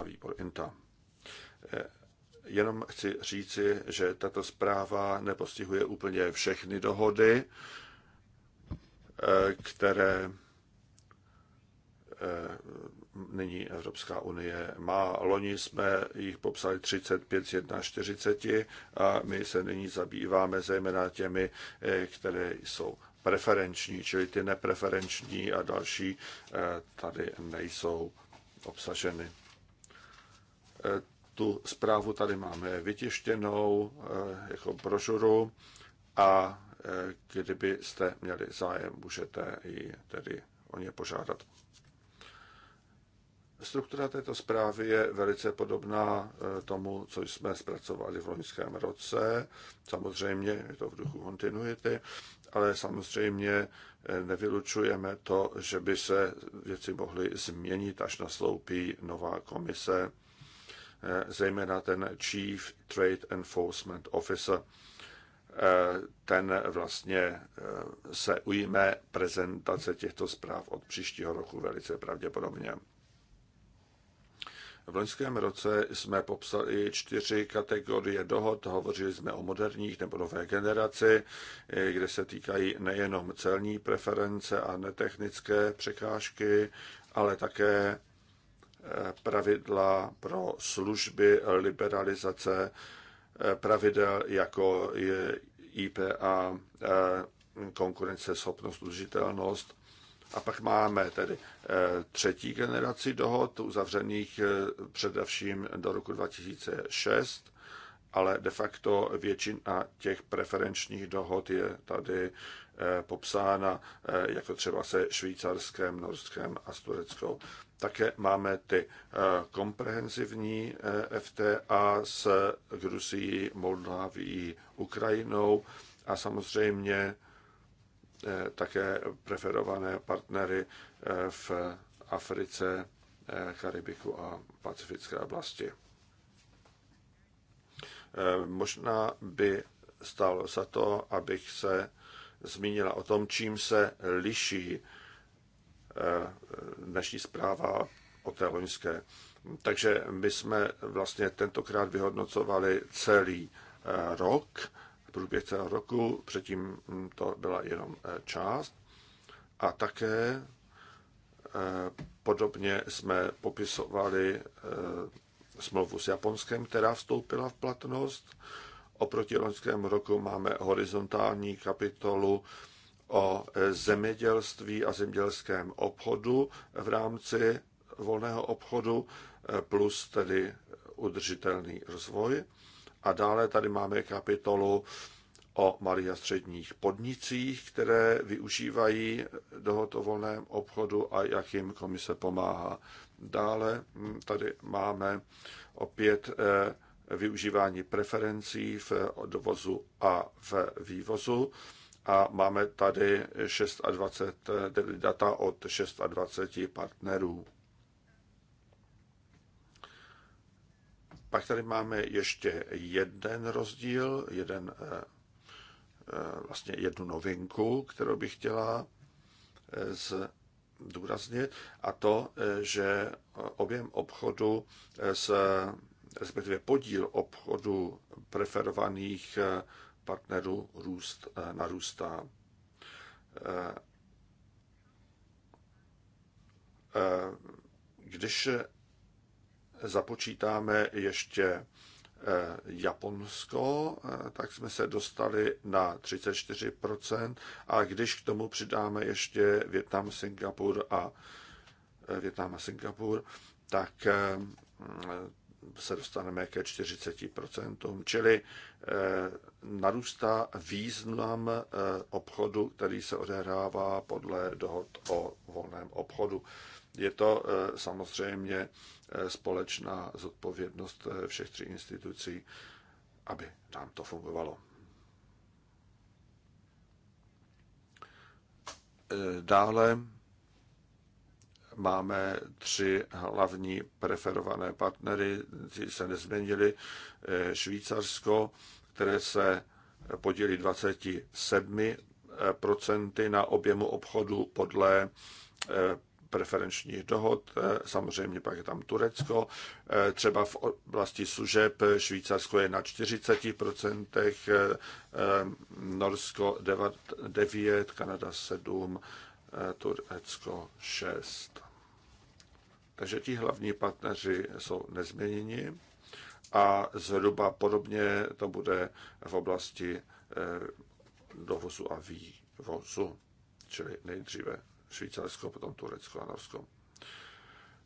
a výbor INTA. Eh, jenom chci říci, že tato zpráva nepostihuje úplně všechny dohody, eh, které eh, nyní Evropská unie má. Loni jsme jich popsali 35 z 41 a my se nyní zabýváme zejména těmi, které jsou preferenční, čili ty nepreferenční a další tady nejsou obsaženy. Eh, tu zprávu tady máme vytištěnou eh, jako brožuru a eh, kdybyste měli zájem, můžete ji tedy o ně požádat. Struktura této zprávy je velice podobná tomu, co jsme zpracovali v loňském roce. Samozřejmě je to v duchu kontinuity, ale samozřejmě nevylučujeme to, že by se věci mohly změnit, až nastoupí nová komise Eh, zejména ten Chief Trade Enforcement Officer. Eh, ten vlastně eh, se ujme prezentace těchto zpráv od příštího roku velice pravděpodobně. V loňském roce jsme popsali čtyři kategorie dohod. Hovořili jsme o moderních nebo nové generaci, kde se týkají nejenom celní preference a netechnické překážky, ale také pravidla pro služby liberalizace eh, pravidel jako IPA, eh, konkurence schopnost udržitelnost. A pak máme tedy eh, třetí generaci dohod, uzavřených především do roku 2006 ale de facto většina těch preferenčních dohod je tady eh, popsána, eh, jako třeba se Švýcarskem, Norskem a s Tureckou. Také máme ty eh, komprehenzivní FTA s Gruzií, Moldavií, Ukrajinou a samozřejmě také preferované partnery v Africe, Karibiku a Pacifické oblasti. Eh, možná by stálo za to, abych se zmínila o tom, čím se liší eh, dnešní zpráva o té loňské. Takže my jsme vlastně tentokrát vyhodnocovali celý eh, rok, průběh celého roku, předtím to byla jenom část. A také podobně jsme popisovali smlouvu s Japonskem, která vstoupila v platnost. Oproti loňskému roku máme horizontální kapitolu o zemědělství a zemědělském obchodu v rámci volného obchodu plus tedy udržitelný rozvoj. A dále tady máme kapitolu o malých a středních podnicích, které využívají tohoto volném obchodu a jak jim komise pomáhá. Dále hm, tady máme opět eh, využívání preferencí v dovozu a v vývozu a máme tady 26, data od 26 partnerů. Pak tady máme ještě jeden rozdíl, jeden eh, Eh, vlastně jednu novinku, kterou bych chtěla eh, zdůraznit, a to, eh, že objem obchodu s respektive podíl obchodu preferovaných partnerů růst narůstá. Když započítáme ještě Eh, Japonsko, eh, tak jsme se dostali na 34%. A když k tomu přidáme ještě Větnam, Singapur a eh, Větnam a Singapur, tak mm, se dostaneme ke 40%, čili narůstá význam obchodu, který se odehrává podle dohod o volném obchodu je to eh, samozřejmě eh, společná zodpovědnost eh, všech tří institucí, aby nám to fungovalo. Dále máme tři hlavní preferované partnery, ty se nezměnili. Švýcarsko, které se podílí 27% na objemu obchodu podle preferenčních dohod. Eh, samozřejmě pak je tam Turecko. Eh, třeba v oblasti služeb Švýcarsko je na 40%, eh, Norsko 9, Kanada 7, Turecko 6. Takže ti hlavní partneři jsou nezměněni a zhruba podobně to bude v oblasti dovozu a vývozu, čili nejdříve Švýcarsko, potom Turecko a Norsko.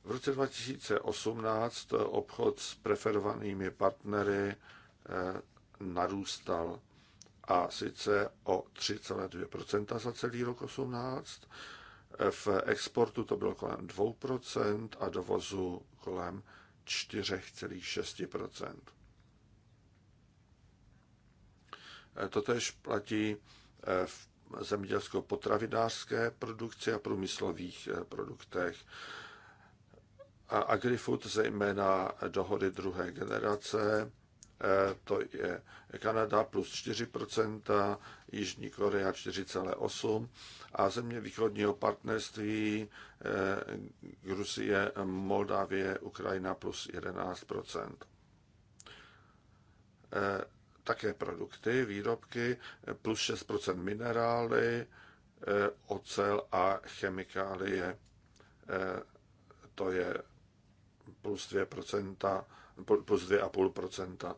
V roce 2018 eh, obchod s preferovanými partnery eh, narůstal a sice o 3,2% za celý rok 18. Eh, v exportu to bylo kolem 2% a dovozu kolem 4,6%. Totež platí v zemědělsko-potravinářské produkci a průmyslových eh, produktech. A Agrifood, zejména dohody druhé generace, eh, to je Kanada plus 4%, Jižní Korea 4,8% a země východního partnerství eh, Gruzie, Moldávie, Ukrajina plus 11% také produkty, výrobky, plus 6 minerály, eh, ocel a chemikálie. Eh, to je plus 2%, plus 2,5%.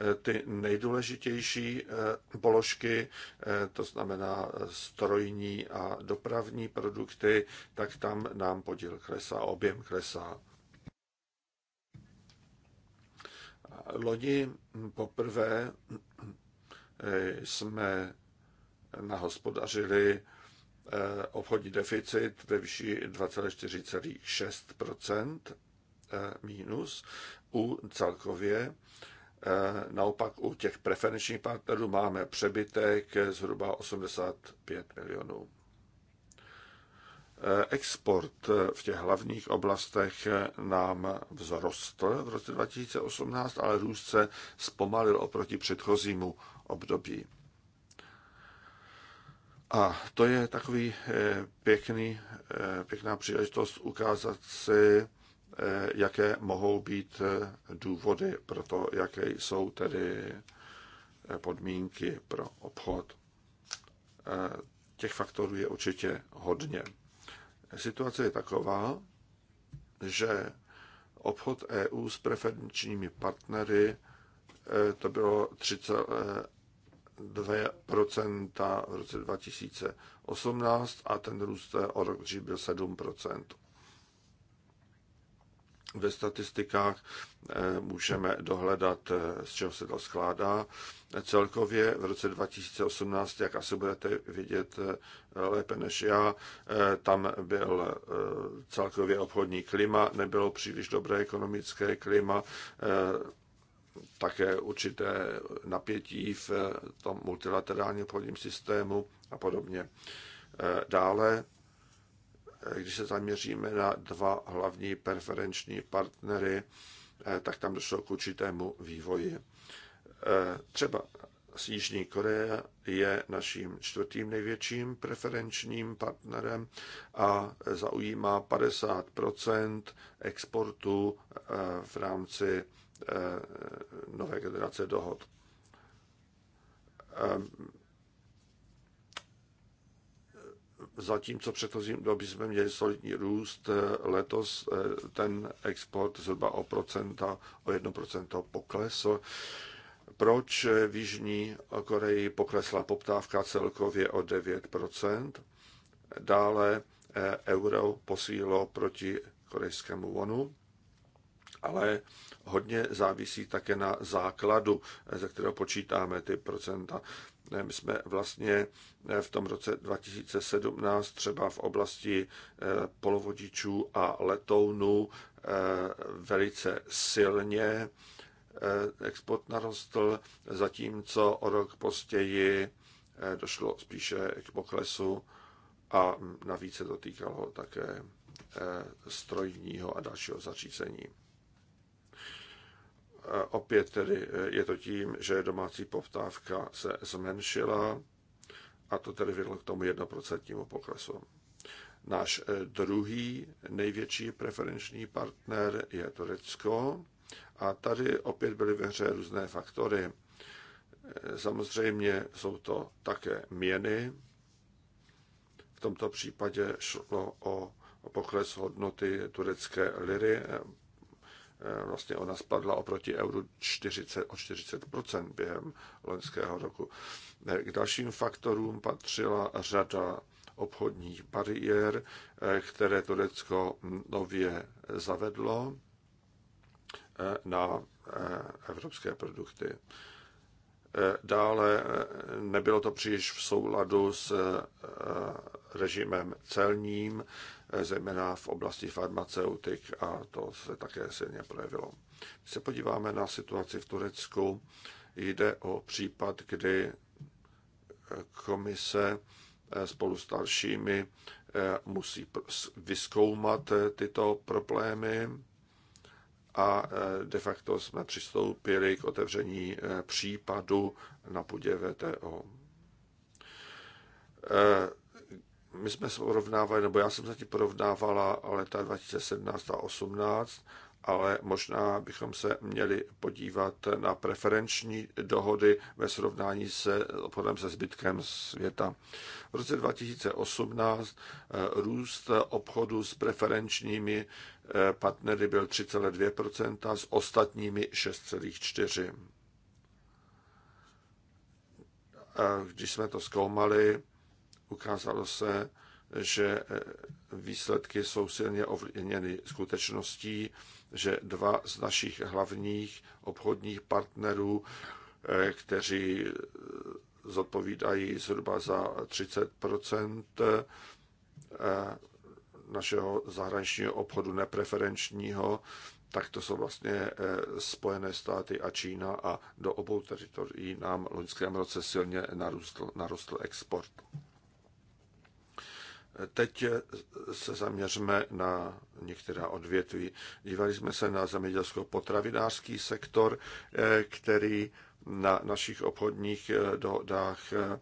Eh, ty nejdůležitější položky, to znamená strojní a dopravní produkty, tak tam nám podíl klesá, objem klesá. Lodi poprvé eh, jsme nahospodařili eh, obchodní deficit ve výši 24,6 eh, mínus u celkově. Naopak u těch preferenčních partnerů máme přebytek zhruba 85 milionů. Export v těch hlavních oblastech nám vzrostl v roce 2018, ale růst se zpomalil oproti předchozímu období. A to je takový eh, pěkný, eh, pěkná příležitost ukázat si, eh, jaké mohou být důvody pro to, jaké jsou tedy podmínky pro obchod. Těch faktorů je určitě hodně. Situace je taková, že obchod EU s preferenčními partnery e, to bylo 3,2% v roce 2018 a ten růst o rok dřív byl 7% ve statistikách eh, můžeme dohledat, eh, z čeho se to skládá. Celkově v roce 2018, jak asi budete vidět eh, lépe než já, tam byl celkově obchodní klima, nebylo příliš dobré ekonomické klima, také určité napětí v tom multilaterálním obchodním systému a podobně. Dále když se zaměříme na dva hlavní preferenční partnery, eh, tak tam došlo k určitému vývoji. Eh, třeba s Jižní Koreje je naším čtvrtým největším preferenčním partnerem a zaujímá 50 exportu eh, v rámci nové generace dohod. Ehm, zatímco předchozím době jsme měli solidní růst, eh, letos eh, ten export zhruba o procenta, o jedno procento poklesl. Proč eh, v Jižní Koreji poklesla poptávka celkově o 9%? Dále euro posílilo proti korejskému wonu, ale hodně závisí také na základu, ze kterého počítáme ty procenta. My jsme vlastně eh, v tom roce 2017 třeba v oblasti eh, polovodičů a letounů eh, velice silně export narostl, zatímco o rok později došlo spíše k poklesu a navíc se to týkalo také strojního a dalšího zařízení opět tedy eh, je to tím, že domácí poptávka se zmenšila a to tedy vedlo k tomu jednoprocentnímu poklesu. Náš eh, druhý největší preferenční partner je Turecko a tady opět byly ve hře různé faktory. Eh, samozřejmě jsou to také měny. V tomto případě šlo o pokles hodnoty turecké liry Eh, vlastně ona spadla oproti euru 40, o 40% během loňského roku. Eh, k dalším faktorům patřila řada obchodních bariér, eh, které Turecko nově zavedlo na evropské produkty. Dále nebylo to příliš v souladu s režimem celním, Eh, zejména v oblasti farmaceutik a to se také silně projevilo. Když se podíváme na situaci v Turecku, jde o případ, kdy eh, komise eh, spolu s dalšími musí vyskoumat tyto problémy a de facto jsme přistoupili k otevření případu na půdě VTO my jsme se porovnávali, nebo já jsem zatím porovnávala leta 2017 a 2018, ale možná bychom se měli podívat na preferenční dohody ve srovnání se obchodem se zbytkem světa. V roce 2018 eh, růst obchodu s preferenčními eh, partnery byl 3,2%, s ostatními 6,4%. Eh, když jsme to zkoumali, ukázalo se, že e, výsledky jsou silně ovlivněny skutečností, že dva z našich hlavních obchodních partnerů, e, kteří e, zodpovídají zhruba za 30 našeho zahraničního obchodu nepreferenčního, tak to jsou vlastně Spojené státy a Čína a do obou teritorií nám v loňském roce silně narostl, narostl export. Teď se zaměřme na některá odvětví. Dívali jsme se na zemědělsko-potravinářský sektor, který na našich obchodních dohodách eh,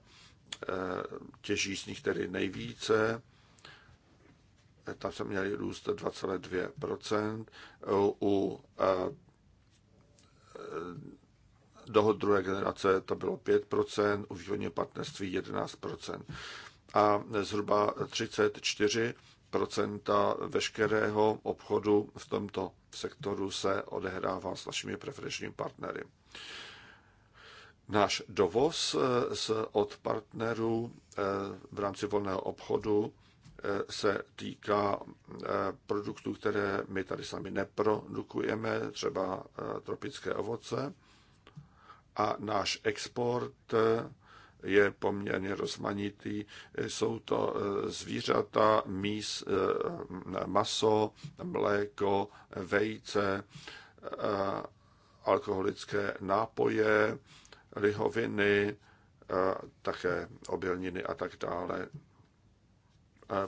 těží z nich tedy nejvíce. Tam jsme měli růst 2,2 U eh, dohod druhé generace to bylo 5 u východního partnerství 11 a zhruba 34 veškerého obchodu v tomto sektoru se odehrává s našimi preferenčními partnery. Náš dovoz eh, od partnerů eh, v rámci volného obchodu eh, se týká produktů, které my tady sami neprodukujeme, třeba tropické ovoce. A náš export je poměrně rozmanitý. Jsou to e, zvířata, mís, e, maso, mléko, vejce, e, alkoholické nápoje, lihoviny, také obilniny a tak dále,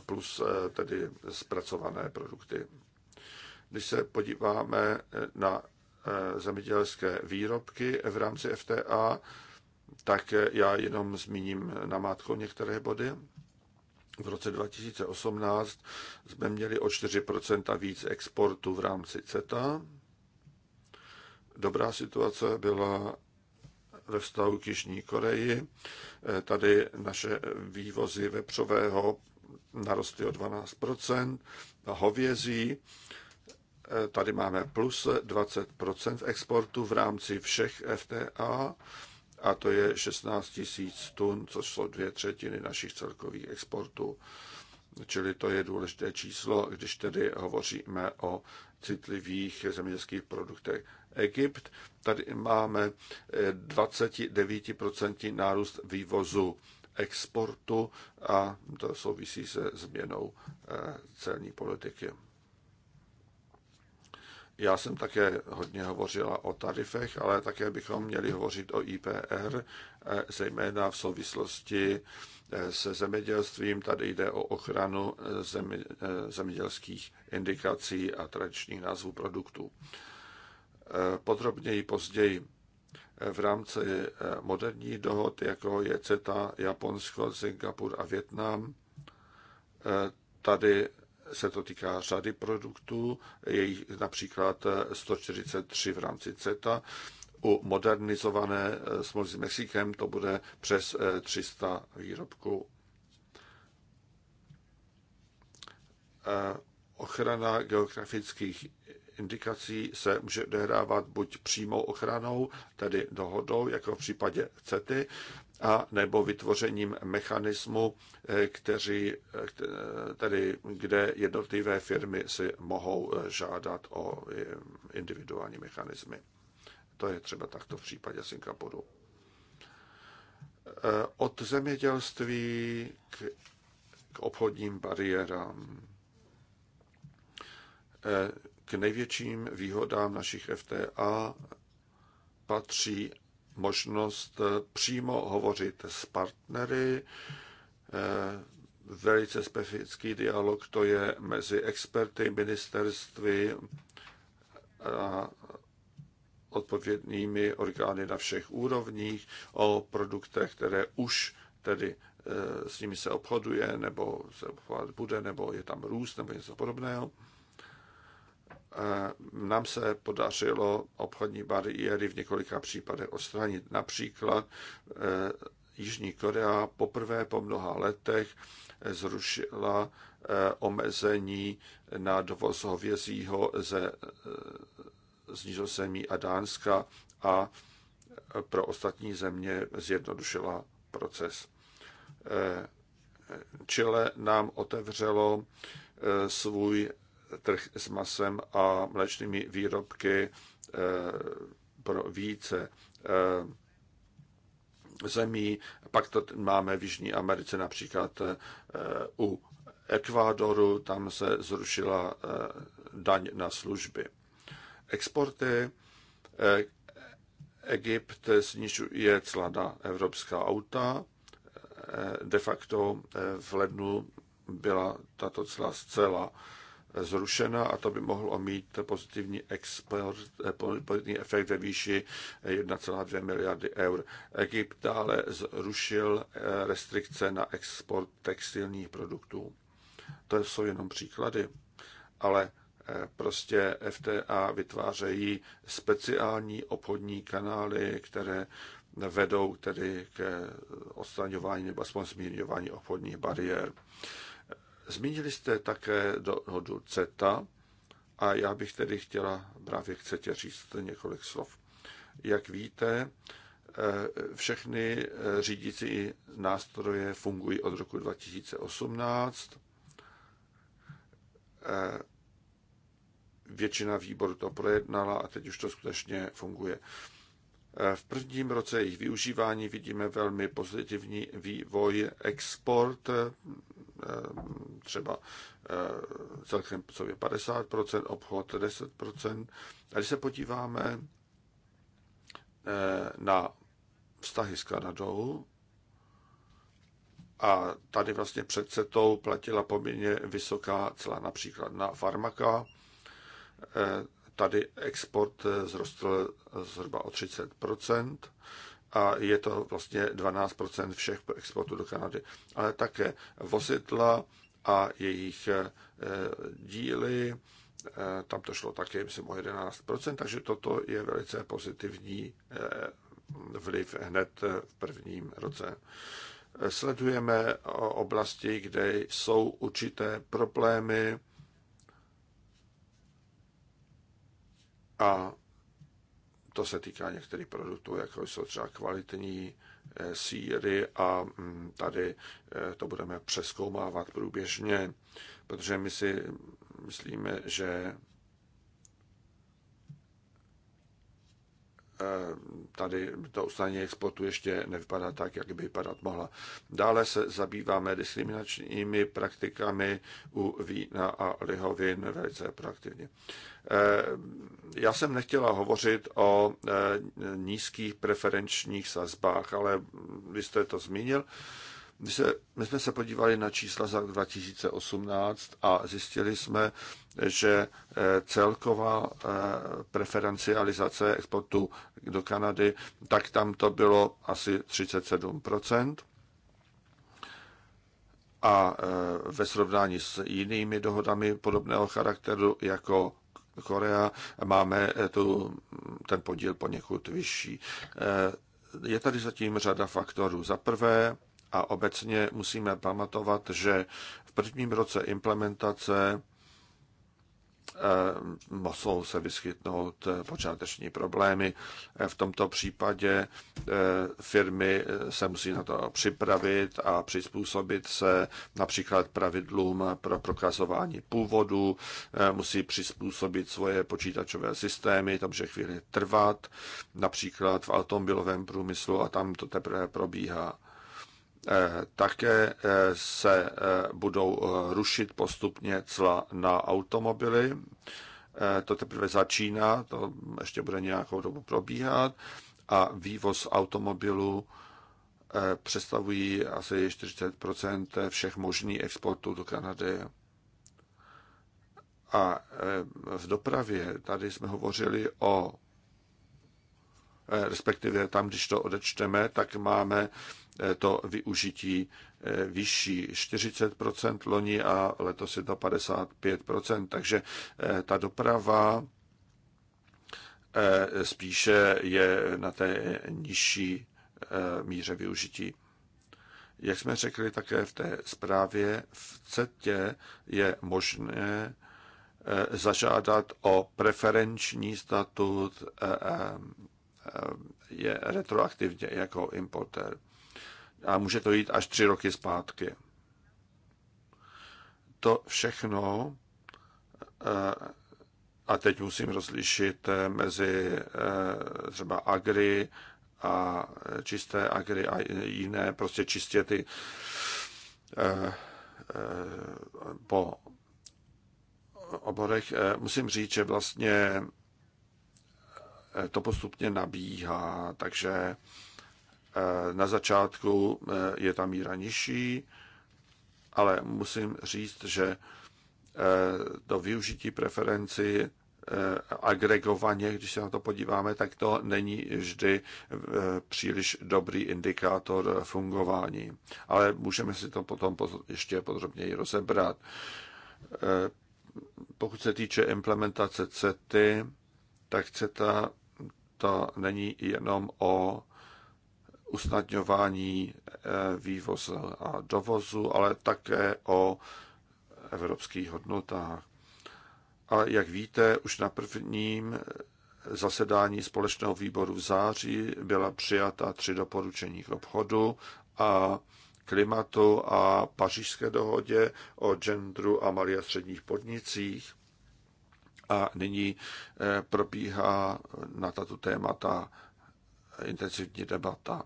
plus tedy zpracované produkty. Když se podíváme na zemědělské výrobky v rámci FTA, tak já jenom zmíním na mátko některé body. V roce 2018 jsme měli o 4% víc exportu v rámci CETA. Dobrá situace byla ve vztahu k Jižní Koreji. Tady naše vývozy vepřového narostly o 12%. A hovězí, eh, tady máme plus 20% v exportu v rámci všech FTA a to je 16 tisíc tun, což jsou dvě třetiny našich celkových exportů. Čili to je důležité číslo, když tedy hovoříme o citlivých zemědělských produktech. Egypt, tady máme 29% eh, nárůst vývozu exportu a to souvisí se změnou eh, celní politiky. Já jsem také hodně hovořila o tarifech, ale také bychom měli hovořit o IPR, e, zejména v souvislosti e, se zemědělstvím. Tady jde o ochranu e, zemědělských indikací a tradičních názvů produktů. Podrobněji později v rámci moderní dohod, jako je CETA, Japonsko, Singapur a Větnam, tady se to týká řady produktů, je jich například 143 v rámci CETA. U modernizované smlouvy s Mexikem to bude přes 300 eh, výrobků. Eh, ochrana geografických indikací se může odehrávat buď přímou ochranou, tedy dohodou, jako v případě CETY, a nebo vytvořením mechanismu, eh, kteří, eh, tedy, kde jednotlivé firmy si mohou eh, žádat o individuální mechanismy. To je třeba takto v případě Singapuru. Od zemědělství k, k obchodním bariérám, k největším výhodám našich FTA patří možnost eh, přímo hovořit s partnery. Eh, velice specifický dialog to je mezi experty, ministerství a odpovědnými orgány na všech úrovních o produktech, které už tedy eh, s nimi se obchoduje, nebo se obchodovat bude, nebo je tam růst, nebo něco podobného. Eh, nám se podařilo obchodní bariéry v několika případech odstranit. Například eh, Jižní Korea poprvé po mnoha letech zrušila eh, omezení na dovoz hovězího ze, z Nizozemí a Dánska a pro ostatní země zjednodušila proces. Chile nám otevřelo svůj trh s masem a mléčnými výrobky eh, pro více eh, zemí. Pak to máme v Jižní Americe například eh, u Ekvádoru, tam se zrušila daň na služby. Exporty Egypt snižuje cla na evropská auta. De facto v lednu byla tato cla zcela zrušena a to by mohlo mít pozitivní, export, eh, pozitivní efekt ve výši 1,2 miliardy eur. Egypt dále zrušil eh, restrikce na export textilních produktů. To jsou jenom příklady, ale eh, prostě FTA vytvářejí speciální obchodní kanály, které vedou tedy k odstraňování nebo aspoň zmírňování obchodních bariér. Zmínili jste také dohodu CETA a já bych tedy chtěla právě k CETě říct několik slov. Jak víte, eh, všechny eh, řídící nástroje fungují od roku 2018. Eh, většina výboru to projednala a teď už to skutečně funguje. V prvním roce jejich využívání vidíme velmi pozitivní vývoj. Export Eh, třeba eh, celkem sobě 50%, obchod 10%. A když se podíváme eh, na vztahy s Kanadou, a tady vlastně před setou platila poměrně vysoká cla například na farmaka. Tady export zrostl zhruba o 30 a je to vlastně 12 všech exportů do Kanady. Ale také vozidla a jejich eh, díly, eh, tam to šlo také, myslím, o 11 takže toto je velice pozitivní eh, vliv hned v prvním roce. Sledujeme oblasti, kde jsou určité problémy a to se týká některých produktů, jako jsou třeba kvalitní eh, síry a mm, tady eh, to budeme přeskoumávat průběžně, protože my si myslíme, že Eh, tady to ustanění exportu ještě nevypadá tak, jak by vypadat mohla. Dále se zabýváme diskriminačními praktikami u vína a lihovin velice proaktivně. Eh, já jsem nechtěla hovořit o eh, nízkých preferenčních sazbách, ale vy jste to zmínil. My, se, my jsme se podívali na čísla za 2018 a zjistili jsme, že eh, celková eh, preferencializace exportu do Kanady, tak tam to bylo asi 37 a eh, ve srovnání s jinými dohodami podobného charakteru jako Korea máme tu, ten podíl poněkud vyšší. Je tady zatím řada faktorů. Za prvé, a obecně musíme pamatovat, že v prvním roce implementace eh, mohou se vyskytnout eh, počáteční problémy. Eh, v tomto případě firmy se musí na to připravit a přizpůsobit se například pravidlům pro prokazování původu, musí přizpůsobit svoje počítačové systémy, to může chvíli trvat, například v automobilovém průmyslu a tam to teprve probíhá. Eh, také eh, se eh, budou rušit postupně cla na automobily. To teprve začíná, to ještě bude nějakou dobu probíhat. A vývoz automobilů představují asi 40 všech možných exportů do Kanady. A v dopravě, tady jsme hovořili o respektive tam, když to odečteme, tak máme Eh, to využití eh, vyšší 40 loni a letos je to 55 takže eh, ta doprava spíše je na té nižší míře využití. Jak jsme řekli také v té zprávě, v CETě je možné zažádat o preferenční statut je retroaktivně jako importér a může to jít až tři roky zpátky. To všechno, eh, a teď musím rozlišit eh, mezi eh, třeba agri a čisté agri a jiné, prostě čistě ty po oborech. Musím říct, že vlastně to postupně nabíhá, takže Eh, na začátku eh, je ta míra nižší, ale musím říct, že eh, to využití preferenci agregovaně, když se na to podíváme, tak to není vždy příliš dobrý indikátor fungování. Ale můžeme si to potom ještě podrobněji rozebrat. Pokud se týče implementace CETY, tak CETA to není jenom o usnadňování eh, vývozu a dovozu, ale také o evropských hodnotách. A jak víte, už na prvním eh, zasedání společného výboru v září byla přijata tři doporučení k obchodu a klimatu a pařížské dohodě o genderu a malých a středních podnicích. A nyní eh, probíhá na tato témata intenzivní debata.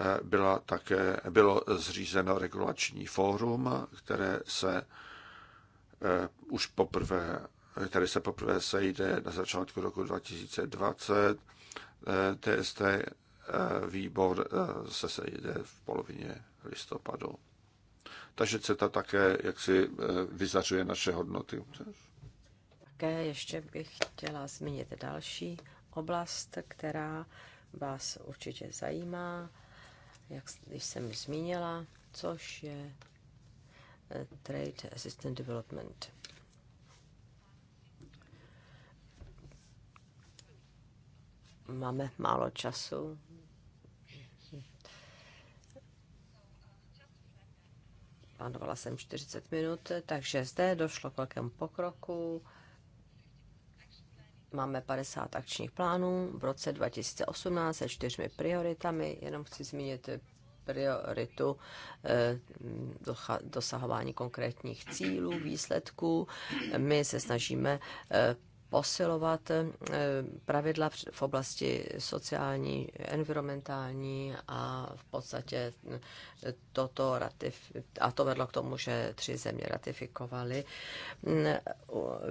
Eh, byla také, bylo zřízeno regulační fórum, které se eh, už poprvé, které se poprvé sejde na začátku roku 2020. TST eh, výbor se sejde v polovině listopadu. Takže CETA také jaksi vyzařuje naše hodnoty. Také ještě bych chtěla zmínit další oblast, která vás určitě zajímá, jak když jsem již zmínila, což je eh, Trade Assistant Development. Máme málo času. Plánovala jsem 40 minut, takže zde došlo k velkému pokroku máme 50 akčních plánů v roce 2018 se čtyřmi prioritami. Jenom chci zmínit prioritu eh, dosahování konkrétních cílů, výsledků. My se snažíme eh, posilovat eh, pravidla v oblasti sociální, environmentální a v podstatě eh, toto ratif- a to vedlo k tomu, že tři země ratifikovaly eh,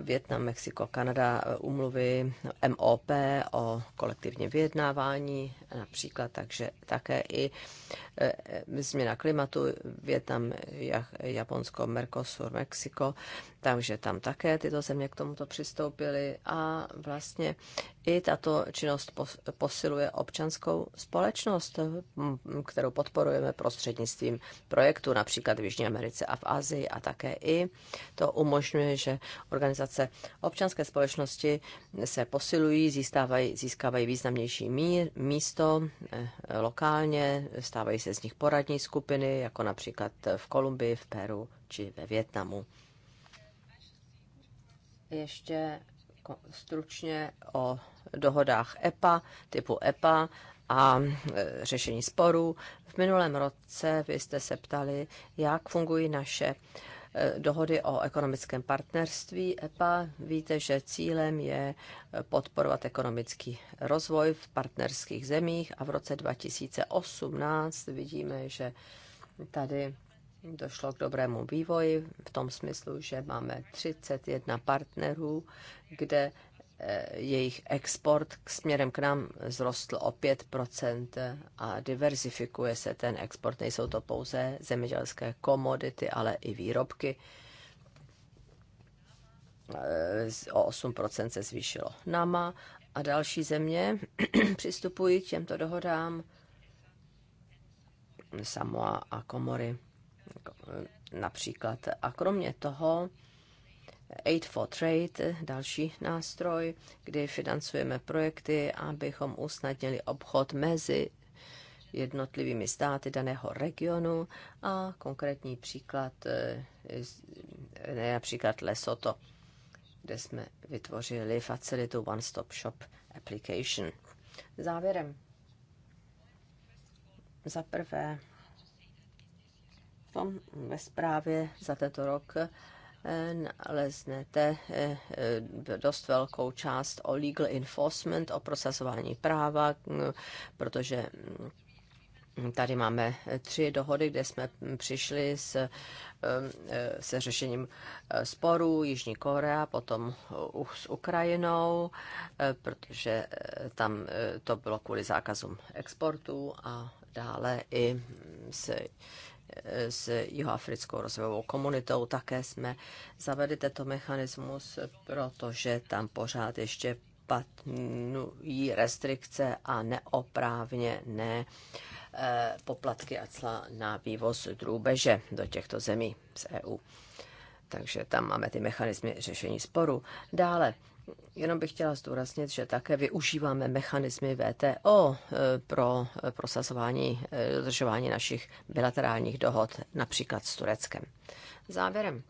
Větnam, Mexiko, Kanada umluvy MOP o kolektivním vyjednávání například, takže také i změna klimatu Větnam, Japonsko, Mercosur, Mexiko takže tam také tyto země k tomuto přistoupily a vlastně i tato činnost posiluje občanskou společnost, hm, kterou podporujeme prostřednictvím projektu například v Jižní Americe a v Asii a také i to umožňuje, že organizace občanské společnosti se posilují, získávají, získávají významnější místo eh, lokálně, stávají se z nich poradní skupiny, jako například v Kolumbii, v Peru či ve Větnamu ještě stručně o dohodách EPA, typu EPA a e, řešení sporů. V minulém roce vy jste se ptali, jak fungují naše e, dohody o ekonomickém partnerství EPA. Víte, že cílem je e, podporovat ekonomický rozvoj v partnerských zemích a v roce 2018 vidíme, že tady došlo k dobrému vývoji v tom smyslu, že máme 31 partnerů, kde eh, jejich export k směrem k nám zrostl o 5% a diverzifikuje se ten export. Nejsou to pouze zemědělské komodity, ale i výrobky. Eh, o 8% se zvýšilo NAMA a další země přistupují k těmto dohodám Samoa a Komory. Jako, e, například. A kromě toho Aid for Trade, další nástroj, kdy financujeme projekty, abychom usnadnili obchod mezi jednotlivými státy daného regionu a konkrétní příklad, e, ne například Lesoto, kde jsme vytvořili facilitu One Stop Shop Application. Závěrem. Za prvé, tom ve zprávě za tento rok eh, naleznete eh, dost velkou část o legal enforcement, o prosazování práva, protože mm, Tady máme tři dohody, kde jsme mm, přišli s, eh, se řešením sporů Jižní Korea, potom s Ukrajinou, protože tam to bylo kvůli zákazům exportu a dále i s s jihoafrickou rozvojovou komunitou. Také jsme zavedli tento mechanismus, protože tam pořád ještě patnují restrikce a neoprávně ne eh, poplatky a cla na vývoz drůbeže do těchto zemí z EU. Takže tam máme ty mechanismy řešení sporu. Dále Jenom bych chtěla zdůraznit, že také využíváme mechanismy VTO eh, pro eh, prosazování, eh, dodržování našich bilaterálních dohod, například s Tureckem. Závěrem.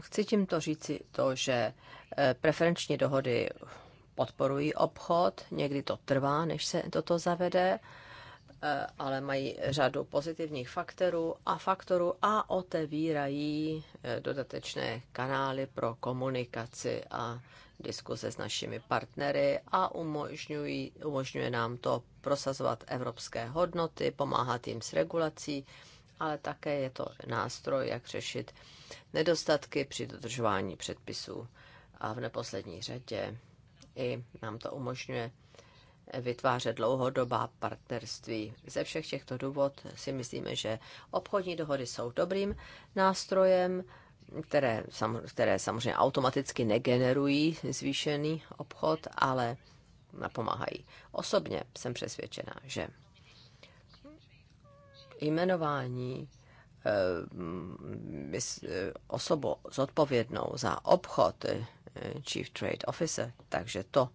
Chci tímto říci to, že preferenční dohody podporují obchod, někdy to trvá, než se toto zavede, Eh, ale mají řadu pozitivních faktorů a faktorů a otevírají eh, dodatečné kanály pro komunikaci a diskuse s našimi partnery a umožňují, umožňuje nám to prosazovat evropské hodnoty, pomáhat jim s regulací, ale také je to nástroj, jak řešit nedostatky při dodržování předpisů. A v neposlední řadě i nám to umožňuje vytvářet dlouhodobá partnerství. Ze všech těchto důvod si myslíme, že obchodní dohody jsou dobrým nástrojem, které, které samozřejmě automaticky negenerují zvýšený obchod, ale napomáhají. Osobně jsem přesvědčena, že jmenování eh, osobu zodpovědnou za obchod eh, Chief Trade Officer, takže to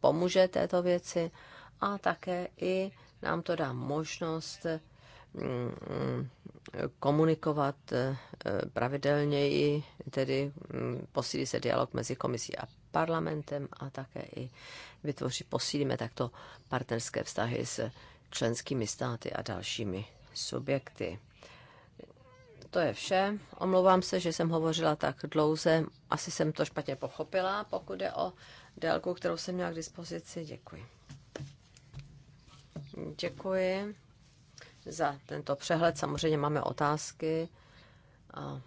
pomůže této věci a také i nám to dá možnost mm, komunikovat eh, pravidelněji, tedy mm, posílí se dialog mezi komisí a parlamentem a také i vytvoří, posílíme takto partnerské vztahy s členskými státy a dalšími subjekty. To je vše. Omlouvám se, že jsem hovořila tak dlouze. Asi jsem to špatně pochopila, pokud je o délku, kterou jsem měla k dispozici. Děkuji. Děkuji za tento přehled. Samozřejmě máme otázky. A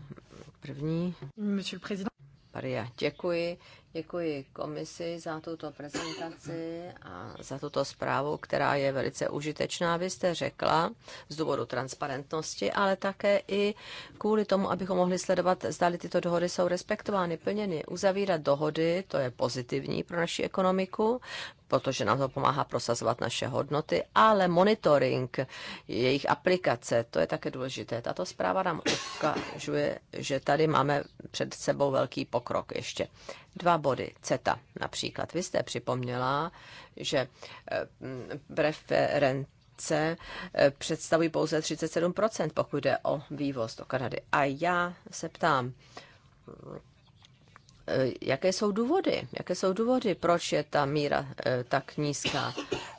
první. Monsieur le Président. Maria, děkuji. Děkuji komisi za tuto prezentaci a za tuto zprávu, která je velice užitečná, vy jste řekla, z důvodu transparentnosti, ale také i kvůli tomu, abychom mohli sledovat, zda tyto dohody jsou respektovány, plněny. Uzavírat dohody, to je pozitivní pro naši ekonomiku, protože nám to pomáhá prosazovat naše hodnoty, ale monitoring jejich aplikace, to je také důležité. Tato zpráva nám ukazuje, že tady máme před sebou velký pokrok ještě. Dva body, CETA například. Vy jste připomněla, že eh, preferent eh, představují pouze 37%, pokud jde o vývoz do Kanady. A já se ptám, Eh, jaké jsou důvody, jaké jsou důvody, proč je ta míra eh, tak nízká.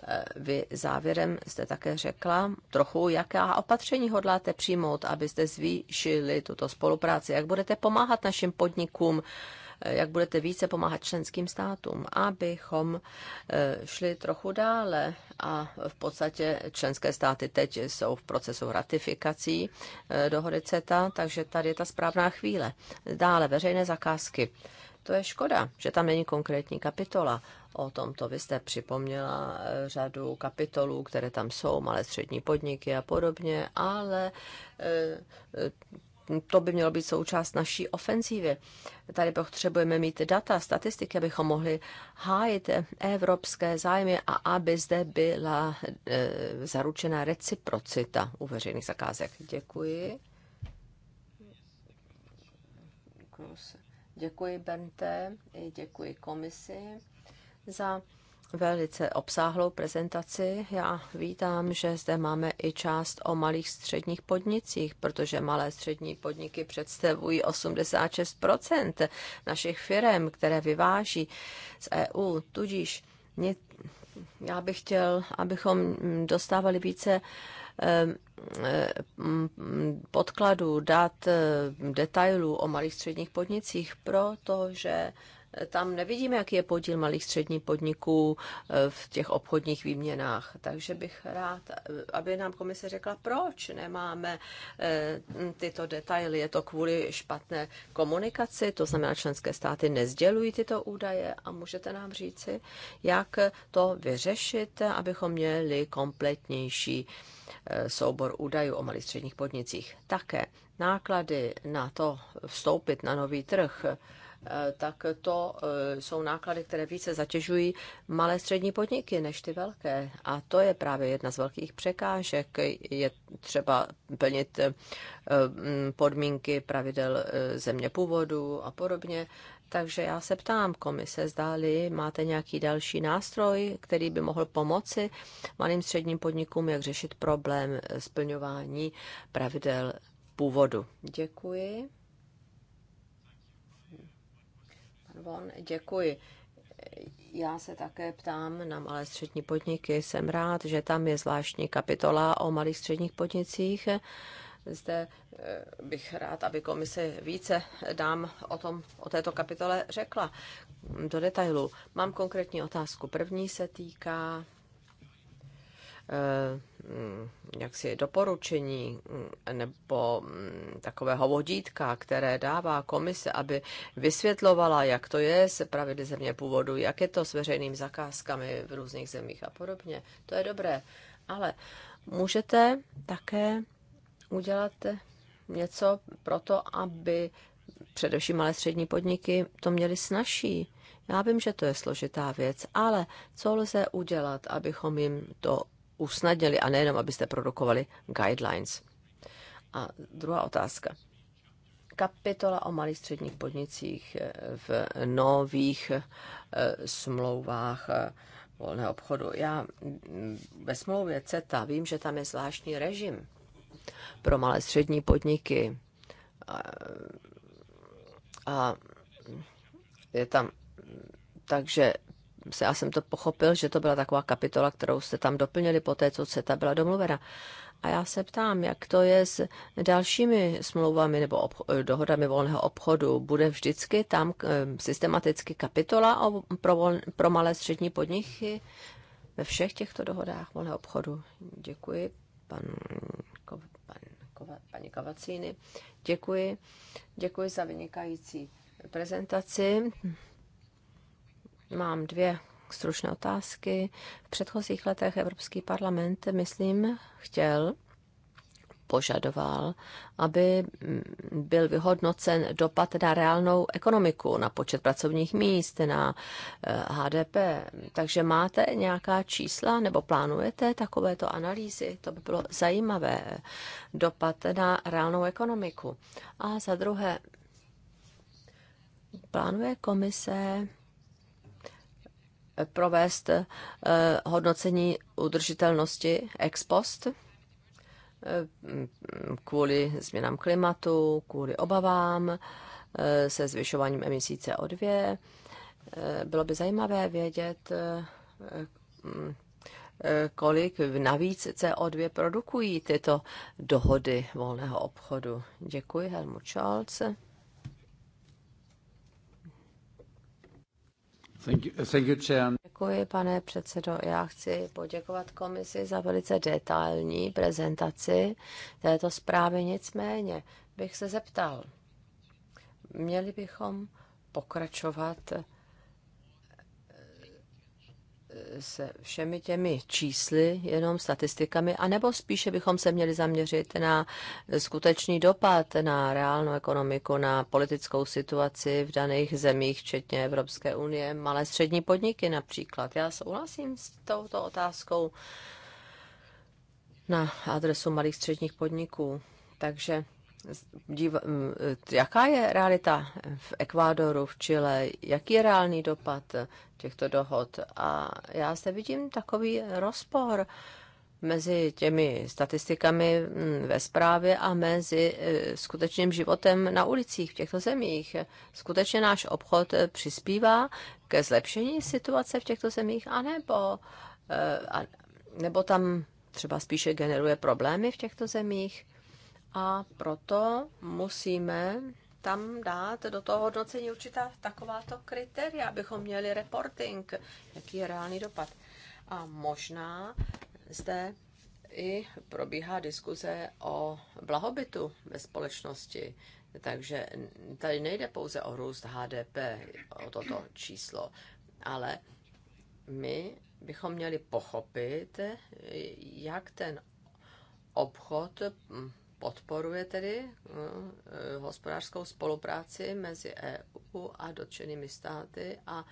Eh, vy závěrem jste také řekla trochu, jaká opatření hodláte přijmout, abyste zvýšili tuto spolupráci, jak budete pomáhat našim podnikům, jak budete více pomáhat členským státům, abychom šli trochu dále. A v podstatě členské státy teď jsou v procesu ratifikací dohody CETA, takže tady je ta správná chvíle. Dále veřejné zakázky. To je škoda, že tam není konkrétní kapitola o tomto. Vy jste připomněla eh, řadu kapitolů, které tam jsou, malé střední podniky a podobně, ale eh, to by mělo být součást naší ofenzívy. Tady potřebujeme mít data, statistiky, abychom mohli hájit evropské zájmy a aby zde byla eh, zaručena reciprocita u veřejných zakázek. Děkuji. Děkuji. Děkuji Bernte, děkuji komisi za velice obsáhlou prezentaci. Já vítám, že zde máme i část o malých středních podnicích, protože malé střední podniky představují 86 našich firm, které vyváží z EU. Tudíž mě, já bych chtěl, abychom dostávali více eh, Eh, podkladů, dat, eh, detailů o malých středních podnicích, protože tam nevidíme, jaký je podíl malých středních podniků eh, v těch obchodních výměnách. Takže bych rád, aby nám komise řekla, proč nemáme tyto detaily. Je to kvůli špatné komunikaci, to znamená, členské státy nezdělují tyto údaje a můžete nám říci, jak to vyřešit, abychom měli kompletnější Eh, soubor údajů o malých středních podnicích. Také náklady na to vstoupit na nový trh, eh, tak to eh, jsou náklady, které více zatěžují malé střední podniky než ty velké. A to je právě jedna z velkých překážek. Je třeba plnit podmínky pravidel země původu a podobně. Takže já se ptám komise, zdáli máte nějaký další nástroj, který by mohl pomoci malým středním podnikům, jak řešit problém splňování pravidel původu. Děkuji. Pan Von, děkuji. Já se také ptám na malé střední podniky. Jsem rád, že tam je zvláštní kapitola o malých středních podnicích zde eh, bych rád, aby komise více dám o, tom, o této kapitole řekla do detailu. Mám konkrétní otázku. První se týká eh, mm, jaksi doporučení mm, nebo mm, takového vodítka, které dává komise, aby vysvětlovala, jak to je se pravidly země původu, jak je to s veřejnými zakázkami v různých zemích a podobně. To je dobré, ale můžete také udělat něco pro to, aby především malé střední podniky to měly snažší. Já vím, že to je složitá věc, ale co lze udělat, abychom jim to usnadnili a nejenom, abyste produkovali guidelines? A druhá otázka. Kapitola o malých středních podnicích v nových eh, smlouvách eh, volného obchodu. Já mm, ve smlouvě CETA vím, že tam je zvláštní režim pro malé střední podniky. A, a je tam, takže se, já jsem to pochopil, že to byla taková kapitola, kterou jste tam doplnili po té, co CETA byla domluvena. A já se ptám, jak to je s dalšími smlouvami nebo dohodami volného obchodu. Bude vždycky tam systematicky kapitola o, pro, vol- pro malé střední podniky ve všech těchto dohodách volného obchodu? Děkuji, pan pan, paní Kavacíny. Děkuji. Děkuji za vynikající prezentaci. Mám dvě stručné otázky. V předchozích letech Evropský parlament, myslím, chtěl požadoval, aby mm, byl vyhodnocen dopad na reálnou ekonomiku, na počet pracovních míst, na HDP. Eh, Takže máte nějaká čísla nebo plánujete takovéto analýzy? To by bylo zajímavé. Dopad na reálnou ekonomiku. A za druhé, plánuje komise eh, provést eh, hodnocení udržitelnosti ex post? Eh, kvůli změnám klimatu, kvůli obavám eh, se zvyšováním emisí CO2. Eh, bylo by zajímavé vědět, kolik navíc CO2 produkují tyto dohody volného obchodu. Děkuji, Helmut Scholz. Thank you, thank you, Chair. Děkuji, pane předsedo. Já chci poděkovat komisi za velice detailní prezentaci této zprávy. Nicméně bych se zeptal, měli bychom pokračovat se všemi těmi čísly, jenom statistikami, anebo spíše bychom se měli zaměřit na skutečný dopad na reálnou ekonomiku, na politickou situaci v daných zemích, včetně Evropské unie, malé střední podniky například. Já souhlasím s touto otázkou na adresu malých středních podniků. Takže díva, jaká je realita v Ekvádoru, v Chile, jaký je reálný dopad těchto dohod. A já se vidím takový rozpor mezi těmi statistikami ve zprávě a mezi e, skutečným životem na ulicích v těchto zemích. Skutečně náš obchod přispívá ke zlepšení situace v těchto zemích, anebo, e, nebo tam třeba spíše generuje problémy v těchto zemích. A proto musíme tam dát do toho hodnocení určitá takováto kritéria, abychom měli reporting, jaký je reálný dopad. A možná zde i probíhá diskuze o blahobytu ve společnosti. Takže tady nejde pouze o růst HDP, o toto číslo, ale my bychom měli pochopit, jak ten obchod podporuje tedy no, eh, hospodářskou spolupráci mezi EU a dotčenými státy a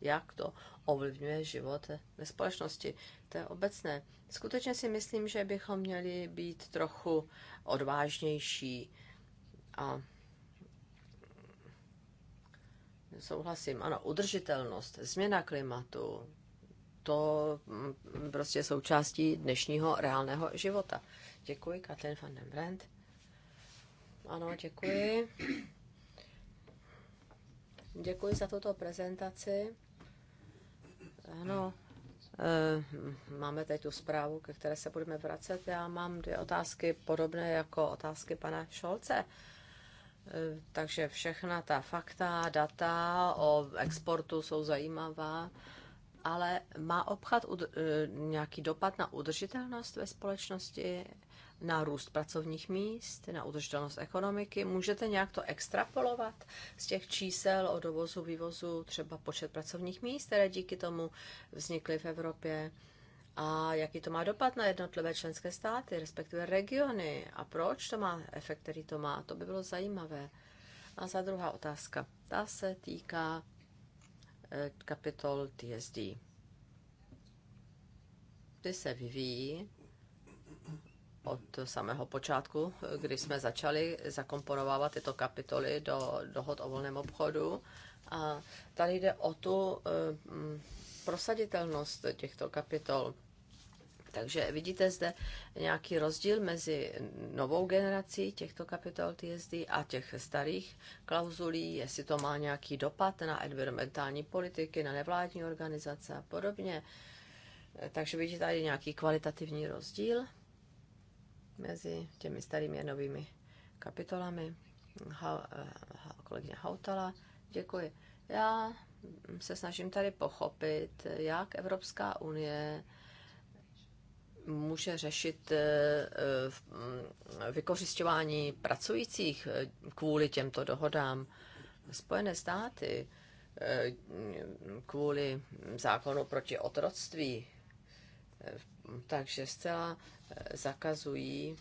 jak to ovlivňuje život ve společnosti. To je obecné. Skutečně si myslím, že bychom měli být trochu odvážnější a souhlasím, ano, udržitelnost, změna klimatu, to prostě součástí dnešního reálného života. Děkuji, Katrin van den Brandt. Ano, děkuji. Děkuji za tuto prezentaci. Ano, eh, máme teď tu zprávu, ke které se budeme vracet. Já mám dvě otázky podobné jako otázky pana Šolce. Eh, takže všechna ta fakta, data o exportu jsou zajímavá, ale má obchod eh, nějaký dopad na udržitelnost ve společnosti? na růst pracovních míst, na udržitelnost ekonomiky. Můžete nějak to extrapolovat z těch čísel o dovozu, vývozu, třeba počet pracovních míst, které díky tomu vznikly v Evropě a jaký to má dopad na jednotlivé členské státy, respektive regiony a proč to má efekt, který to má. To by bylo zajímavé. A za druhá otázka. Ta se týká eh, kapitol TSD. Ty se vyvíjí od samého počátku, kdy jsme začali zakomponovávat tyto kapitoly do dohod o volném obchodu. A tady jde o tu eh, prosaditelnost těchto kapitol. Takže vidíte zde nějaký rozdíl mezi novou generací těchto kapitol TSD a těch starých klauzulí, jestli to má nějaký dopad na environmentální politiky, na nevládní organizace a podobně. Takže vidíte tady nějaký kvalitativní rozdíl mezi těmi starými a novými kapitolami. Ha, eh, ha, kolegyně Hautala, děkuji. Já se snažím tady pochopit, jak Evropská unie může řešit eh, mm, vykořišťování pracujících eh, kvůli těmto dohodám. Spojené státy kvůli zákonu proti otroctví takže zcela eh, zakazují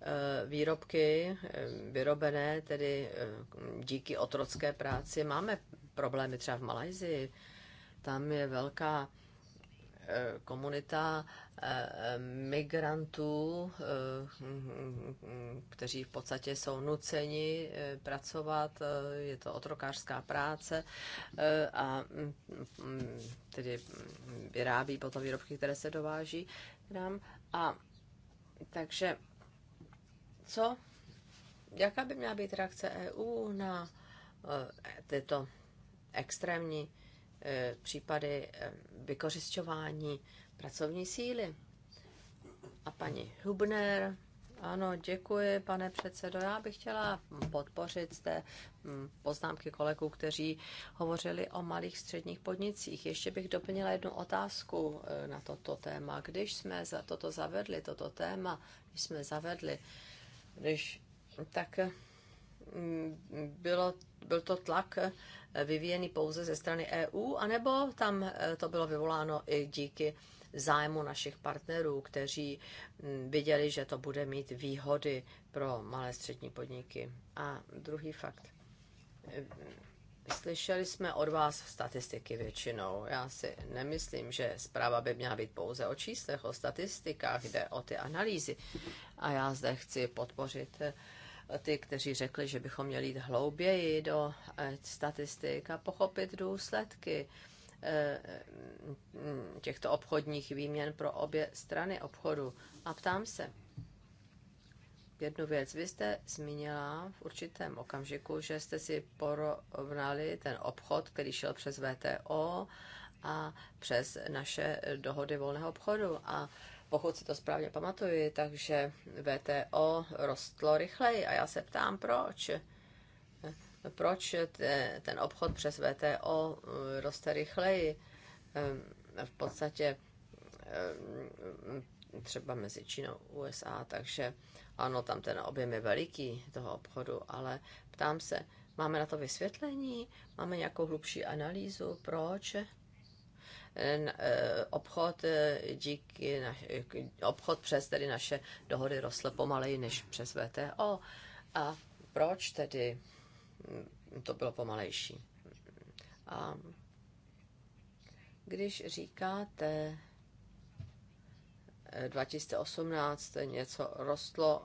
eh, výrobky eh, vyrobené tedy díky otrocké práci. Máme problémy třeba v Malajzii, tam je velká Eh, komunita eh, migrantů, eh, kteří v podstatě jsou nuceni pracovat, je to otrokářská práce a mm, tedy mm, vyrábí potom výrobky, které se dováží k nám. A takže co, jaká by měla být reakce EU na tyto extrémní Eh, případy eh, vykořišťování pracovní síly. A paní Hubner, ano, děkuji, pane předsedo. Já bych chtěla podpořit té hm, poznámky kolegů, kteří hovořili o malých středních podnicích. Ještě bych doplnila jednu otázku eh, na toto téma. Když jsme za toto zavedli, toto téma, když jsme zavedli, když tak bylo, byl to tlak vyvíjený pouze ze strany EU, anebo tam eh, to bylo vyvoláno i díky zájmu našich partnerů, kteří mm, viděli, že to bude mít výhody pro malé střední podniky. A druhý fakt. Eh, slyšeli jsme od vás statistiky většinou. Já si nemyslím, že zpráva by měla být pouze o číslech, o statistikách, jde o ty analýzy. A já zde chci podpořit eh, ty, kteří řekli, že bychom měli jít hlouběji do eh, statistik a pochopit důsledky eh, těchto obchodních výměn pro obě strany obchodu. A ptám se, jednu věc. Vy jste zmínila v určitém okamžiku, že jste si porovnali ten obchod, který šel přes VTO a přes naše dohody volného obchodu. A pokud si to správně pamatuju, takže VTO rostlo rychleji a já se ptám, proč? Proč ten obchod přes VTO eh, roste rychleji? Eh, v podstatě eh, třeba mezi Čínou a USA, takže ano, tam ten objem je veliký toho obchodu, ale ptám se, máme na to vysvětlení? Máme nějakou hlubší analýzu, proč E, obchod, e, díky naš, e, obchod přes tedy naše dohody rostl pomaleji než přes VTO. A proč tedy to bylo pomalejší? A když říkáte 2018 něco rostlo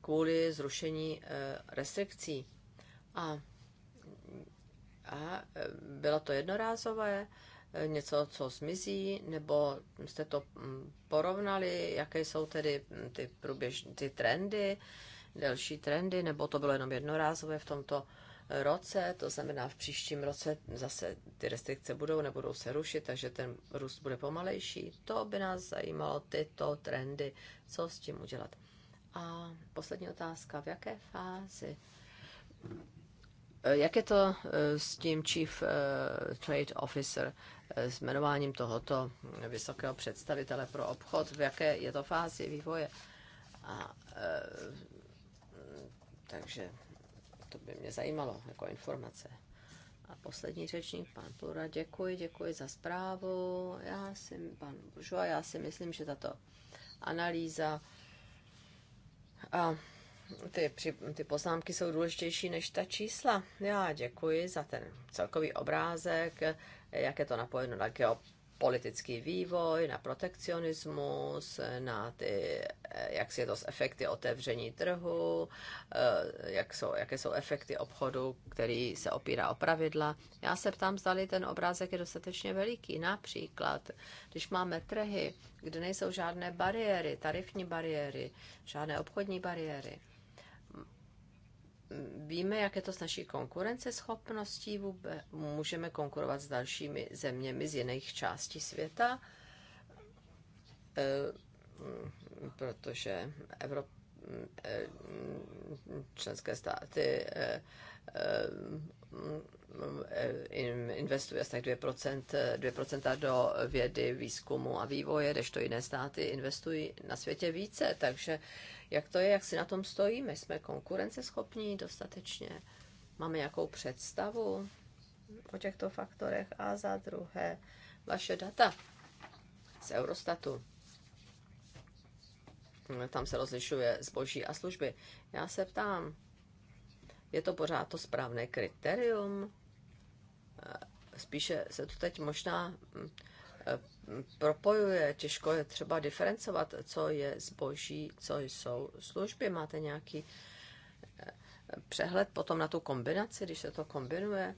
kvůli zrušení restrikcí a, a bylo to jednorázové, Eh, něco, co zmizí, nebo jste to mm, porovnali, jaké jsou tedy mm, ty, průběž, ty trendy, delší trendy, nebo to bylo jenom jednorázové v tomto eh, roce, to znamená v příštím roce zase ty restrikce budou, nebudou se rušit, takže ten růst bude pomalejší. To by nás zajímalo, tyto trendy, co s tím udělat. A poslední otázka, v jaké fázi Eh, jak je to eh, s tím Chief eh, Trade Officer, s jmenováním tohoto vysokého představitele pro obchod, v jaké je to fázi vývoje? A, takže to by mě zajímalo jako informace. A poslední řečník, pan Plura, děkuji, děkuji za zprávu. Já si, pan Bužo, já si myslím, že tato analýza a ty, při, ty poznámky jsou důležitější než ta čísla. Já děkuji za ten celkový obrázek, jak je to napojeno na geopolitický vývoj, na protekcionismus, na ty, jak si je to s efekty otevření trhu, eh, jak jsou, jaké jsou efekty obchodu, který se opírá o pravidla. Já se ptám, zdali ten obrázek je dostatečně veliký. Například, když máme trhy, kde nejsou žádné bariéry, tarifní bariéry, žádné obchodní bariéry, víme, jak je to s naší konkurenceschopností, vůbec můžeme konkurovat s dalšími zeměmi z jiných částí světa, eh, protože Evropa eh, eh, členské státy Eh, investuje asi tak 2%, 2 eh, do vědy, výzkumu a vývoje, kdežto jiné státy investují na světě více. Takže jak to je, jak si na tom stojíme? Jsme konkurenceschopní dostatečně? Máme nějakou představu o těchto faktorech? A za druhé, vaše data z Eurostatu. Tam se rozlišuje zboží a služby. Já se ptám, je to pořád to správné kritérium? Eh, spíše se to teď možná hm, eh, propojuje, těžko je třeba diferencovat, co je zboží, co jsou služby. Máte nějaký eh, přehled potom na tu kombinaci, když se to kombinuje,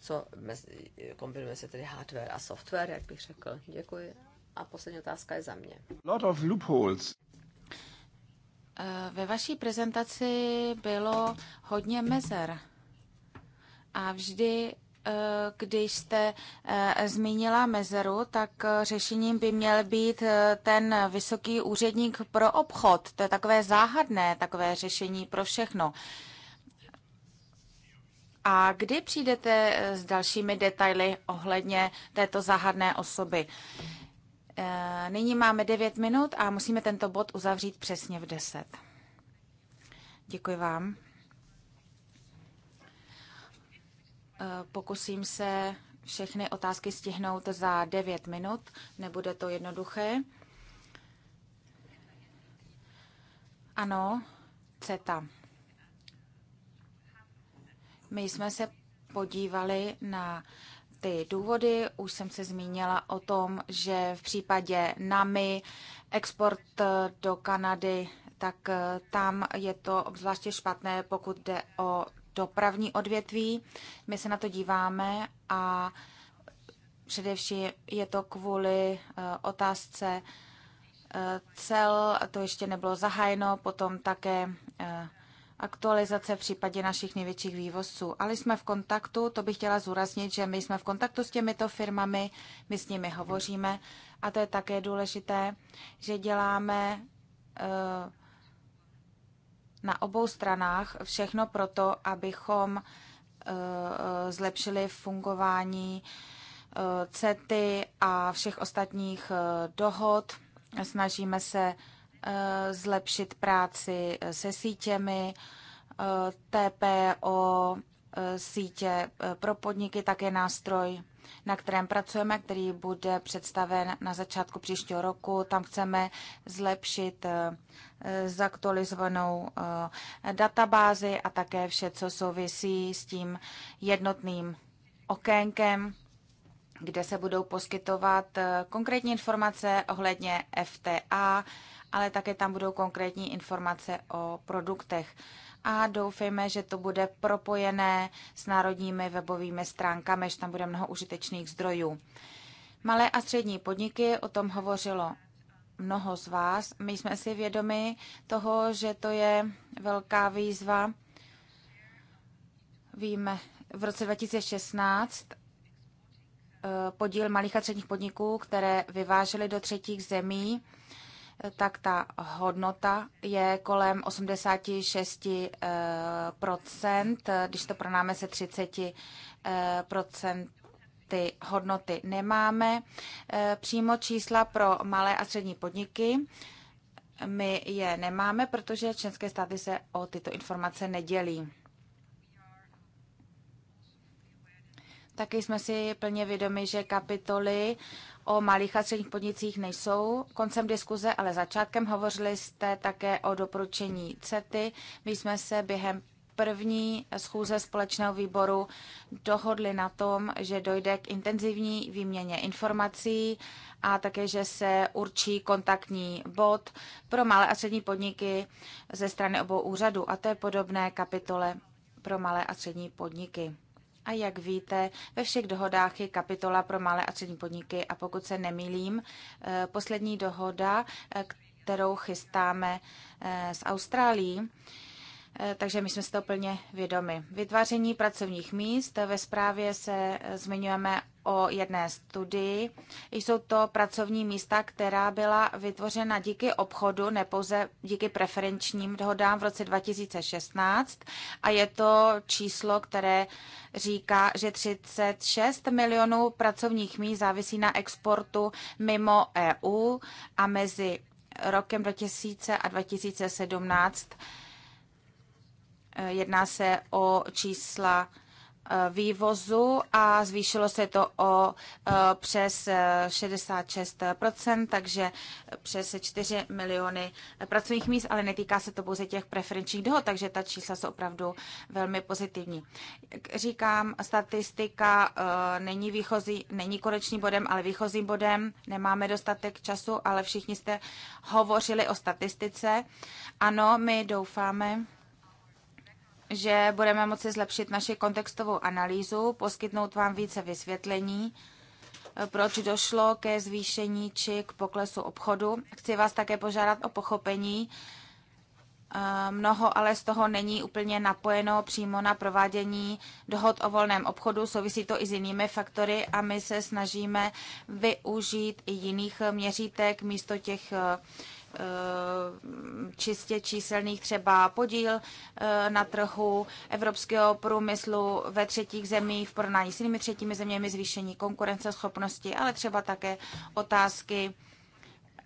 co mezi, kombinuje se tedy hardware a software, jak bych řekl. Děkuji. A poslední otázka je za mě. Lot of loopholes. Eh, ve vaší prezentaci bylo hodně mezer a vždy eh, když jste eh, zmínila mezeru, tak řešením by měl být ten vysoký úředník pro obchod. To je takové záhadné, takové řešení pro všechno. A kdy přijdete s dalšími detaily ohledně této záhadné osoby? Eh, nyní máme 9 minut a musíme tento bod uzavřít přesně v 10. Děkuji vám. Eh, pokusím se všechny otázky stihnout za 9 minut. Nebude to jednoduché. Ano, CETA. My jsme se podívali na ty důvody. Už jsem se zmínila o tom, že v případě NAMI export eh, do Kanady, tak eh, tam je to obzvláště špatné, pokud jde o dopravní odvětví. My se na to díváme a především je to kvůli eh, otázce cel, to ještě nebylo zahájeno, potom také aktualizace v případě našich největších vývozců. Ale jsme v kontaktu, to bych chtěla zúraznit, že my jsme v kontaktu s těmito firmami, my s nimi hovoříme a to je také důležité, že děláme eh, na obou stranách všechno proto, abychom eh, zlepšili fungování eh, CETY a všech ostatních dohod. Snažíme se Eh, zlepšit práci eh, se sítěmi, eh, TPO, sítě pro podniky, také nástroj, na kterém pracujeme, který bude představen na začátku příštího roku. Tam chceme zlepšit zaktualizovanou databázi a také vše, co souvisí s tím jednotným okénkem, kde se budou poskytovat konkrétní informace ohledně FTA, ale také tam budou konkrétní informace o produktech. A doufejme, že to bude propojené s národními webovými stránkami, že tam bude mnoho užitečných zdrojů. Malé a střední podniky, o tom hovořilo mnoho z vás. My jsme si vědomi toho, že to je velká výzva. Víme, v roce 2016 eh, podíl malých a středních podniků, které vyvážely do třetích zemí, tak ta hodnota je kolem 86%, eh, když to pronáme se 30% eh, ty hodnoty nemáme. Eh, přímo čísla pro malé a střední podniky, my je nemáme, protože členské státy se o tyto informace nedělí. Taky jsme si plně vědomi, že kapitoly o malých a středních podnicích nejsou koncem diskuze, ale začátkem hovořili jste také o doporučení CETY. My jsme se během první schůze společného výboru dohodli na tom, že dojde k intenzivní výměně informací a také, že se určí kontaktní bod pro malé a střední podniky ze strany obou úřadů. A to je podobné kapitole pro malé a střední podniky. A jak víte, ve všech dohodách je kapitola pro malé a střední podniky a pokud se nemýlím, eh, poslední dohoda, eh, kterou chystáme eh, s Austrálií, takže my jsme si to plně vědomi. Vytváření pracovních míst. Ve zprávě se zmiňujeme o jedné studii. Jsou to pracovní místa, která byla vytvořena díky obchodu, nepouze díky preferenčním dohodám v roce 2016. A je to číslo, které říká, že 36 milionů pracovních míst závisí na exportu mimo EU a mezi rokem 2000 a 2017 eh, jedná se o čísla Eh, vývozu a zvýšilo se to o eh, přes 66%, eh, takže přes 4 miliony pracovních míst, ale netýká se to pouze těch preferenčních dohod, takže ta čísla jsou opravdu velmi pozitivní. Jak říkám, statistika není výchozí, není konečným bodem, ale výchozím bodem. Nemáme dostatek času, ale všichni jste hovořili o statistice. Ano, my doufáme, že budeme moci zlepšit naši kontextovou analýzu, poskytnout vám více vysvětlení, eh, proč došlo ke zvýšení či k poklesu obchodu. Chci vás také požádat o pochopení. Eh, mnoho ale z toho není úplně napojeno přímo na provádění dohod o volném obchodu, souvisí to i s jinými faktory a my se snažíme využít i jiných měřítek místo těch eh, Eh, čistě číselných třeba podíl eh, na trhu evropského průmyslu ve třetích zemích v porovnání s jinými třetími zeměmi, zvýšení konkurenceschopnosti, ale třeba také otázky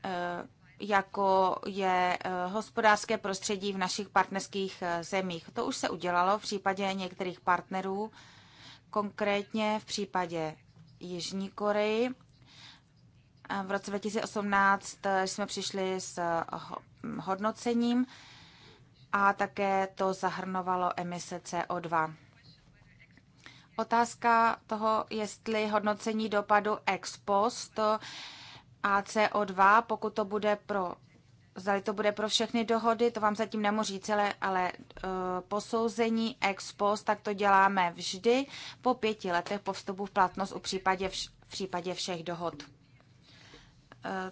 eh, jako je hospodářské prostředí v našich partnerských zemích. To už se udělalo v případě některých partnerů, konkrétně v případě Jižní Koreji v roce 2018 eh, jsme přišli s eh, hm, hodnocením a také to zahrnovalo emise CO2. Otázka toho, jestli hodnocení dopadu ex post eh, a CO2, pokud to bude pro Zdali to bude pro všechny dohody, to vám zatím nemůžu říct, ale, ale e, posouzení ex post, tak to děláme vždy po pěti letech po vstupu v platnost u případě vš- v případě všech dohod. Eh,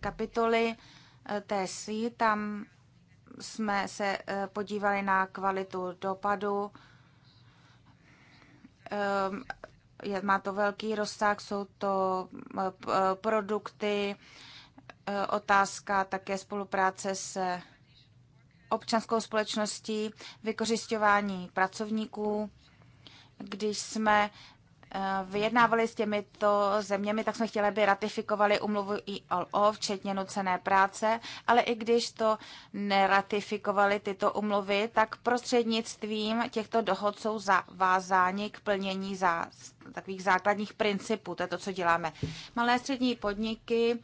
kapitoly eh, TSI, tam jsme se eh, podívali na kvalitu dopadu. Má to velký rozsah, jsou to produkty, otázka také spolupráce s občanskou společností, vykořišťování pracovníků. Když jsme Eh, vyjednávali s těmito zeměmi, tak jsme chtěli, aby ratifikovali umluvu ILO, včetně nucené práce, ale i když to neratifikovali tyto umluvy, tak prostřednictvím těchto dohod jsou zavázáni k plnění za takových základních principů, to je to, co děláme. Malé střední podniky,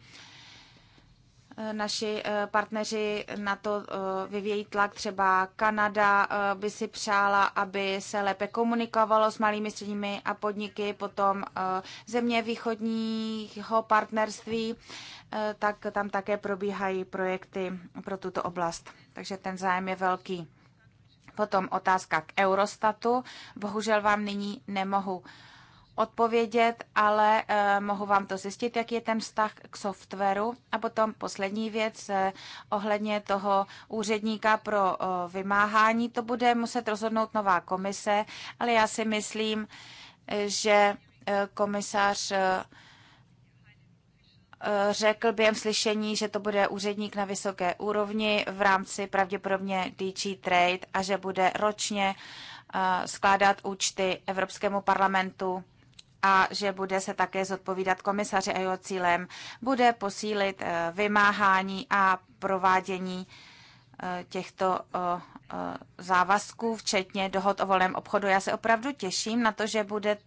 Eh, naši eh, partneři na to eh, vyvíjí tlak. Třeba Kanada by si přála, aby se lépe komunikovalo s malými středními a podniky, potom země východního partnerství, tak tam také probíhají projekty pro tuto oblast. Takže ten zájem je velký. Potom otázka k Eurostatu. Bohužel vám nyní nemohu uh, odpovědět, ale eh, mohu vám to zjistit, jaký je ten vztah k softwaru. A potom poslední věc eh, ohledně toho úředníka pro eh, vymáhání. To bude muset rozhodnout nová komise, ale já si myslím, že komisař řekl během slyšení, že to bude úředník na vysoké úrovni v rámci pravděpodobně DG Trade a že bude ročně skládat účty Evropskému parlamentu a že bude se také zodpovídat komisaři a jeho cílem bude posílit eh, vymáhání a provádění eh, těchto závazků, včetně dohod o volném obchodu. Já se opravdu těším na to, že bude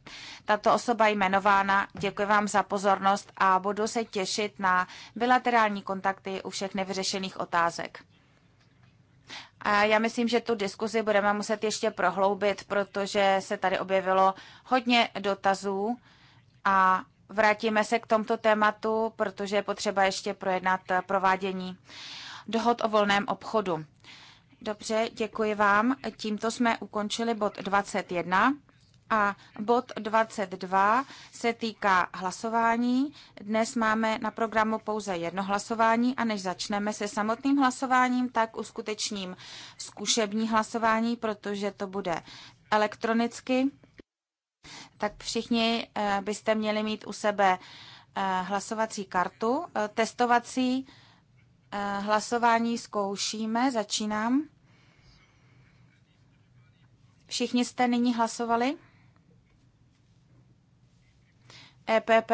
tato osoba jmenována. Děkuji vám za pozornost a budu se těšit na bilaterální kontakty u všech nevyřešených otázek. A já myslím, že tu diskuzi budeme muset ještě prohloubit, protože se tady objevilo hodně dotazů a vrátíme se k tomto tématu, protože je potřeba ještě projednat provádění dohod o volném obchodu. Dobře, děkuji vám. Tímto jsme ukončili bod 21. A bod 22 se týká hlasování. Dnes máme na programu pouze jedno hlasování a než začneme se samotným hlasováním, tak uskutečním zkušební hlasování, protože to bude elektronicky. Tak všichni eh, byste měli mít u sebe eh, hlasovací kartu. Eh, testovací hlasování zkoušíme, začínám. Všichni jste nyní hlasovali? EPP?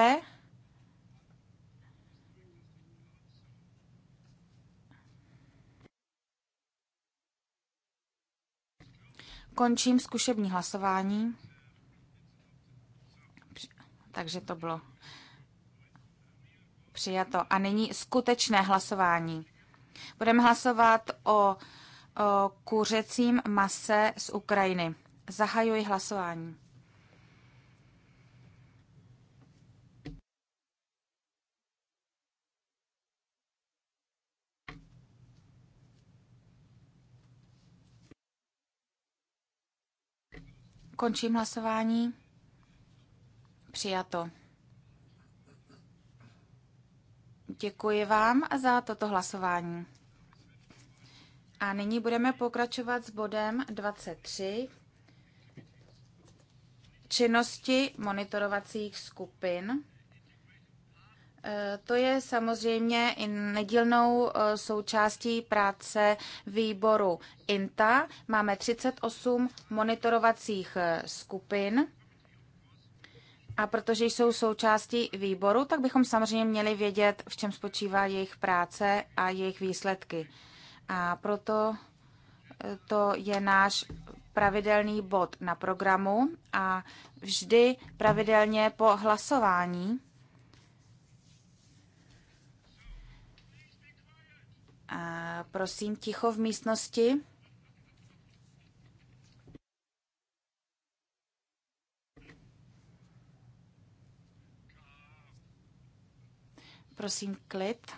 Končím zkušební hlasování. Takže to bylo přijato. A nyní skutečné hlasování. Budeme hlasovat o, o kuřecím mase z Ukrajiny. Zahajuji hlasování. Končím hlasování. Přijato. Děkuji vám za toto hlasování. A nyní budeme pokračovat s bodem 23. Činnosti monitorovacích skupin. To je samozřejmě i nedílnou e, součástí práce výboru INTA. Máme 38 monitorovacích e, skupin. A protože jsou součástí výboru, tak bychom samozřejmě měli vědět, v čem spočívá jejich práce a jejich výsledky. A proto e, to je náš pravidelný bod na programu a vždy pravidelně po hlasování A prosím, ticho v místnosti. Prosím, klid.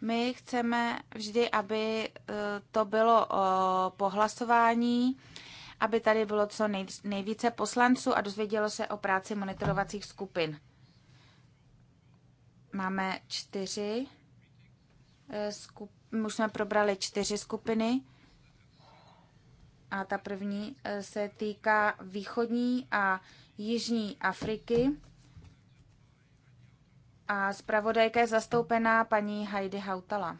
My chceme vždy, aby eh, to bylo o eh, pohlasování aby tady bylo co nej, nejvíce poslanců a dozvědělo se o práci monitorovacích skupin. Máme čtyři eh, skup, už jsme probrali čtyři skupiny a ta první eh, se týká východní a jižní Afriky a zpravodajka je zastoupená paní Heidi Hautala.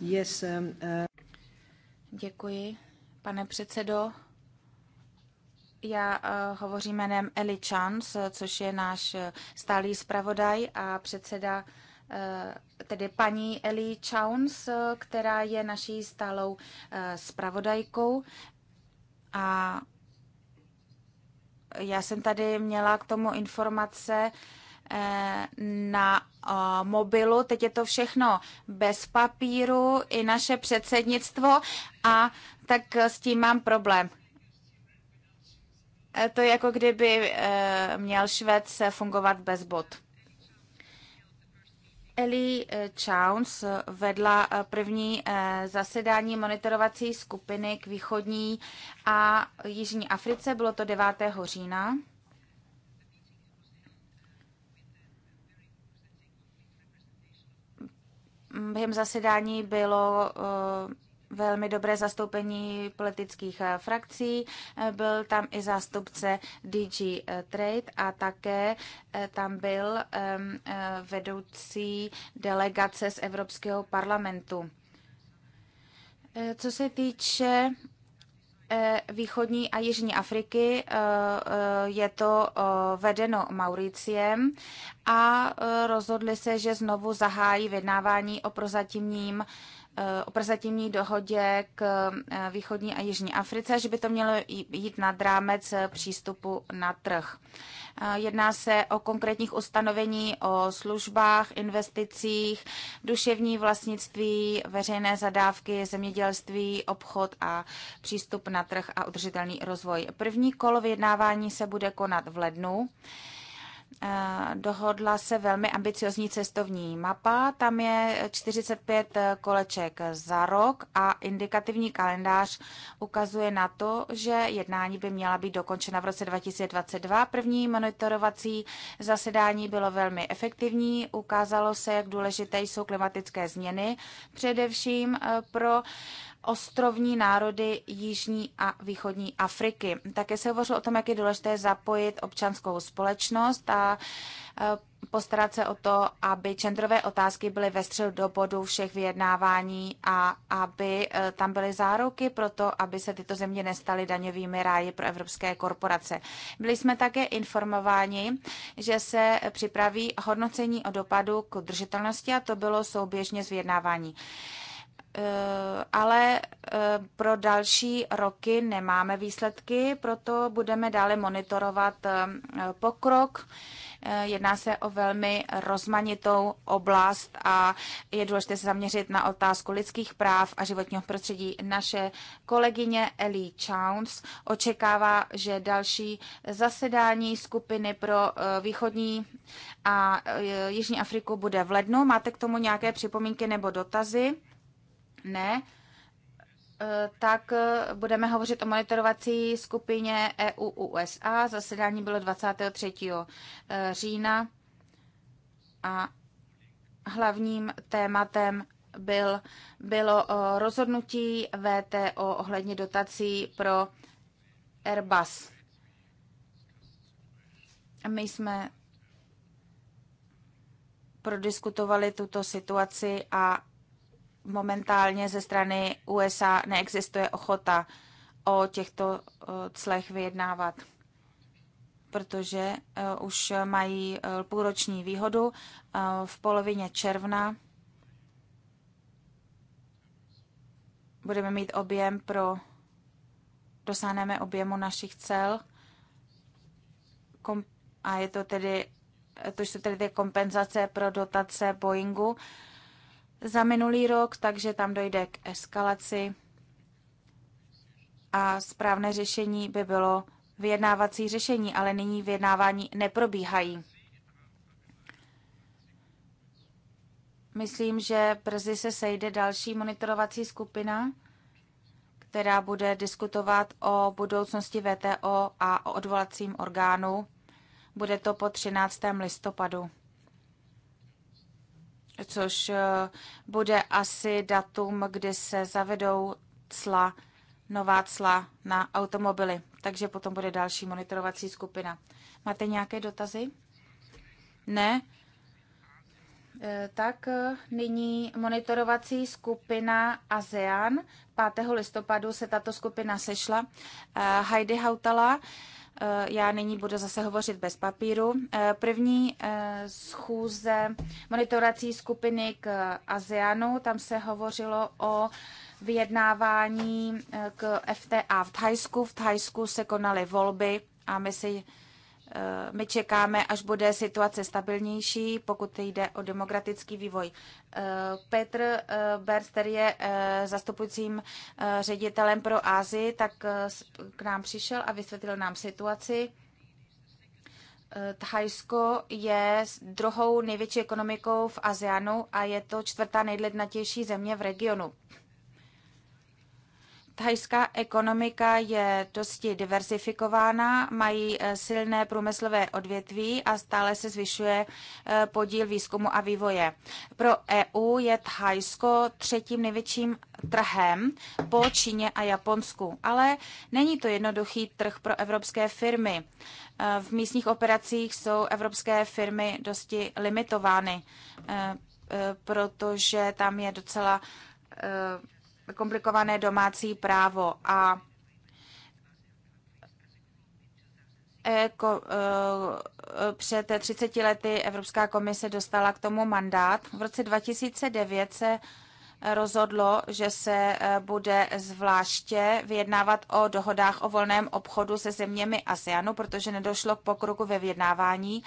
Um, uh, Děkuji, pane předsedo. Já uh, hovořím jménem Eli Chance, což je náš uh, stálý zpravodaj a předseda uh, tedy paní Eli Chance, která je naší stálou zpravodajkou. A já jsem tady měla k tomu informace na mobilu. Teď je to všechno bez papíru, i naše předsednictvo a tak s tím mám problém. E, to je jako kdyby e, měl Švec fungovat bez bod. Eli e, Chowns vedla první zasedání monitorovací skupiny k východní a jižní Africe. Bylo to 9. října. Mm, během zasedání bylo eh, velmi dobré zastoupení politických eh, frakcí. Eh, byl tam i zástupce DG Trade a také tam byl vedoucí delegace z Evropského parlamentu. Co se týče E, východní a jižní Afriky e, e, je to vedeno Mauriciem a rozhodli se, že znovu zahájí vyjednávání o prozatímním Eh, o prozatímní dohodě k eh, východní a jižní Africe, že by to mělo jít nad rámec eh, přístupu na trh. Jedná se o konkrétních ustanovení o službách, investicích, duševní vlastnictví, veřejné zadávky, zemědělství, obchod a přístup na trh a udržitelný rozvoj. První kolo vyjednávání se bude konat v lednu. Eh, dohodla se velmi ambiciozní cestovní mapa. Tam je 45 eh, koleček za rok a indikativní kalendář ukazuje na to, že jednání by měla být dokončena v roce 2022. První monitorovací zasedání bylo velmi efektivní. Ukázalo se, jak důležité jsou klimatické změny, především eh, pro ostrovní národy Jižní a Východní Afriky. Také se hovořilo o tom, jak je důležité zapojit občanskou společnost a e, postarat se o to, aby čendrové otázky byly ve středu do bodu všech vyjednávání a aby e, tam byly záruky pro to, aby se tyto země nestaly daňovými ráji pro evropské korporace. Byli jsme také informováni, že se připraví hodnocení o dopadu k držitelnosti a to bylo souběžně s vyjednávání. Eh, ale eh, pro další roky nemáme výsledky, proto budeme dále monitorovat eh, pokrok. Jedná se o velmi rozmanitou oblast a je důležité se zaměřit na otázku lidských práv a životního prostředí. Naše kolegyně Ellie Chowns očekává, že další zasedání skupiny pro východní a jižní Afriku bude v lednu. Máte k tomu nějaké připomínky nebo dotazy? ne, e, tak e, budeme hovořit o monitorovací skupině EU-USA. Zasedání bylo 23. E, října a hlavním tématem byl, bylo rozhodnutí VTO ohledně dotací pro Airbus. My jsme prodiskutovali tuto situaci a momentálně ze strany USA neexistuje ochota o těchto eh, clech vyjednávat, protože eh, už mají eh, půlroční výhodu. V polovině června budeme mít objem pro, dosáhneme objemu našich cel a je to tedy, to jsou tedy ty kompenzace pro dotace Boeingu za minulý rok, takže tam dojde k eskalaci a správné řešení by bylo vyjednávací řešení, ale nyní vyjednávání neprobíhají. Myslím, že brzy se sejde další monitorovací skupina, která bude diskutovat o budoucnosti VTO a o odvolacím orgánu. Bude to po 13. listopadu což eh, bude asi datum, kdy se zavedou cla, nová cla na automobily. Takže potom bude další monitorovací skupina. Máte nějaké dotazy? Ne? Eh, tak eh, nyní monitorovací skupina ASEAN. 5. listopadu se tato skupina sešla. Heidi Hautala Eh, já nyní budu zase hovořit bez papíru. Eh, první eh, schůze monitorací skupiny k ASEANu, tam se hovořilo o vyjednávání k FTA v Thajsku. V Thajsku se konaly volby a my si Eh, my čekáme, až bude situace stabilnější, pokud jde o demokratický vývoj. Eh, Petr eh, Berst, který je zastupujícím ředitelem pro Ázii, tak k nám přišel a vysvětlil nám situaci. Thajsko je druhou největší ekonomikou v ASEANu a je to čtvrtá nejlednatější země v regionu. Thajská ekonomika je dosti diversifikována, mají eh, silné průmyslové odvětví a stále se zvyšuje eh, podíl výzkumu a vývoje. Pro EU je Thajsko třetím největším trhem po Číně a Japonsku, ale není to jednoduchý trh pro evropské firmy. Eh, v místních operacích jsou evropské firmy dosti limitovány, protože tam je docela komplikované domácí právo a e, před 30 lety Evropská komise dostala k tomu mandát. V roce 2009 se rozhodlo, že se eh, bude zvláště vyjednávat o dohodách o volném obchodu se zeměmi ASEANu, protože nedošlo k pokroku ve vyjednávání.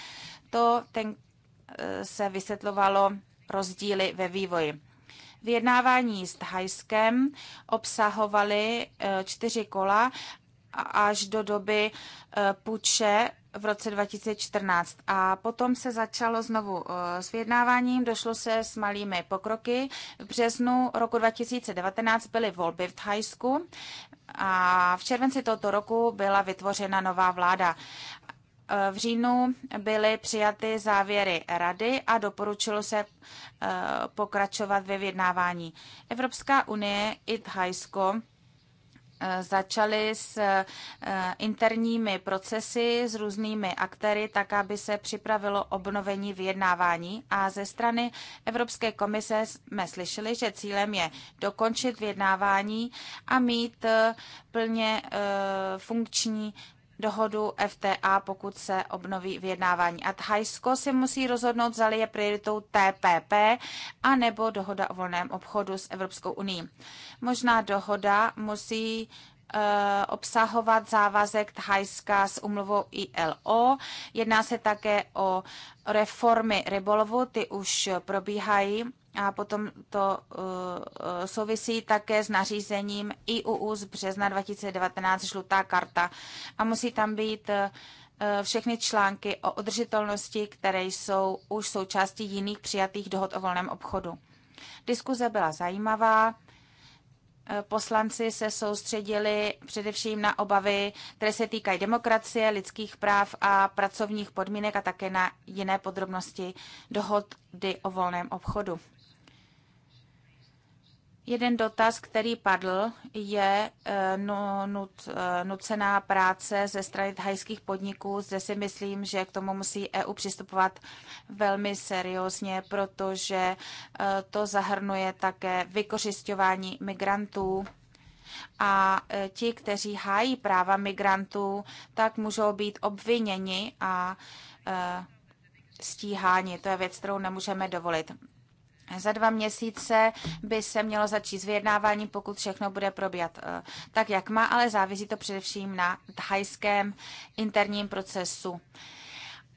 To ten, eh, se vysvětlovalo rozdíly ve vývoji. Vyjednávání s Thajskem obsahovaly eh, čtyři kola až do doby eh, puče v roce 2014. A potom se začalo znovu eh, s vyjednáváním, došlo se s malými pokroky. V březnu roku 2019 byly volby v Thajsku a v červenci tohoto roku byla vytvořena nová vláda. V říjnu byly přijaty závěry rady a doporučilo se eh, pokračovat ve vyjednávání. Evropská unie i Thajsko eh, začaly s eh, interními procesy s různými aktéry, tak aby se připravilo obnovení vyjednávání. A ze strany Evropské komise jsme slyšeli, že cílem je dokončit vyjednávání a mít plně funkční dohodu FTA, pokud se obnoví vyjednávání. A Thajsko si musí rozhodnout, zda je prioritou TPP a nebo dohoda o volném obchodu s Evropskou uní. Možná dohoda musí eh, obsahovat závazek Thajska s umluvou ILO. Jedná se také o reformy rybolovu, ty už probíhají a potom to uh, souvisí také s nařízením IUU z března 2019, žlutá karta. A musí tam být uh, všechny články o udržitelnosti, které jsou už součástí jiných přijatých dohod o volném obchodu. Diskuze byla zajímavá. Eh, poslanci se soustředili především na obavy, které se týkají demokracie, lidských práv a pracovních podmínek a také na jiné podrobnosti dohody o volném obchodu. Jeden dotaz, který padl, je no, nut, eh, nucená práce ze strany thajských podniků. Zde si myslím, že k tomu musí EU přistupovat velmi seriózně, protože eh, to zahrnuje také vykořišťování migrantů. A ti, kteří hájí práva migrantů, tak můžou být obviněni a stíháni. To je věc, kterou nemůžeme dovolit. Za dva měsíce by se mělo začít s vyjednáváním, pokud všechno bude probíhat eh, tak, jak má, ale závisí to především na thajském interním procesu.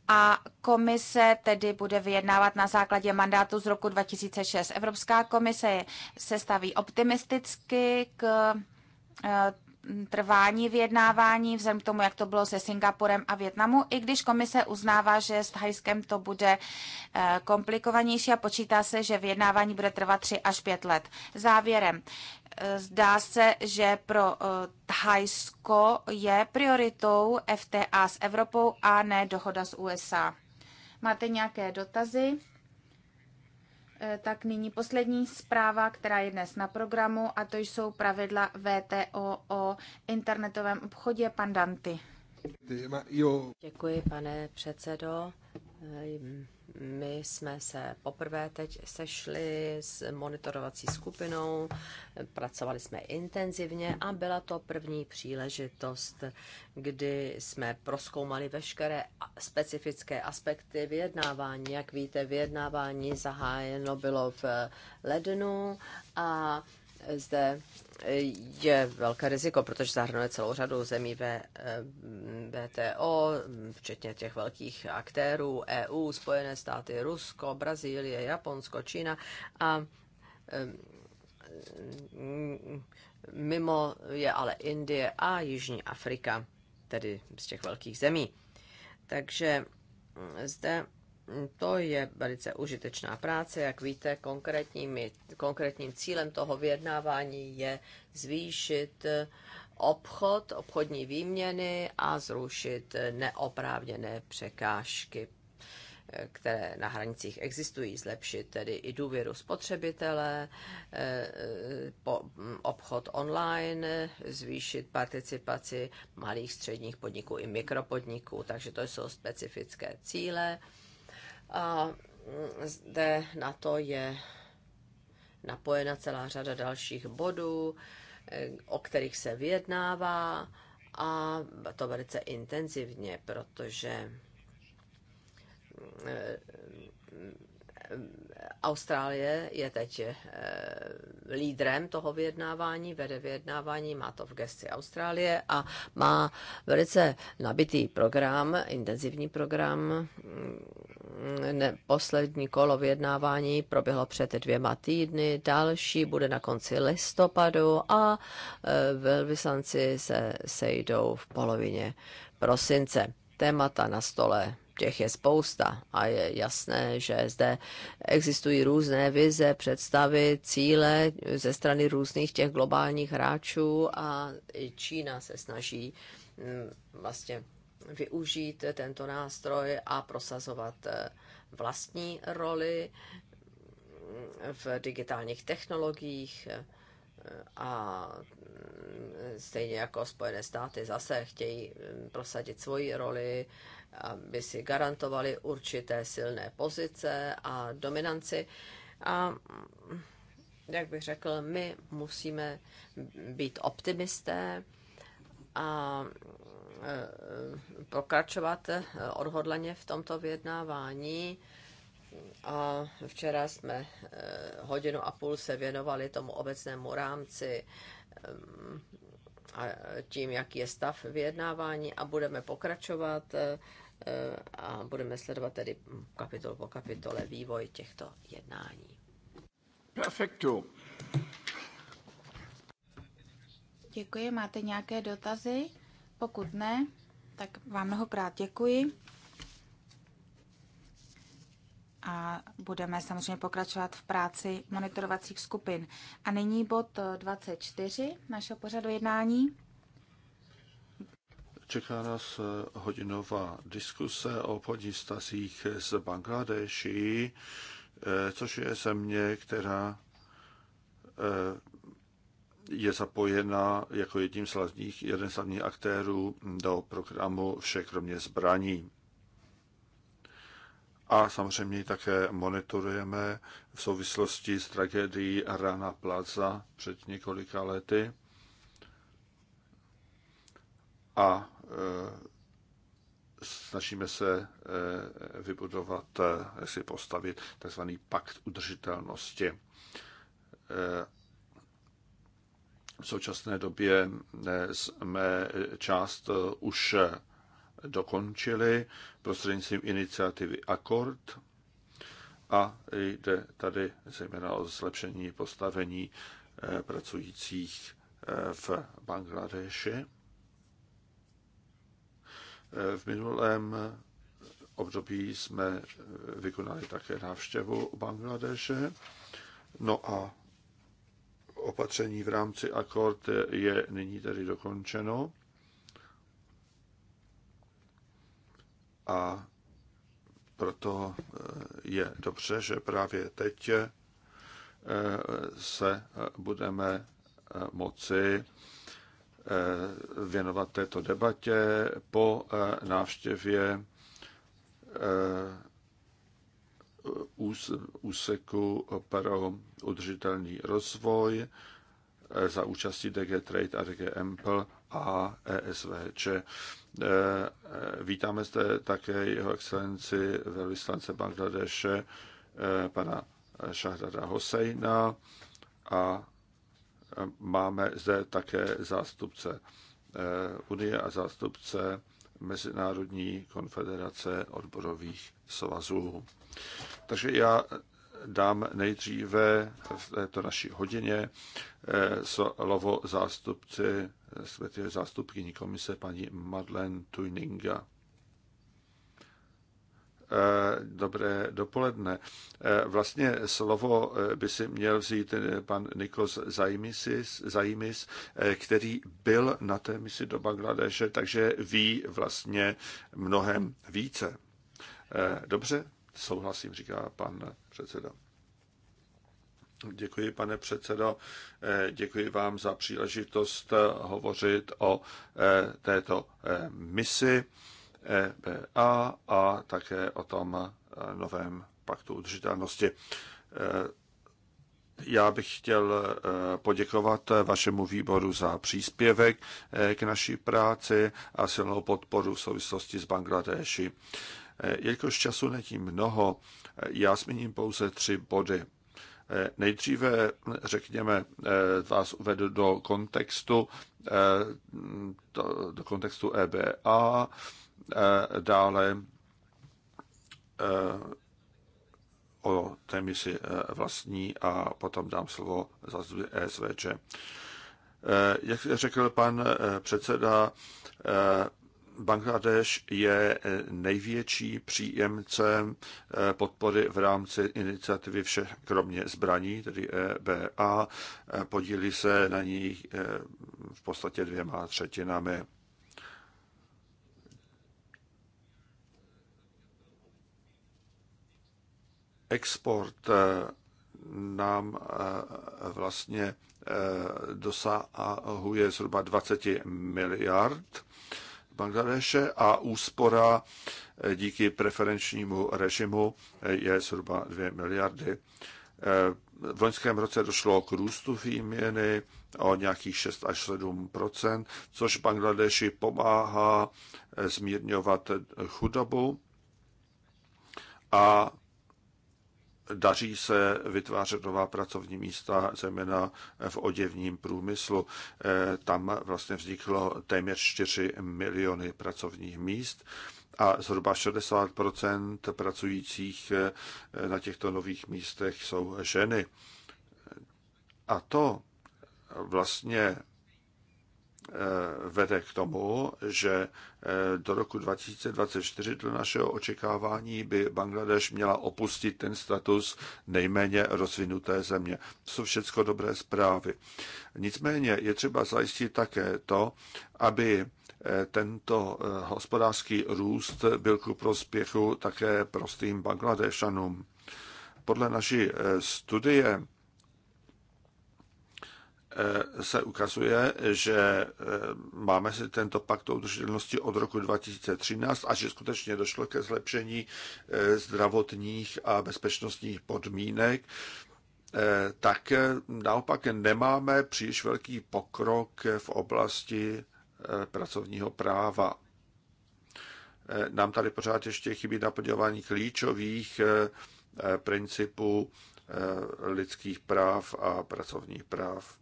A komise tedy bude vyjednávat na základě mandátu z roku 2006. Evropská komise se staví optimisticky k eh, trvání vyjednávání, vzhledem k tomu, jak to bylo se Singapurem a Větnamu, i když komise uznává, že s Thajskem to bude eh, komplikovanější a počítá se, že vyjednávání bude trvat 3 až 5 let. Závěrem, eh, zdá se, že pro eh, Thajsko je prioritou FTA s Evropou a ne dohoda s USA. Máte nějaké dotazy? Eh, tak nyní poslední zpráva, která je dnes na programu, a to jsou pravidla VTO o internetovém obchodě Pandanty. Děkuji, pane předsedo my jsme se poprvé teď sešli s monitorovací skupinou, pracovali jsme intenzivně a byla to první příležitost, kdy jsme proskoumali veškeré specifické aspekty vyjednávání. Jak víte, vyjednávání zahájeno bylo v lednu a zde je velké riziko, protože zahrnuje celou řadu zemí v, eh, VTO, včetně těch velkých aktérů, EU, Spojené státy, Rusko, Brazílie, Japonsko, Čína a eh, mimo je ale Indie a Jižní Afrika, tedy z těch velkých zemí. Takže mm, zde to je velice užitečná práce. Jak víte, konkrétním, konkrétním cílem toho vyjednávání je zvýšit obchod, obchodní výměny a zrušit neoprávněné překážky které na hranicích existují, zlepšit tedy i důvěru spotřebitele, obchod online, zvýšit participaci malých středních podniků i mikropodniků. Takže to jsou specifické cíle a mm, zde na to je napojena celá řada dalších bodů, eh, o kterých se vyjednává a to velice intenzivně, protože eh, Austrálie je teď eh, lídrem toho vyjednávání, vede vyjednávání, má to v gesti Austrálie a má velice nabitý program, intenzivní program, ne, poslední kolo vyjednávání proběhlo před dvěma týdny, další bude na konci listopadu a e, velvyslanci se sejdou v polovině prosince. Témata na stole těch je spousta a je jasné, že zde existují různé vize, představy, cíle ze strany různých těch globálních hráčů a Čína se snaží mm, vlastně využít tento nástroj a prosazovat eh, vlastní roli mm, v digitálních technologiích eh, a mm, stejně jako Spojené státy zase chtějí mm, prosadit svoji roli, aby si garantovali určité silné pozice a dominanci. A jak bych řekl, my musíme být optimisté a Eh, pokračovat eh, odhodlaně v tomto vyjednávání. A včera jsme eh, hodinu a půl se věnovali tomu obecnému rámci a tím, jaký je stav vyjednávání a budeme pokračovat a budeme sledovat tedy kapitol po kapitole vývoj těchto jednání. Perfekto. Děkuji. Máte nějaké dotazy? Pokud ne, tak vám mnohokrát děkuji. A budeme samozřejmě pokračovat v práci monitorovacích skupin. A nyní bod 24 našeho pořadu jednání. Čeká nás hodinová diskuse o obchodních stazích z Bangladeši, eh, což je země, která eh, je zapojena jako jedním z hlavních, jeden z hlavních aktérů do programu Vše kromě zbraní. A samozřejmě také monitorujeme v souvislosti s tragédií Rana Plaza před několika lety. A e, snažíme se e, vybudovat, e, si postavit tzv. pakt udržitelnosti v současné době eh, jsme eh, část eh, už dokončili prostřednictvím iniciativy Akord a jde tady zejména o zlepšení postavení pracujících v Bangladeši. V minulém období jsme vykonali také návštěvu Bangladeše. No a opatření v rámci akord je nyní tedy dokončeno. A proto eh, je dobře, že právě teď eh, se eh, budeme moci věnovat této debatě po návštěvě úseku pro udržitelný rozvoj e, za účastí DG Trade a DG Ample a ESVČ. E, e, vítáme zde také jeho excelenci velvyslance Bangladeše pana Šahdada Hosejna a máme zde také zástupce Unie a zástupce Mezinárodní konfederace odborových svazů. Takže já dám nejdříve v této naší hodině eh, slovo zástupci, respektive zástupkyní komise paní Madlen Tuininga. Eh, dobré dopoledne. Eh, vlastně slovo eh, by si měl vzít pan Nikos Zajmisis, Zajmis, který byl na té misi do Bangladeše, takže ví vlastně mnohem více. Dobře, souhlasím, říká pan předseda. Děkuji, pane předsedo. Děkuji vám za příležitost hovořit o této misi EBA a také o tom e, novém paktu udržitelnosti. E, já bych chtěl e, poděkovat vašemu výboru za příspěvek k naší práci a silnou podporu v souvislosti s Bangladeši. Jelikož času netím mnoho, já zmíním pouze tři body. Nejdříve, řekněme, vás uvedu do kontextu, do kontextu EBA, Eh, dále eh, o té misi eh, vlastní a potom dám slovo za ESVČ. Jak řekl pan předseda, Bangladeš je největší příjemcem podpory v rámci iniciativy všech kromě zbraní, tedy EBA. Podílí se na ní v podstatě dvěma třetinami export eh, nám eh, vlastně eh, dosahuje zhruba 20 miliard Bangladeše a úspora díky preferenčnímu režimu je zhruba 2 miliardy. V loňském roce došlo k růstu výměny o nějakých 6 až 7 což Bangladeši pomáhá zmírňovat chudobu a daří se vytvářet nová pracovní místa, zejména v oděvním průmyslu. Eh, tam vlastně vzniklo téměř 4 miliony pracovních míst a zhruba 60 pracujících eh, na těchto nových místech jsou ženy. A to vlastně vede k tomu, že eh, do roku 2024 do našeho očekávání by Bangladeš měla opustit ten status nejméně rozvinuté země. To jsou všechno dobré zprávy. Nicméně je třeba zajistit také to, aby eh, tento eh, hospodářský růst byl ku prospěchu také prostým Bangladešanům. Podle naší studie Eh, se ukazuje, že eh, máme si tento pakt o udržitelnosti od roku 2013 a že skutečně došlo ke zlepšení eh, zdravotních a bezpečnostních podmínek, tak naopak nemáme příliš velký pokrok v oblasti pracovního práva. Nám tady pořád ještě chybí naplňování klíčových principů lidských práv a pracovních práv.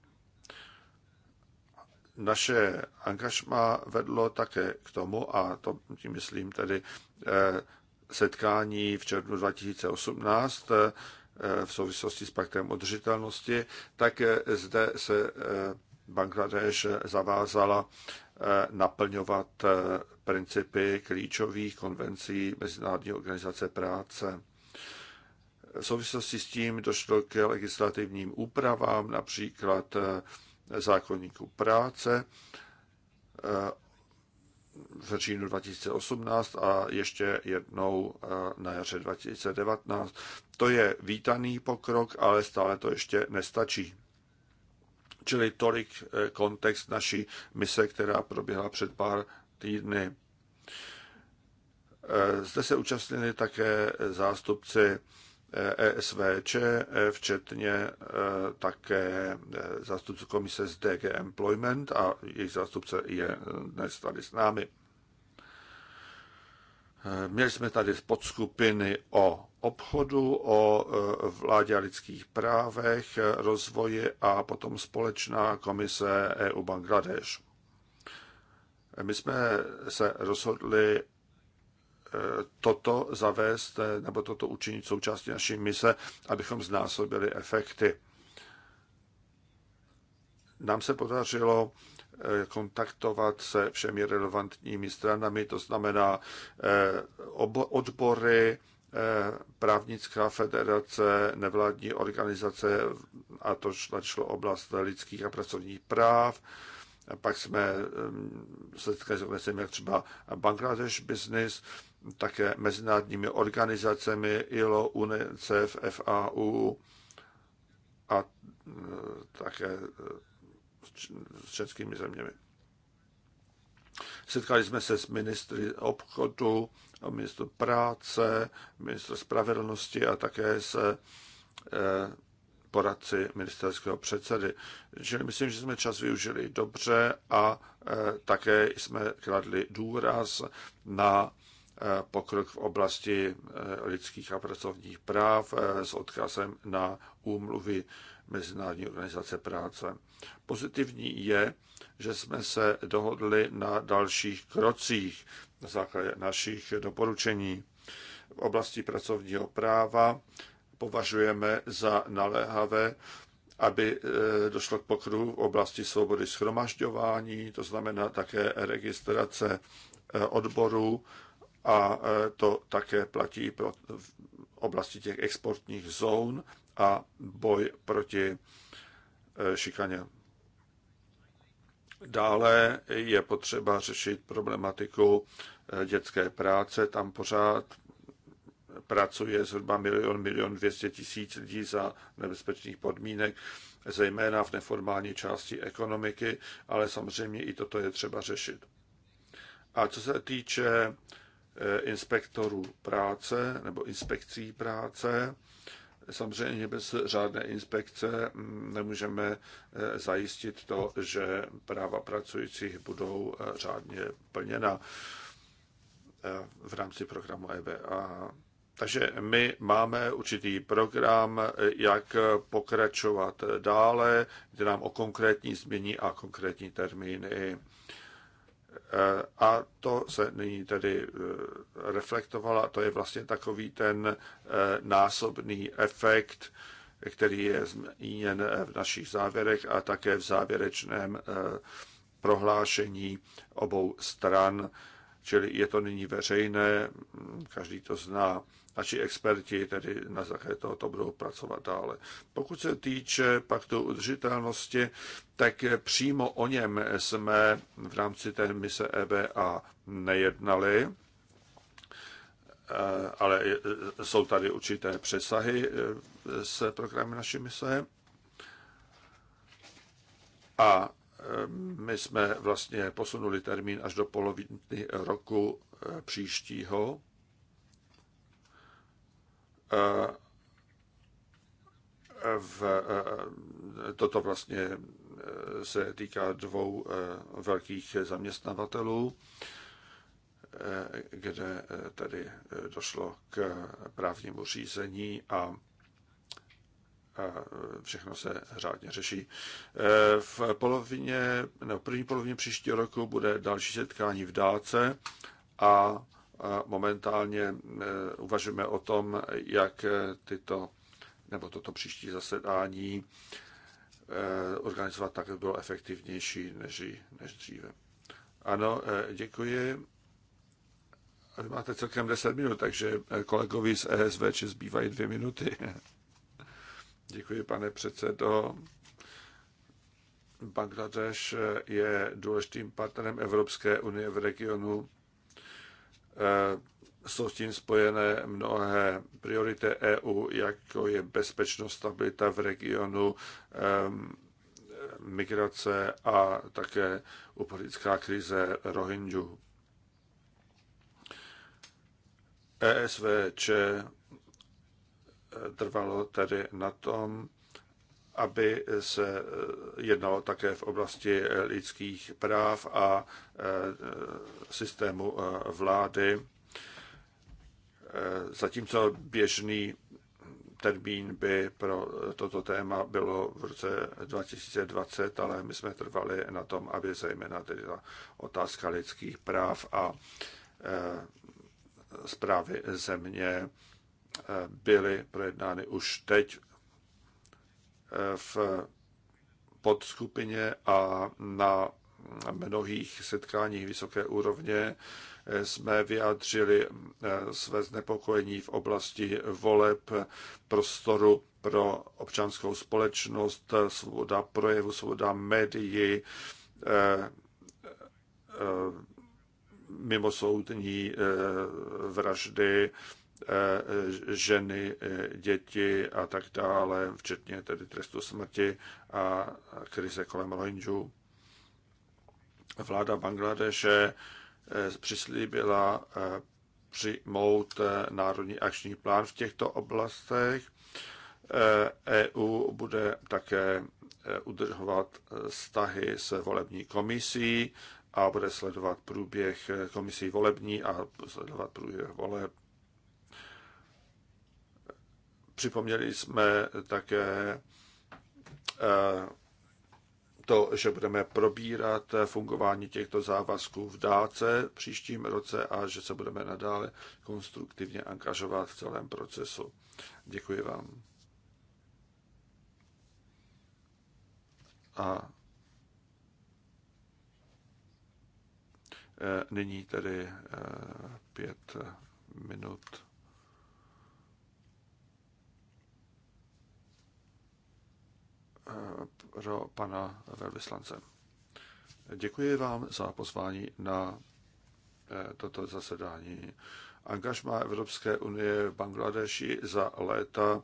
Naše angažma vedlo také k tomu, a to tím myslím tedy eh, setkání v červnu 2018 eh, v souvislosti s paktem udržitelnosti, tak eh, zde se Bangladeš zavázala naplňovat principy klíčových konvencí Mezinárodní organizace práce. V souvislosti s tím došlo k legislativním úpravám, například zákonníku práce eh, v říjnu 2018 a ještě jednou eh, na jaře 2019. To je vítaný pokrok, ale stále to ještě nestačí. Čili tolik eh, kontext naší mise, která proběhla před pár týdny. Zde se účastnili také zástupci ESVČ, e včetně e, také e, zástupce komise z DG Employment a jejich zástupce je dnes tady s námi. Měli jsme tady podskupiny o obchodu, o vládě a lidských právech, rozvoji a potom společná komise EU Bangladeš. My jsme se rozhodli toto zavést eh, nebo toto učinit součástí naší mise, abychom znásobili efekty. Nám se podařilo eh, kontaktovat se všemi relevantními stranami, to znamená eh, odbory, právnická federace, nevládní organizace, a to šlo oblast lidských a pracovních práv. Pak jsme se setkali s jak třeba Bangladesh Business, také mezinárodními organizacemi ILO, UNICEF, FAU a e, také e, s českými zeměmi. Setkali jsme se s ministry obchodu, ministrem práce, ministrem spravedlnosti a také se poradci ministerského předsedy. Čili myslím, že jsme čas využili dobře a e, také jsme kladli důraz na pokrok v oblasti eh, lidských a pracovních práv eh, s odkazem na úmluvy Mezinárodní organizace práce. Pozitivní je, že jsme se dohodli na dalších krocích na základě našich doporučení. V oblasti pracovního práva považujeme za naléhavé, aby eh, došlo k pokroku v oblasti svobody schromažďování, to znamená také registrace odborů a e, to také platí pro oblasti těch exportních zón a boj proti e, šikaně. Dále je potřeba řešit problematiku e, dětské práce. Tam pořád pracuje zhruba milion, milion dvěstě tisíc lidí za nebezpečných podmínek, zejména v neformální části ekonomiky, ale samozřejmě i toto je třeba řešit. A co se týče Eh, inspektorů práce nebo inspekcí práce. Samozřejmě bez řádné inspekce mm, nemůžeme eh, zajistit to, že práva pracujících budou eh, řádně plněna v rámci programu EBA. Takže my máme určitý program, jak pokračovat dále, kde nám o konkrétní změny a konkrétní termíny. A to se nyní tedy eh, reflektovalo, to je vlastně takový ten eh, násobný efekt, který je zmíněn eh, v našich závěrech a také v závěrečném prohlášení obou stran. Čili je to nyní veřejné, každý to zná naši experti tedy na základě tohoto budou pracovat dále. Pokud se týče paktu udržitelnosti, tak přímo o něm jsme v rámci té mise EBA nejednali, ale jsou tady určité přesahy s programy naší mise. A my jsme vlastně posunuli termín až do poloviny roku příštího, v, eh, toto vlastně eh, se týká dvou eh, velkých zaměstnavatelů, kde tady došlo k právnímu řízení a všechno se řádně řeší. V polovině, no, v první polovině příštího roku bude další setkání v dáce a a momentálně eh, uvažujeme o tom, jak eh, tyto, nebo toto příští zasedání eh, organizovat tak, aby bylo efektivnější než, než dříve. Ano, děkuji. Vy máte celkem 10 minut, takže kolegovi z e či zbývají dvě minuty. Děkuji, pane předsedo. Bangladeš je důležitým partnerem Evropské unie v regionu Eh, jsou s tím spojené mnohé priority EU, jako je bezpečnost, stabilita v regionu, eh, migrace a také uprchlická krize Rohingyů. ESVČ eh, trvalo tedy na tom, aby se eh, jednalo také v oblasti lidských práv a eh, systému eh, vlády. Zatímco běžný termín by pro toto téma bylo v roce 2020, ale my jsme trvali na tom, aby zejména tedy ta otázka lidských práv a zprávy země byly projednány už teď v podskupině a na mnohých setkáních vysoké úrovně jsme vyjádřili eh, své znepokojení v oblasti voleb, prostoru pro občanskou společnost, svoboda projevu, svoboda médií, eh, eh, mimosoudní vraždy, Eh, eh, ženy, eh, děti a tak dále, včetně tedy trestu smrti a krize kolem Rohingyů. Vláda Bangladeše přislíbila přijmout národní akční plán v těchto oblastech. EU e bude také udržovat vztahy s volební komisí a bude sledovat průběh komisí volební a sledovat průběh voleb. Připomněli jsme také eh, to, že budeme probírat fungování těchto závazků v dáce v příštím roce a že se budeme nadále konstruktivně angažovat v celém procesu. Děkuji vám. A eh, nyní tedy eh, pět minut. Eh, pro pana velvyslance. Děkuji vám za pozvání na eh, toto zasedání. Angažma Evropské unie v Bangladeši za léta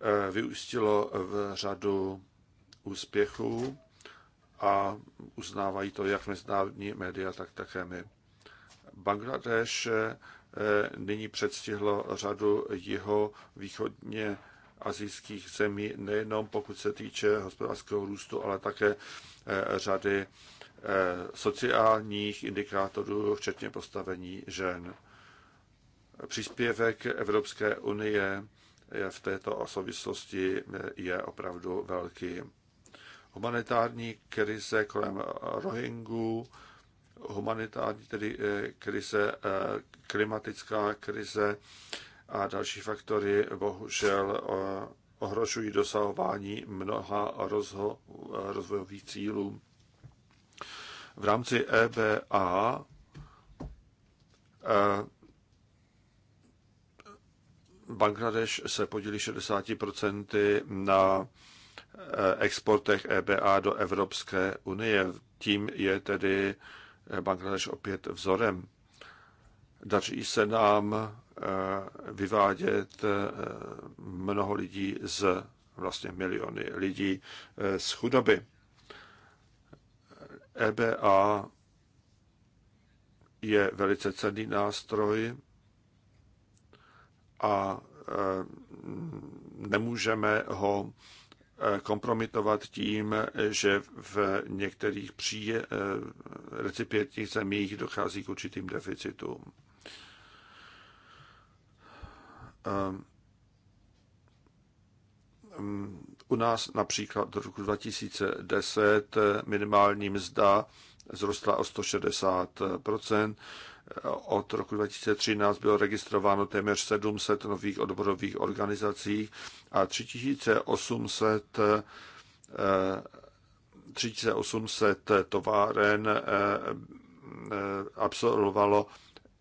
eh, vyústilo v řadu úspěchů a uznávají to jak mezinárodní média, tak také my. Bangladeš nyní předstihlo řadu jeho východně azijských zemí, nejenom pokud se týče hospodářského růstu, ale také eh, řady eh, sociálních indikátorů, včetně postavení žen. Příspěvek Evropské unie v této souvislosti eh, je opravdu velký. Humanitární krize kolem Rohingů, humanitární tedy krize, klimatická krize, a další faktory bohužel eh, ohrožují dosahování mnoha rozho- rozvojových cílů. V rámci EBA eh, Bangladeš se podílí 60% na eh, exportech EBA do Evropské unie. Tím je tedy Bangladeš opět vzorem. Daří se nám eh, vyvádět eh, mnoho lidí z vlastně miliony lidí eh, z chudoby. EBA je velice cenný nástroj a nemůžeme ho kompromitovat tím, že v některých příje, recipientních zemích dochází k určitým deficitům. Ehm, ehm, u nás například do roku 2010 eh, minimální mzda zrostla o 160 eh, eh, Od roku 2013 bylo registrováno téměř 700 nových odborových organizací a 3800 3800 továren absolvovalo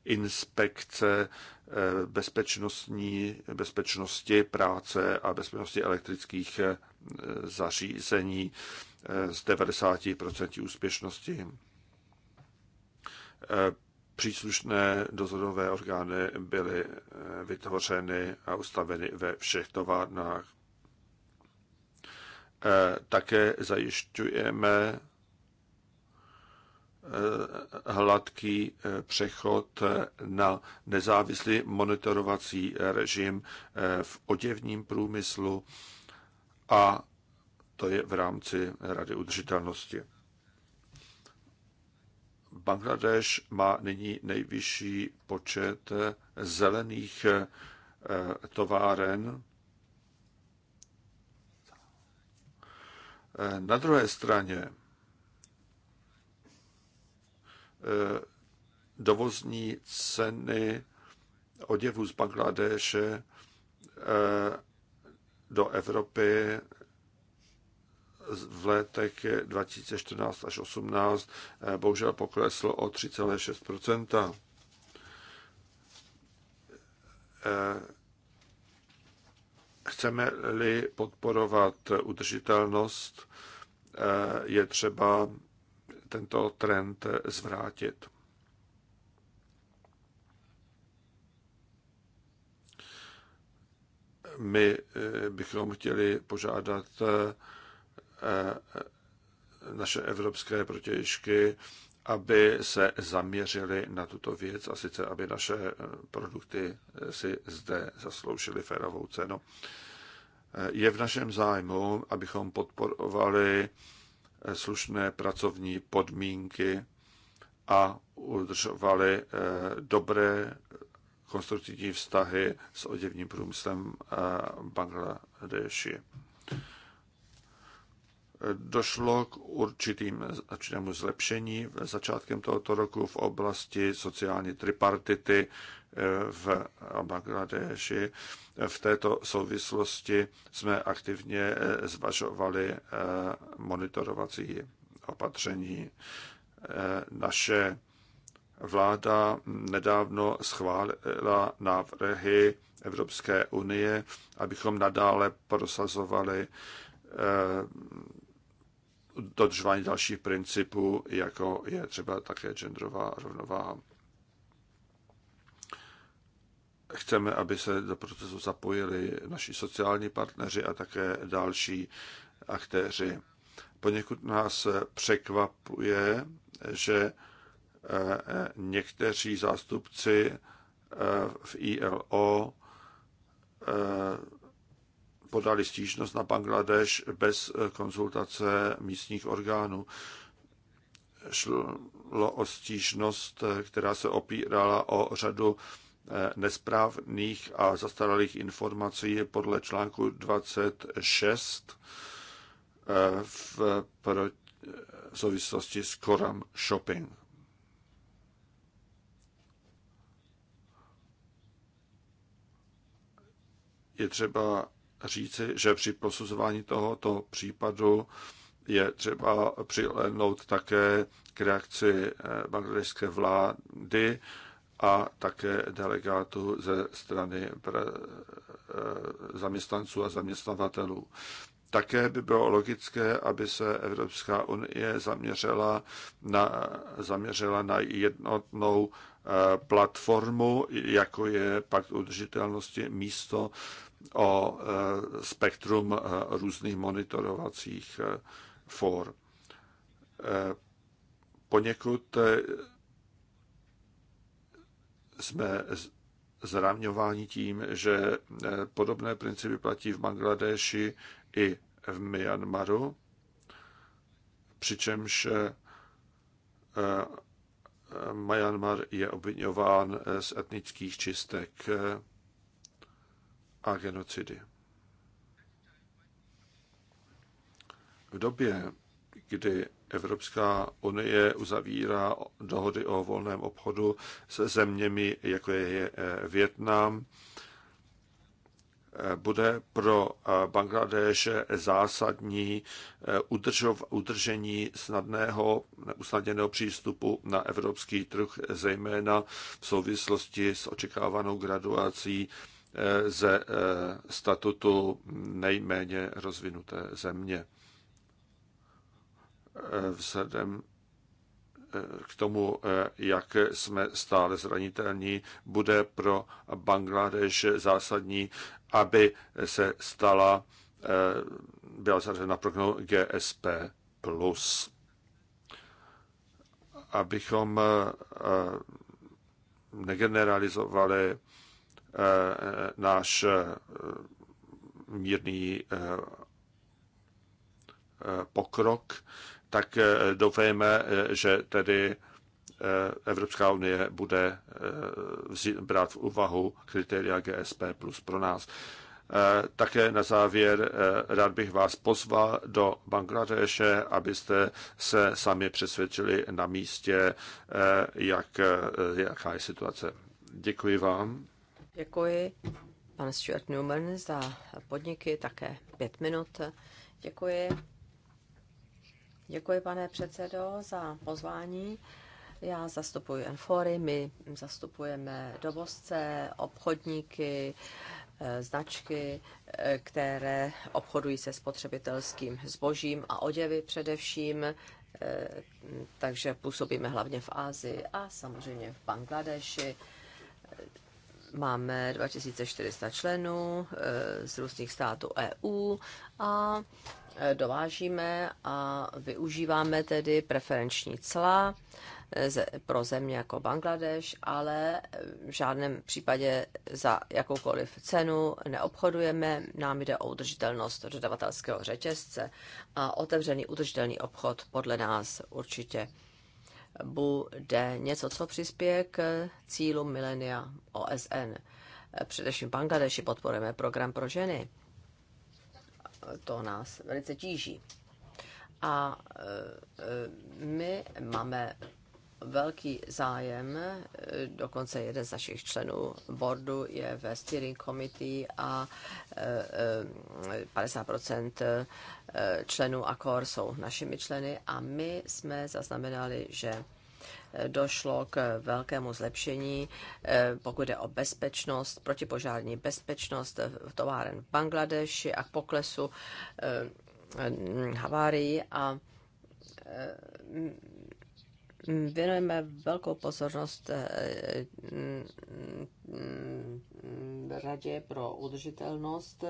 inspekce eh, bezpečnostní, bezpečnosti práce a bezpečnosti elektrických eh, zařízení eh, z 90% úspěšnosti. Příslušné dozorové orgány byly vytvořeny a ustaveny ve všech továrnách. Také zajišťujeme Eh, hladký eh, přechod eh, na nezávislý monitorovací režim v oděvním průmyslu a to je v rámci Rady udržitelnosti. Bangladeš má nyní nejvyšší počet zelených továren. Na druhé straně Eh, dovozní ceny oděvů z Bangladéše eh, do Evropy v letech 2014 až 2018 eh, bohužel poklesl o 3,6 Chceme-li podporovat udržitelnost, je třeba tento trend zvrátit. My eh, bychom chtěli požádat eh, eh, naše evropské protějšky, aby se zaměřili na tuto věc a sice, aby naše produkty si zde zasloužily férovou cenu. Je v našem zájmu, abychom podporovali slušné pracovní podmínky a udržovali eh, dobré konstruktivní vztahy s oděvním průmyslem eh, Bangladeši. Došlo k určitým, určitému zlepšení začátkem tohoto roku v oblasti sociální tripartity, v Bangladeši. V této souvislosti jsme aktivně eh, zvažovali eh, monitorovací opatření. Eh, naše vláda nedávno schválila návrhy Evropské unie, abychom nadále prosazovali dodržování dalších principů, jako je třeba také genderová rovnováha. Chceme, aby se do procesu zapojili naši sociální partneři a také další aktéři. Poněkud nás překvapuje, že eh, někteří zástupci eh, v ILO eh, podali stížnost na Bangladeš bez konzultace místních orgánů. Šlo o stížnost, která se opírala o řadu Eh, nesprávných a zastaralých informací je podle článku 26 eh, v, pro, v souvislosti s Koram Shopping. Je třeba říci, že při posuzování tohoto případu je třeba přilehnout také k reakci eh, bangladešské vlády a také delegátů ze strany e, zaměstnanců a zaměstnavatelů. Také by bylo logické, aby se Evropská unie zaměřila na, zaměřila na jednotnou e, platformu, jako je pakt udržitelnosti místo o e, spektrum různých monitorovacích for. Poněkud jsme zraňováni tím, že eh, podobné principy platí v Bangladeši i v Myanmaru, přičemž eh, eh, Myanmar je obvinován z etnických čistek a genocidy. V době, kdy Evropská unie uzavírá dohody o volném obchodu se zeměmi, jako je e, Větnam, e, bude pro e, Bangladeš zásadní udržení snadného, usnadněného přístupu na evropský trh, zejména v souvislosti s očekávanou graduací ze statutu nejméně rozvinuté země vzhledem eh, k tomu, eh, jak jsme stále zranitelní, bude pro Bangladeš zásadní, aby se stala, eh, byla zařazena prognou GSP+. Abychom negeneralizovali náš mírný pokrok, tak eh, doufejme, eh, že tedy eh, Evropská unie bude brát v úvahu kritéria GSP plus pro nás. Také na závěr rád bych vás pozval do Bangladeše, abyste se sami přesvědčili na místě, jak, jaká je situace. Děkuji vám. Děkuji. Pan Stuart Newman za podniky, také pět minut. Děkuji. Děkuji, pane předsedo, za pozvání. Já zastupuji Enfory, my zastupujeme dovozce, obchodníky, eh, značky, eh, které obchodují se spotřebitelským zbožím a oděvy především, eh, takže působíme hlavně v Ázii a samozřejmě v Bangladeši. Máme 2400 členů z různých států EU a Eh, dovážíme a využíváme tedy preferenční cla eh, pro země jako Bangladeš, ale eh, v žádném případě za jakoukoliv cenu neobchodujeme. Nám jde o udržitelnost dodavatelského řetězce a otevřený udržitelný obchod podle nás určitě bude něco, co přispěje k cílům milenia OSN. Především v Bangladeši podporujeme program pro ženy to nás velice tíží. A e, e, my máme velký zájem, e, dokonce jeden z našich členů boardu je ve steering committee a 50% členů akor jsou našimi členy a my jsme zaznamenali, že došlo k velkému zlepšení, eh, pokud je o bezpečnost, protipožární bezpečnost v továren v Bangladeši a k poklesu eh, havárií a eh, věnujeme velkou pozornost Radě pro udržitelnost,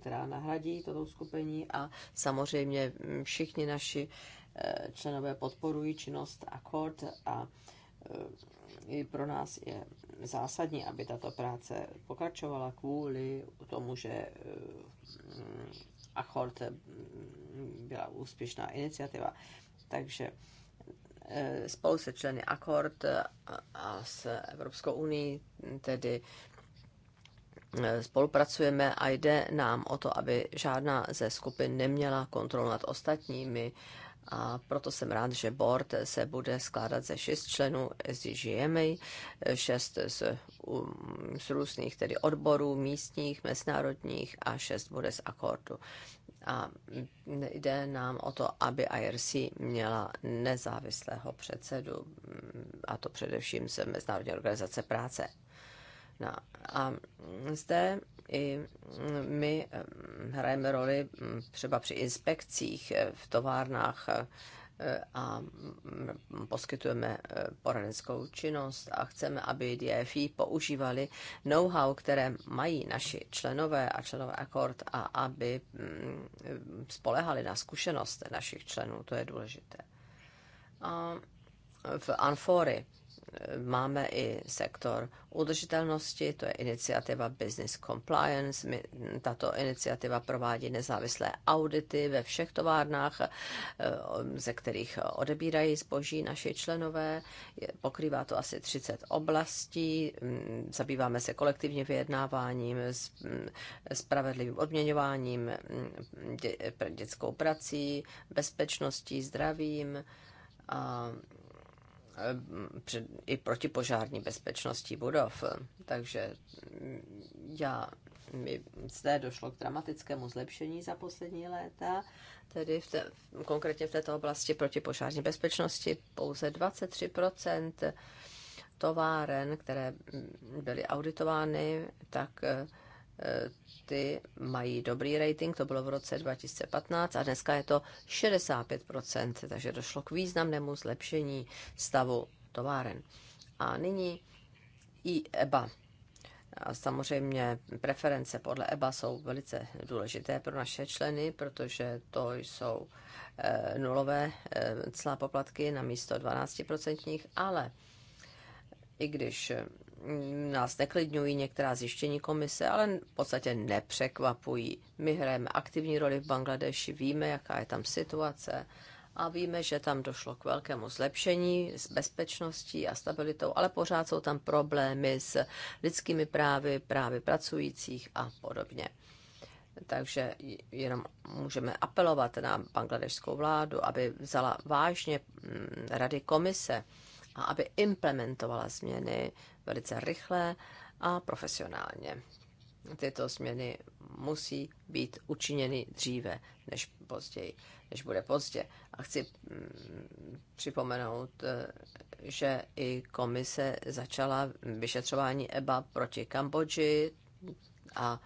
která nahradí toto skupení a samozřejmě všichni naši Eh, členové podporují činnost Akord a eh, i pro nás je zásadní, aby tato práce pokračovala kvůli tomu, že eh, Accord byla úspěšná iniciativa. Takže spolu se členy Akord a s Evropskou unii tedy spolupracujeme a jde nám o to, aby žádná ze skupin neměla nad ostatními a proto jsem rád, že board se bude skládat ze šest členů SDGMA, šest z, z různých tedy odborů místních, mezinárodních a šest bude z akordu. A jde nám o to, aby IRC měla nezávislého předsedu, a to především z Mezinárodní organizace práce No, a zde i my eh, hrajeme roli hm, třeba při inspekcích eh, v továrnách eh, a hm, poskytujeme poradenskou činnost a chceme, aby DFI používali know-how, které mají naši členové a členové akord a aby hm, spolehali na zkušenost našich členů. To je důležité. A v Anfory máme i sektor udržitelnosti, to je iniciativa Business Compliance. My, tato iniciativa provádí nezávislé audity ve všech továrnách, eh, ze kterých odebírají zboží naši členové. Pokrývá to asi 30 oblastí. Mm, zabýváme se kolektivním vyjednáváním, mm, spravedlivým odměňováním, mm, dětskou prací, bezpečností, zdravím a Eh, i protipožární bezpečnosti budov. Takže já, mi zde došlo k dramatickému zlepšení za poslední léta, tedy v te, konkrétně v této oblasti protipožární bezpečnosti pouze 23% továren, které byly auditovány, tak eh, ty mají dobrý rating, to bylo v roce 2015 a dneska je to 65%, takže došlo k významnému zlepšení stavu továren. A nyní i EBA. A samozřejmě preference podle EBA jsou velice důležité pro naše členy, protože to jsou e, nulové e, clá poplatky na místo 12%, ale i když nás neklidňují některá zjištění komise, ale v podstatě nepřekvapují. My hrajeme aktivní roli v Bangladeši, víme, jaká je tam situace a víme, že tam došlo k velkému zlepšení s bezpečností a stabilitou, ale pořád jsou tam problémy s lidskými právy, právy pracujících a podobně. Takže jenom můžeme apelovat na bangladešskou vládu, aby vzala vážně mm, rady komise a aby implementovala změny velice rychle a profesionálně. Tyto změny musí být učiněny dříve než později, než bude pozdě. A chci mm, připomenout, eh, že i komise začala vyšetřování EBA proti Kambodži a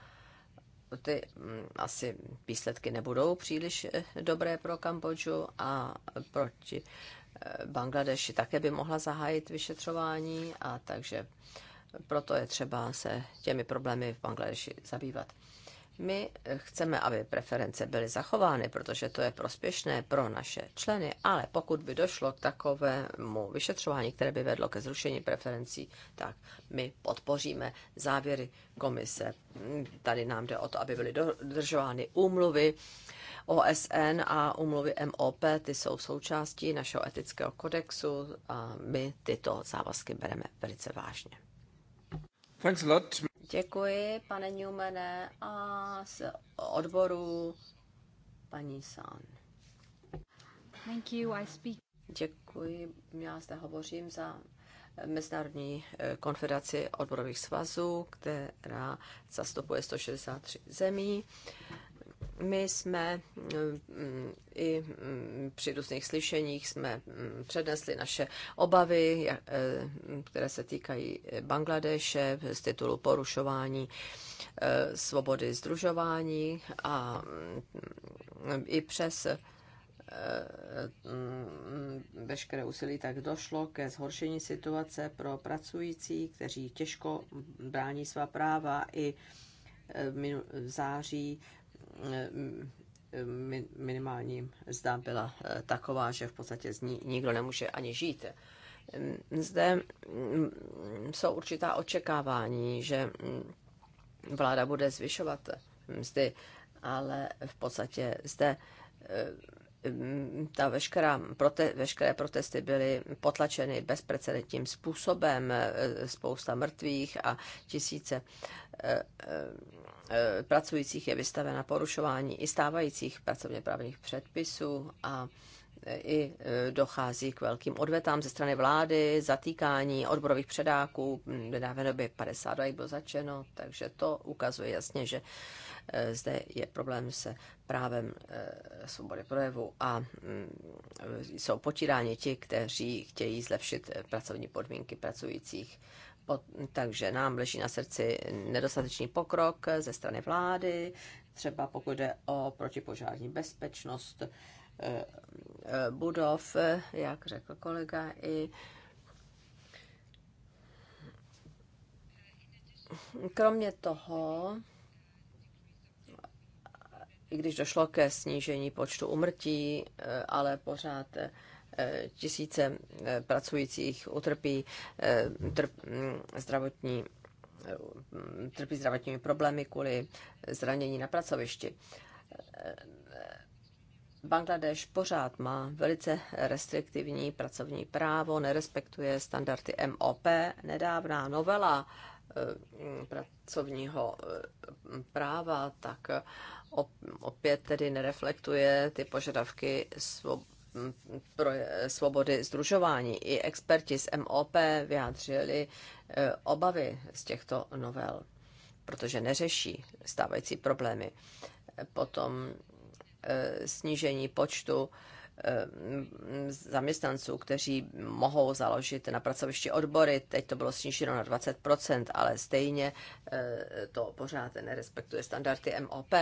ty mm, asi výsledky nebudou příliš eh, dobré pro Kambodžu a proti Bangladeši také by mohla zahájit vyšetřování a takže proto je třeba se těmi problémy v Bangladeši zabývat. My chceme, aby preference byly zachovány, protože to je prospěšné pro naše členy, ale pokud by došlo k takovému vyšetřování, které by vedlo ke zrušení preferencí, tak my podpoříme závěry komise. Tady nám jde o to, aby byly dodržovány úmluvy OSN a umluvy MOP, ty jsou součástí našeho etického kodexu a my tyto závazky bereme velice vážně. Thanks a lot. Děkuji, pane Newmane, a z odboru paní San. Thank you, I speak. Děkuji, já zde hovořím za Mezinárodní eh, konfederaci odborových svazů, která zastupuje 163 zemí my jsme mm, i mm, při různých slyšeních jsme mm, přednesli naše obavy, e, které se týkají Bangladeše z titulu porušování e, svobody združování a i přes e, veškeré úsilí tak došlo ke zhoršení situace pro pracující, kteří těžko brání svá práva i v září minimální zda byla eh, taková, že v podstatě z ní nikdo nemůže ani žít. Mm, zde mm, jsou určitá očekávání, že mm, vláda bude zvyšovat mzdy, ale v podstatě zde eh, ta veškerá prote, veškeré protesty byly potlačeny bezprecedentním způsobem, eh, spousta mrtvých a tisíce E, pracujících je vystavena porušování i stávajících pracovně právních předpisů a e, i e, dochází k velkým odvetám ze strany vlády, zatýkání odborových předáků, v nedávné době 50 jich bylo začeno, takže to ukazuje jasně, že zde je problém se právem svobody projevu a jsou potíráni ti, kteří chtějí zlepšit pracovní podmínky pracujících takže nám leží na srdci nedostatečný pokrok ze strany vlády, třeba pokud jde o protipožární bezpečnost eh, eh, budov, eh, jak řekl kolega, i kromě toho, i když došlo ke snížení počtu umrtí, ale pořád tisíce eh, pracujících utrpí eh, trp, mm, zdravotní eh, trpí zdravotními problémy kvůli zranění na pracovišti. Bangladeš pořád má velice restriktivní pracovní právo, nerespektuje standardy MOP. Nedávná novela pracovního práva tak opět tedy nereflektuje ty požadavky pro svobody združování. I experti z MOP vyjádřili eh, obavy z těchto novel, protože neřeší stávající problémy. Potom eh, snížení počtu eh, zaměstnanců, kteří mohou založit na pracovišti odbory. Teď to bylo sníženo na 20%, ale stejně to pořád nerespektuje standardy MOP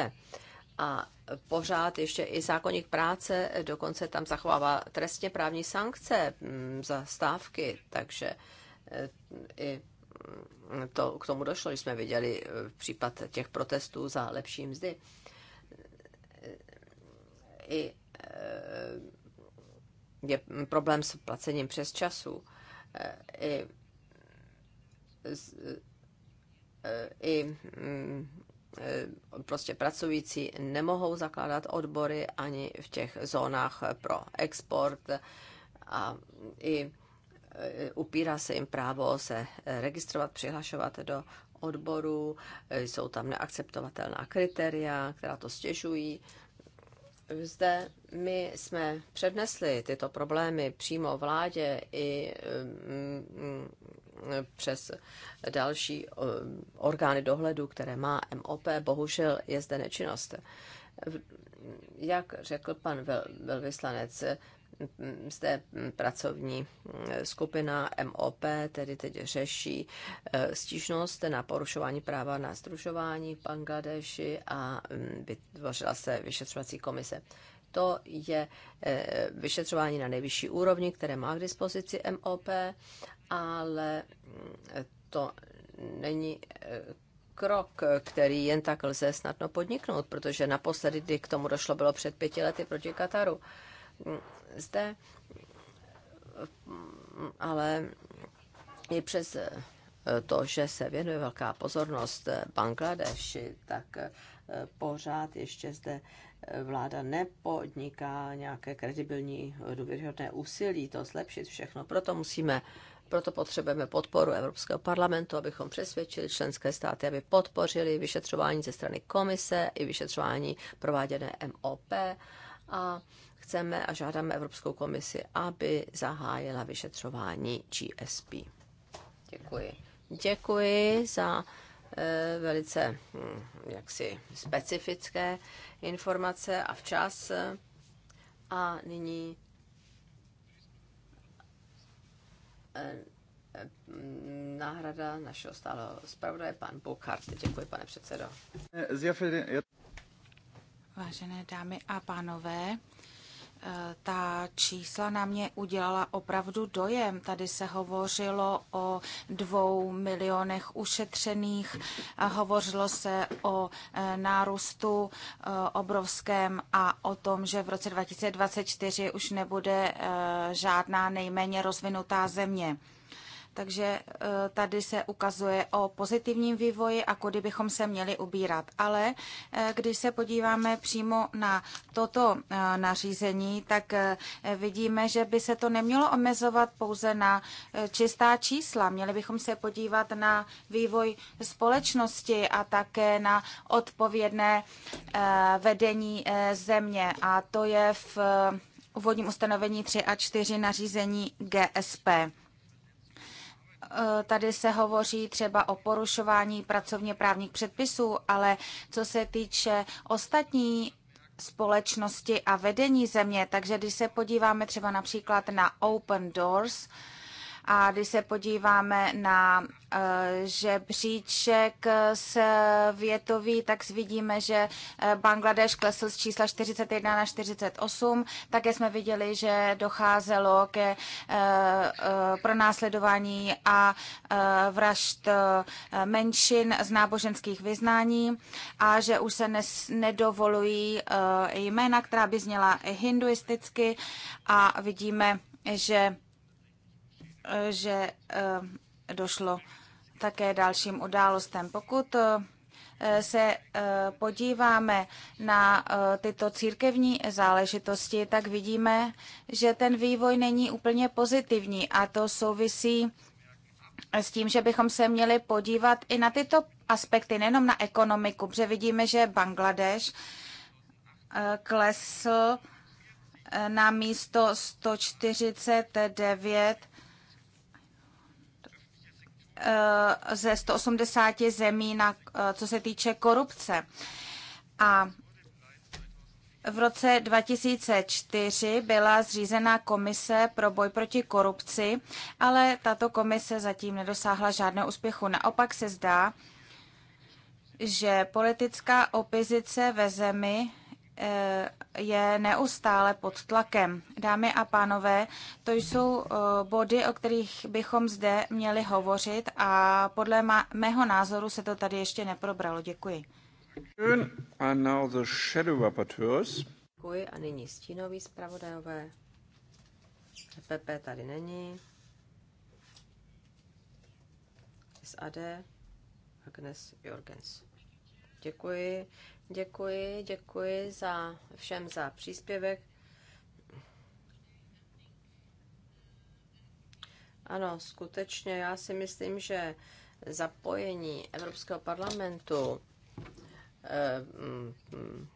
a pořád ještě i zákonník práce dokonce tam zachovává trestně právní sankce mm, za stávky, takže eh, i mm, to, k tomu došlo, když jsme viděli eh, případ těch protestů za lepší mzdy. I eh, je problém s placením přes času. I, i mm, Eh, prostě pracující nemohou zakládat odbory ani v těch zónách pro export a i eh, upírá se jim právo se registrovat, přihlašovat do odboru, eh, jsou tam neakceptovatelná kritéria, která to stěžují. Zde my jsme přednesli tyto problémy přímo vládě i přes další eh, orgány dohledu, které má MOP, bohužel je zde nečinnost. Jak řekl pan velvyslanec, zde pracovní eh, skupina MOP, tedy teď řeší eh, stížnost na porušování práva na združování v Bangladeši a mm, vytvořila se vyšetřovací komise. To je vyšetřování na nejvyšší úrovni, které má k dispozici MOP ale mm, to není eh, krok, který jen tak lze snadno podniknout, protože naposledy, kdy k tomu došlo, bylo před pěti lety proti Kataru. Mm, zde mm, ale i přes eh, to, že se věnuje velká pozornost eh, Bangladeši, tak pořád ještě zde vláda nepodniká nějaké kredibilní důvěryhodné úsilí to zlepšit všechno. Proto musíme proto potřebujeme podporu Evropského parlamentu, abychom přesvědčili členské státy, aby podpořili vyšetřování ze strany komise i vyšetřování prováděné MOP. A chceme a žádáme Evropskou komisi, aby zahájila vyšetřování GSP. Děkuji. Děkuji za eh, velice hm, jaksi specifické informace a včas. A nyní Eh, náhrada našeho stálo zpravodaje, pan Bukhart, Děkuji, pane předsedo. Vážené dámy a pánové, ta čísla na mě udělala opravdu dojem. Tady se hovořilo o dvou milionech ušetřených, hovořilo se o e, nárůstu e, obrovském a o tom, že v roce 2024 už nebude e, žádná nejméně rozvinutá země. Takže eh, tady se ukazuje o pozitivním vývoji a kudy bychom se měli ubírat. Ale eh, když se podíváme přímo na toto eh, nařízení, tak vidíme, že by se to nemělo omezovat pouze na čistá čísla. Měli bychom se podívat na vývoj společnosti a také na odpovědné vedení země. A to je v úvodním ustanovení 3 a 4 nařízení GSP. Eh, tady se hovoří třeba o porušování pracovně právních předpisů, ale co se týče ostatní společnosti a vedení země, takže když se podíváme třeba například na Open Doors, a když se podíváme na eh, žebříček světový, tak vidíme, že eh, Bangladeš klesl z čísla 41 na 48. Také jsme viděli, že docházelo ke eh, pronásledování a vražd menšin z náboženských vyznání a že už se nes nedovolují jména, která by zněla hinduisticky a vidíme, že že eh, došlo také dalším událostem. Pokud eh, se eh, podíváme na tyto církevní záležitosti, tak vidíme, že ten vývoj není úplně pozitivní a to souvisí s tím, že bychom se měli podívat i na tyto aspekty, nejenom na ekonomiku, protože vidíme, že Bangladeš klesl na místo 149 Eh, ze 180 zemí, na, eh, co se týče korupce. A v roce 2004 byla zřízena komise pro boj proti korupci, ale tato komise zatím nedosáhla žádného úspěchu. Naopak se zdá, že politická opozice ve zemi je neustále pod tlakem. Dámy a pánové, to jsou eh, body, o kterých bychom zde měli hovořit a podle mého názoru se to tady ještě neprobralo. Děkuji. Děkuji a nyní stínový zpravodajové. PP tady není. SAD. Agnes Jorgens. Děkuji. Děkuji, děkuji za všem za příspěvek. Ano, skutečně, já si myslím, že zapojení Evropského parlamentu eh, mm, mm,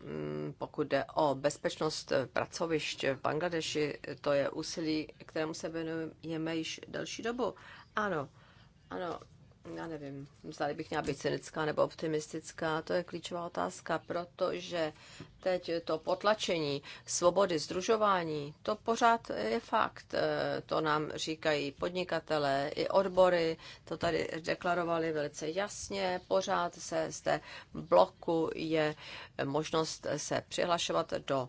mm, pokud jde o bezpečnost pracovišť v Bangladeši, to je úsilí, kterému se věnujeme již delší dobu. Ano, ano, já nevím, zda bych měla být cynická nebo optimistická, to je klíčová otázka, protože teď to potlačení svobody združování, to pořád je fakt. Eh, to nám říkají podnikatelé i odbory, to tady deklarovali velice jasně. Pořád se z té bloku je možnost se přihlašovat do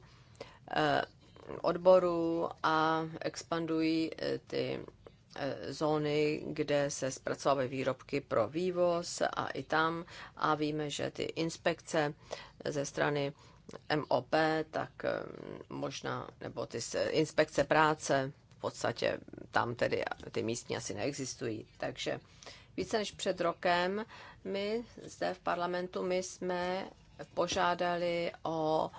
eh, odborů a expandují eh, ty Eh, zóny, kde se zpracovávají výrobky pro vývoz a i tam. A víme, že ty inspekce ze strany MOP, tak eh, možná, nebo ty inspekce práce, v podstatě tam tedy ty místní asi neexistují. Takže více než před rokem my zde v parlamentu my jsme požádali o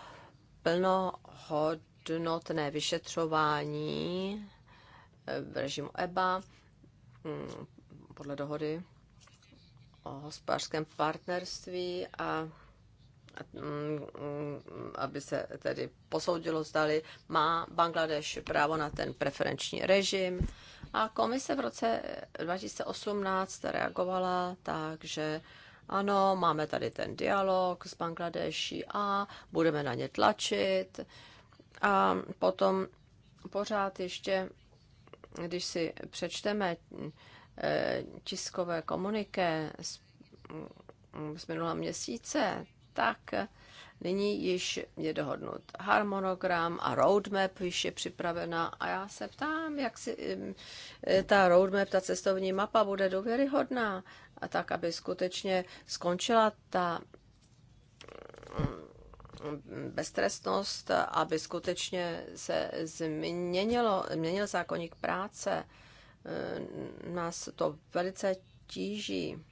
plnohodnotné vyšetřování v režimu EBA mm, podle dohody o hospodářském partnerství a mm, aby se tedy posoudilo, zdali má Bangladeš právo na ten preferenční režim. A komise v roce 2018 reagovala tak, že ano, máme tady ten dialog s Bangladeší a budeme na ně tlačit. A potom pořád ještě když si přečteme eh, tiskové komuniké z, mm, z minulého měsíce, tak nyní již je dohodnut harmonogram a roadmap již je připravena a já se ptám, jak si mm, eh, ta roadmap, ta cestovní mapa bude důvěryhodná a tak, aby skutečně skončila ta mm, beztrestnost, aby skutečně se změnilo, změnil zákonník práce. Eh, nás to velice tíží,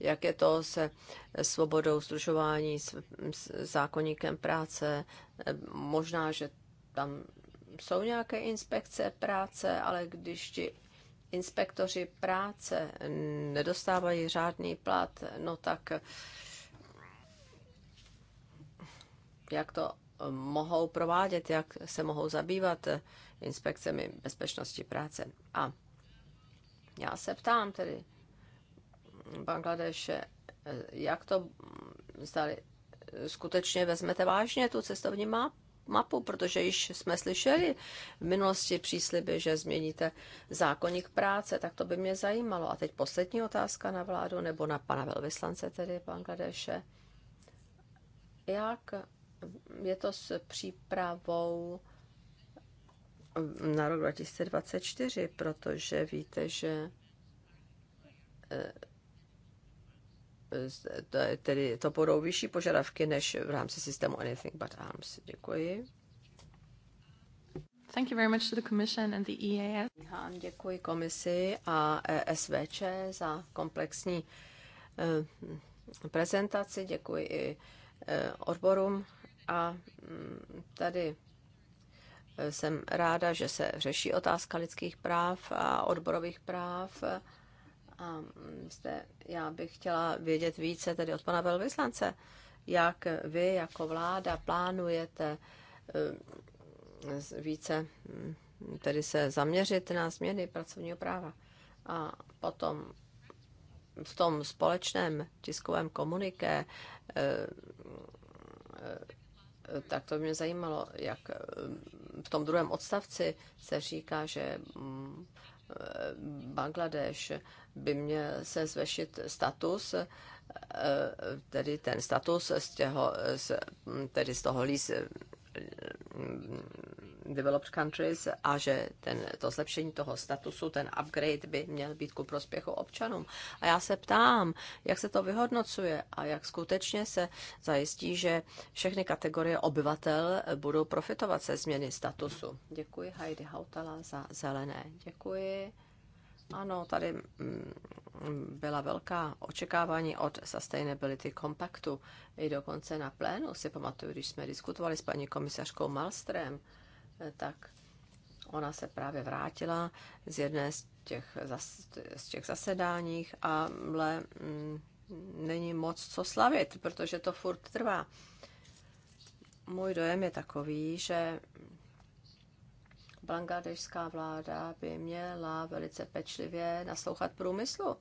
jak je to se svobodou združování, s zákonníkem práce. Eh, možná, že tam jsou nějaké inspekce práce, ale když ti inspektoři práce nedostávají řádný plat, no tak jak to eh, mohou provádět, jak se mohou zabývat eh, inspekcemi bezpečnosti práce. A já se ptám tedy Bangladeše, eh, jak to hm, zdali, skutečně vezmete vážně tu cestovní mapu? mapu, protože již jsme slyšeli v minulosti přísliby, že změníte zákonník práce, tak to by mě zajímalo. A teď poslední otázka na vládu nebo na pana velvyslance tedy Bangladeše. Jak je to s přípravou na rok 2024, protože víte, že eh, tedy to budou vyšší požadavky než v rámci systému Anything But Arms. Děkuji. Thank you very much to the Commission and the EAS. Děkuji komisi a e SVČ za komplexní eh, prezentaci, děkuji i eh, odborům a mm, tady e, jsem ráda, že se řeší otázka lidských práv a odborových práv. E, a zde mm, já bych chtěla vědět více tedy od pana velvyslance, jak vy jako vláda plánujete e, více mm, tedy se zaměřit na změny pracovního práva. A potom v tom společném tiskovém komuniké tak to by mě zajímalo, jak eh, v tom druhém odstavci se říká, že mm, eh, Bangladeš by měl se zvešit status, eh, tedy ten status z, těho, z, mm, tedy z toho líz developed countries a že ten, to zlepšení toho statusu, ten upgrade by měl být ku prospěchu občanům. A já se ptám, jak se to vyhodnocuje a jak skutečně se zajistí, že všechny kategorie obyvatel budou profitovat se změny statusu. Děkuji Heidi Hautala za zelené. Děkuji. Ano, tady mm, byla velká očekávání od Sustainability Compactu. I dokonce na plénu si pamatuju, když jsme diskutovali s paní komisařkou Malstrem tak ona se právě vrátila z jedné z těch, zas, z těch zasedáních a mle, m, mm, není moc co slavit, protože to furt trvá. Můj dojem je takový, že bangladešská vláda by měla velice pečlivě naslouchat průmyslu.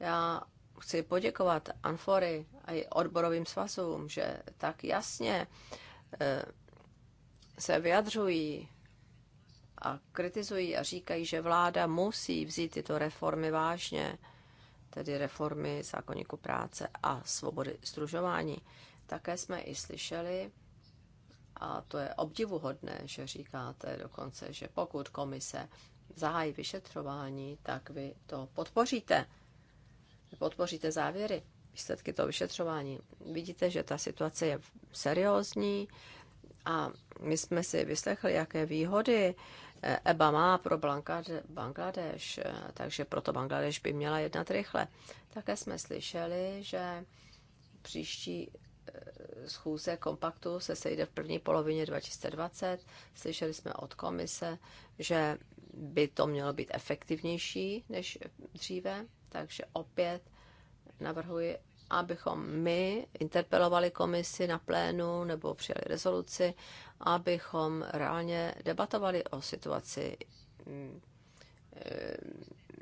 Já chci poděkovat Anfory a i odborovým svazům, že tak jasně eh, se vyjadřují a kritizují a říkají, že vláda musí vzít tyto reformy vážně, tedy reformy zákonníku práce a svobody združování. Také jsme i slyšeli, a to je obdivuhodné, že říkáte dokonce, že pokud komise zahájí vyšetřování, tak vy to podpoříte. Vy podpoříte závěry, výsledky toho vyšetřování. Vidíte, že ta situace je seriózní, a my jsme si vyslechli, jaké výhody eh, EBA má pro Bangladeš, eh, takže proto Bangladeš by měla jednat rychle. Také jsme slyšeli, že příští eh, schůze kompaktu se sejde v první polovině 2020. Slyšeli jsme od komise, že by to mělo být efektivnější než dříve, takže opět navrhuji, abychom my interpelovali komisi na plénu nebo přijali rezoluci, abychom reálně debatovali o situaci. Mm, eh,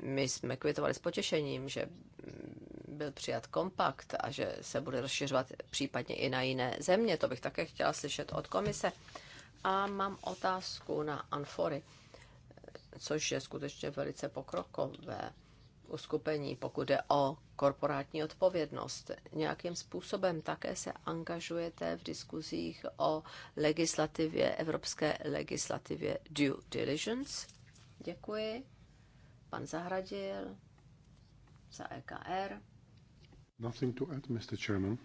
my jsme kvitovali s potěšením, že byl přijat kompakt a že se bude rozšiřovat případně i na jiné země. To bych také chtěla slyšet od komise. A mám otázku na Anfory, což je skutečně velice pokrokové uskupení, pokud jde o korporátní odpovědnost. Nějakým způsobem také se angažujete v diskuzích o legislativě, evropské legislativě due diligence. Děkuji. Pan Zahradil za EKR. Nothing to add, Mr. Chairman.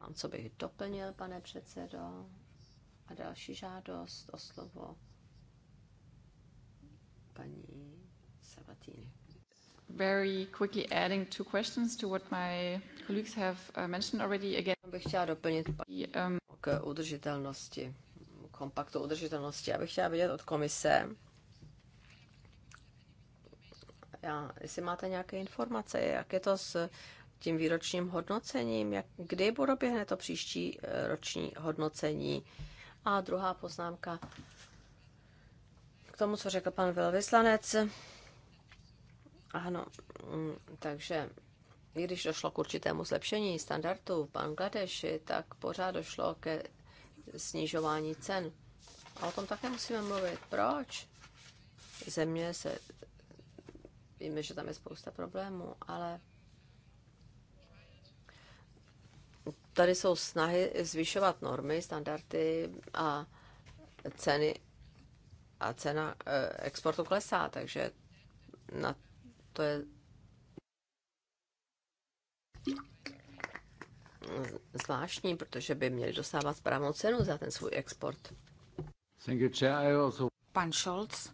Mám, co bych doplnil, pane předsedo. A další žádost o slovo paní Sabatini very quickly adding two questions to what my colleagues have uh, mentioned already. Again, bych chtěla doplnit um, k udržitelnosti, kompaktu udržitelnosti. Já bych chtěla vědět od komise, já, jestli máte nějaké informace, jak je to s tím výročním hodnocením, jak, kdy proběhne to příští eh, roční hodnocení. A druhá poznámka k tomu, co řekl pan velvyslanec, ano, mm, takže i když došlo k určitému zlepšení standardů v Bangladeši, tak pořád došlo ke snižování cen. A o tom také musíme mluvit. Proč? Země se... Víme, že tam je spousta problémů, ale tady jsou snahy zvyšovat normy, standardy a ceny a cena eh, exportu klesá, takže na to je zvláštní, protože by měli dostávat správnou cenu za ten svůj export. Pan Scholz,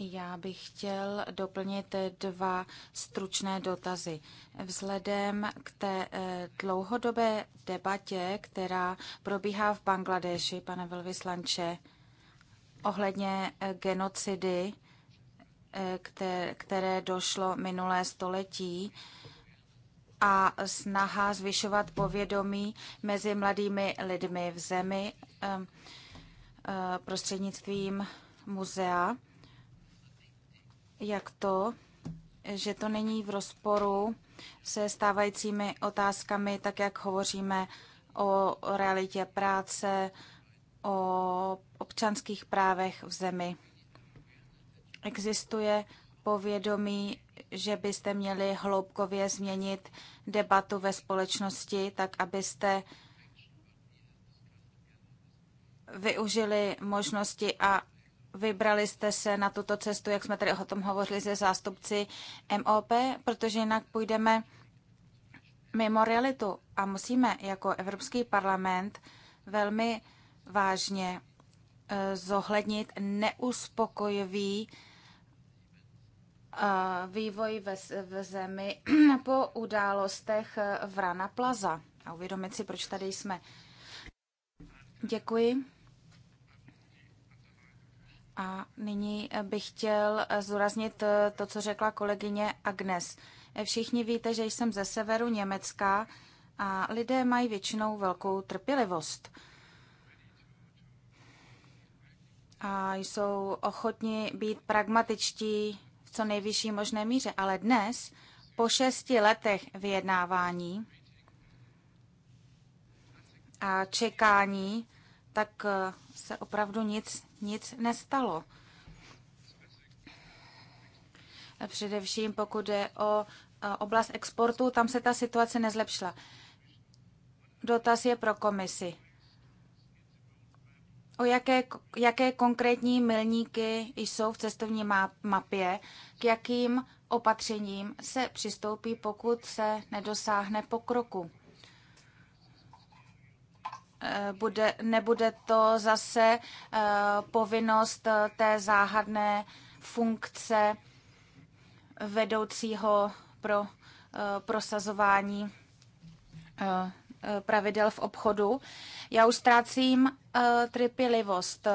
já bych chtěl doplnit dva stručné dotazy. Vzhledem k té eh, dlouhodobé debatě, která probíhá v Bangladeši, pane velvyslanče, ohledně eh, genocidy, které, došlo minulé století a snaha zvyšovat povědomí mezi mladými lidmi v zemi eh, prostřednictvím muzea, jak to, že to není v rozporu se stávajícími otázkami, tak jak hovoříme o realitě práce, o občanských právech v zemi existuje povědomí, že byste měli hloubkově změnit debatu ve společnosti, tak abyste využili možnosti a vybrali jste se na tuto cestu, jak jsme tady o tom hovořili se zástupci MOP, protože jinak půjdeme mimo realitu a musíme jako Evropský parlament velmi vážně eh, zohlednit neuspokojivý vývoj ve, v zemi po událostech e, v Rana Plaza a uvědomit si, proč tady jsme. Děkuji. A nyní e, bych chtěl e, zdůraznit to, co řekla kolegyně Agnes. Všichni víte, že jsem ze severu Německa a lidé mají většinou velkou trpělivost. A jsou ochotni být pragmatičtí, co nejvyšší možné míře. Ale dnes, po šesti letech vyjednávání a čekání, tak eh, se opravdu nic, nic nestalo. Především pokud je o eh, oblast exportu, tam se ta situace nezlepšila. Dotaz je pro komisi. O jaké, jaké konkrétní milníky jsou v cestovní mapě, k jakým opatřením se přistoupí, pokud se nedosáhne pokroku? Eh, bude, nebude to zase eh, povinnost eh, té záhadné funkce vedoucího pro prosazování Eh, pravidel v obchodu. Já už ztrácím uh, trpělivost.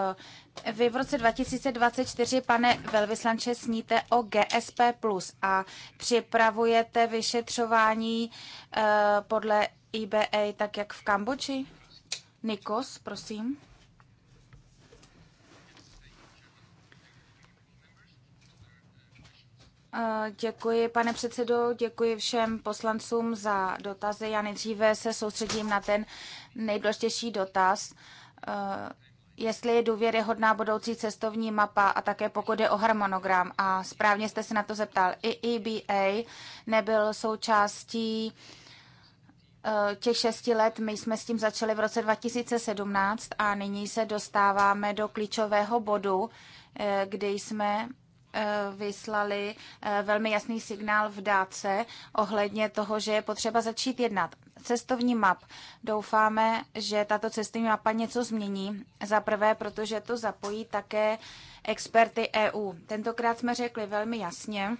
Eh, vy v roce 2024, pane velvyslanče, sníte o GSP plus a připravujete vyšetřování uh, podle IBA tak jak v Kambodži? Nikos, prosím. Eh, děkuji, pane předsedo, děkuji všem poslancům za dotazy. Já nejdříve se soustředím na ten nejdůležitější dotaz, eh, jestli je důvěryhodná budoucí cestovní mapa a také pokud je o harmonogram. A správně jste se na to zeptal. I EBA nebyl součástí eh, těch šesti let. My jsme s tím začali v roce 2017 a nyní se dostáváme do klíčového bodu, kde jsme Eh, vyslali eh, velmi jasný signál v dáce ohledně toho, že je potřeba začít jednat. Cestovní map. Doufáme, že tato cestovní mapa něco změní. Za prvé, protože to zapojí také experty EU. Tentokrát jsme řekli velmi jasně,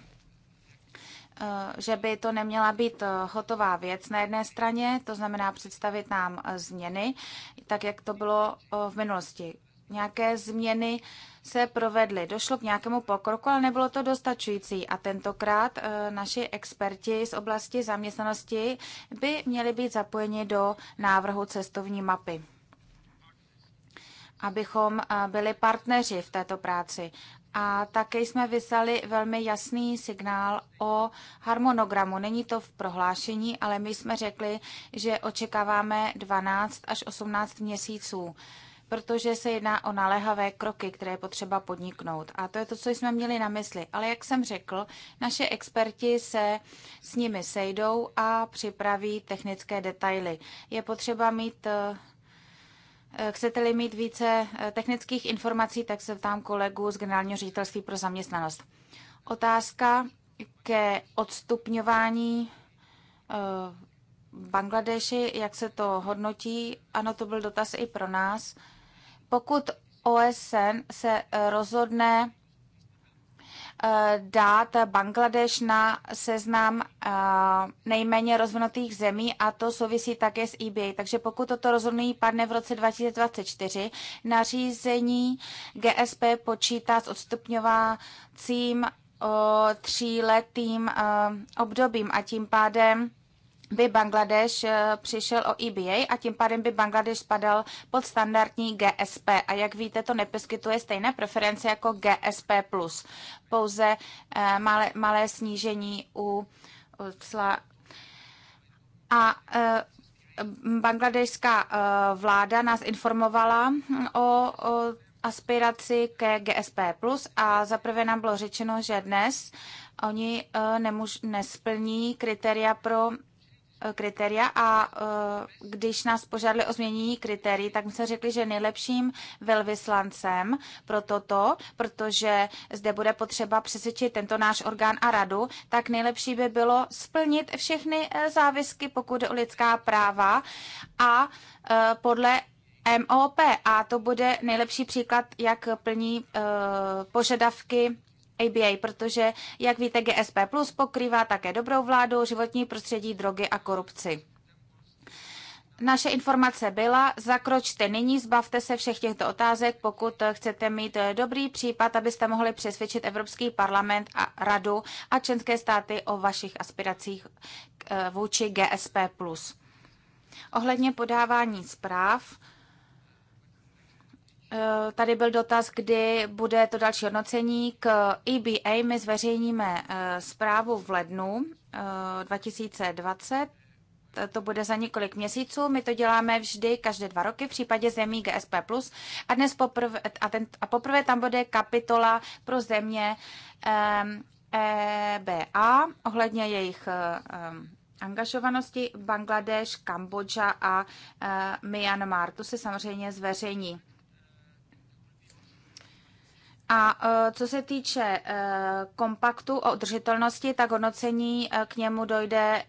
eh, že by to neměla být hotová věc na jedné straně, to znamená představit nám změny, tak jak to bylo v minulosti nějaké změny se provedly. Došlo k nějakému pokroku, ale nebylo to dostačující. A tentokrát eh, naši experti z oblasti zaměstnanosti by měli být zapojeni do návrhu cestovní mapy abychom eh, byli partneři v této práci. A také jsme vyslali velmi jasný signál o harmonogramu. Není to v prohlášení, ale my jsme řekli, že očekáváme 12 až 18 měsíců protože se jedná o naléhavé kroky, které je potřeba podniknout. A to je to, co jsme měli na mysli. Ale jak jsem řekl, naše experti se s nimi sejdou a připraví technické detaily. Je potřeba mít eh, Chcete-li mít více eh, technických informací, tak se ptám kolegu z Generálního ředitelství pro zaměstnanost. Otázka ke odstupňování eh, Bangladeši, jak se to hodnotí. Ano, to byl dotaz i pro nás. Pokud OSN se eh, rozhodne eh, dát Bangladeš na seznam eh, nejméně rozvinutých zemí a to souvisí také s EBA. Takže pokud toto rozhodnutí padne v roce 2024, nařízení GSP počítá s odstupňovacím tříletým obdobím a tím pádem by Bangladeš eh, přišel o EBA a tím pádem by Bangladeš spadal pod standardní GSP. A jak víte, to neposkytuje stejné preference jako GSP+. Pouze eh, malé, malé snížení u, cla. A eh, bangladešská vláda nás informovala o, o aspiraci ke GSP+, a zaprvé nám bylo řečeno, že dnes oni nemůž, nesplní kritéria pro Eh, kritéria a eh, když nás požádali o změnění kritérií, tak my jsme řekli, že nejlepším velvyslancem pro toto, protože zde bude potřeba přesvědčit tento náš orgán a radu, tak nejlepší by bylo splnit všechny eh, závisky, pokud o lidská práva a podle MOP a to bude nejlepší příklad, jak plní požadavky ABA, protože, jak víte, GSP Plus pokrývá také dobrou vládu, životní prostředí, drogy a korupci. Naše informace byla, zakročte nyní, zbavte se všech těchto otázek, pokud chcete mít dobrý případ, abyste mohli přesvědčit Evropský parlament a radu a členské státy o vašich aspiracích eh, vůči GSP+. Ohledně podávání zpráv, Eh, tady byl dotaz, kdy bude to další hodnocení. K EBA my zveřejníme eh, zprávu v lednu 2020. Eh, to bude za několik měsíců. My to děláme vždy každé dva roky v případě zemí GSP+. A dnes poprvé, a ten, a poprvé tam bude kapitola pro země EBA ehm, e ohledně jejich ehm, angažovanosti Bangladeš, Kambodža a Myanmar. To se samozřejmě zveřejní. A e, co se týče e, kompaktu o udržitelnosti, tak hodnocení e, k němu dojde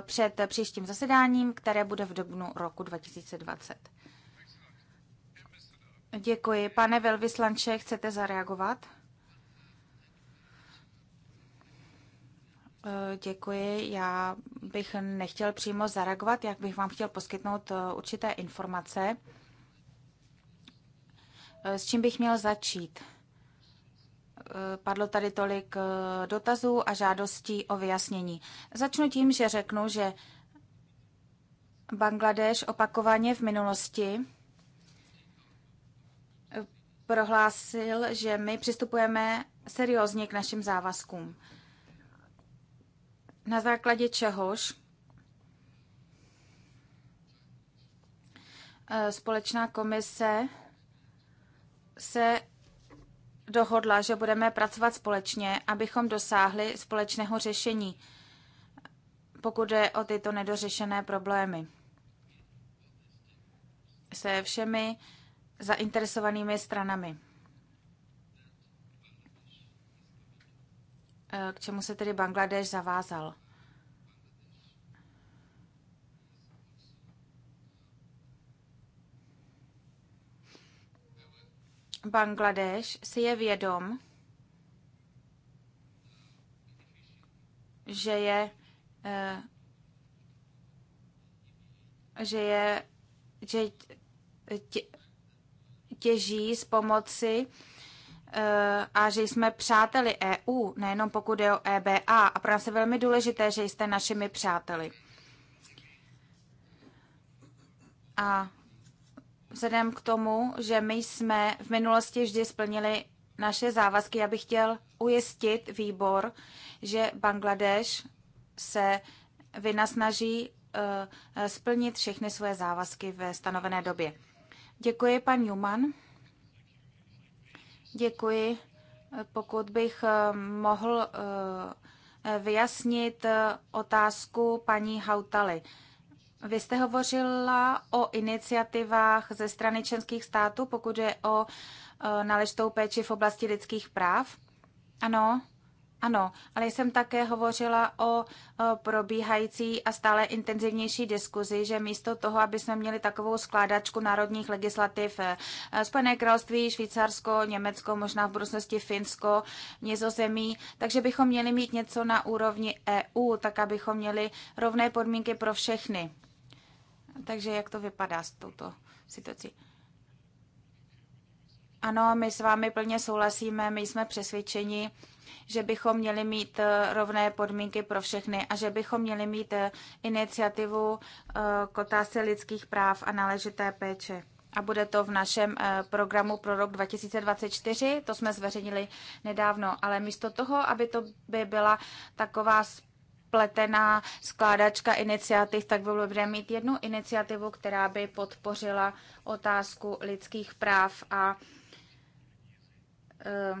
před příštím zasedáním, které bude v dubnu roku 2020. Děkuji. Pane velvyslanče, chcete zareagovat? Děkuji. Já bych nechtěl přímo zareagovat, jak bych vám chtěl poskytnout určité informace. S čím bych měl začít? Eh, padlo tady tolik eh, dotazů a žádostí o vyjasnění. Začnu tím, že řeknu, že Bangladeš opakovaně v minulosti eh, prohlásil, že my přistupujeme seriózně k našim závazkům. Na základě čehož společná komise se dohodla, že budeme pracovat společně, abychom dosáhli společného řešení, pokud je o tyto nedořešené problémy. Se všemi zainteresovanými stranami. K čemu se tedy Bangladeš zavázal? Bangladeš si je vědom, že je, eh, že je, že těží z pomoci eh, a že jsme přáteli EU, nejenom pokud je o EBA. A pro nás je velmi důležité, že jste našimi přáteli. A vzhledem k tomu, že my jsme v minulosti vždy splnili naše závazky, já bych chtěl ujistit výbor, že Bangladeš se vynasnaží eh, splnit všechny svoje závazky ve stanovené době. Děkuji, pan Juman. Děkuji. Pokud bych eh, mohl eh, vyjasnit otázku paní Hautaly. Vy jste hovořila o iniciativách ze strany členských států, pokud je o e, náležitou péči v oblasti lidských práv. Ano, ano, ale jsem také hovořila o e, probíhající a stále intenzivnější diskuzi, že místo toho, aby jsme měli takovou skládačku národních legislativ e, Spojené království, Švýcarsko, Německo, možná v budoucnosti Finsko, Nizozemí, takže bychom měli mít něco na úrovni EU, tak abychom měli rovné podmínky pro všechny. Takže jak to vypadá s touto situací? Ano, my s vámi plně souhlasíme, my jsme přesvědčeni, že bychom měli mít eh, rovné podmínky pro všechny a že bychom měli mít eh, iniciativu eh, k otázce lidských práv a náležité péče. A bude to v našem programu pro rok 2024, to jsme zveřejnili nedávno, ale místo toho, aby to by byla taková spletená skládačka iniciativ, tak by bylo dobré mít jednu iniciativu, která by podpořila otázku lidských práv a e,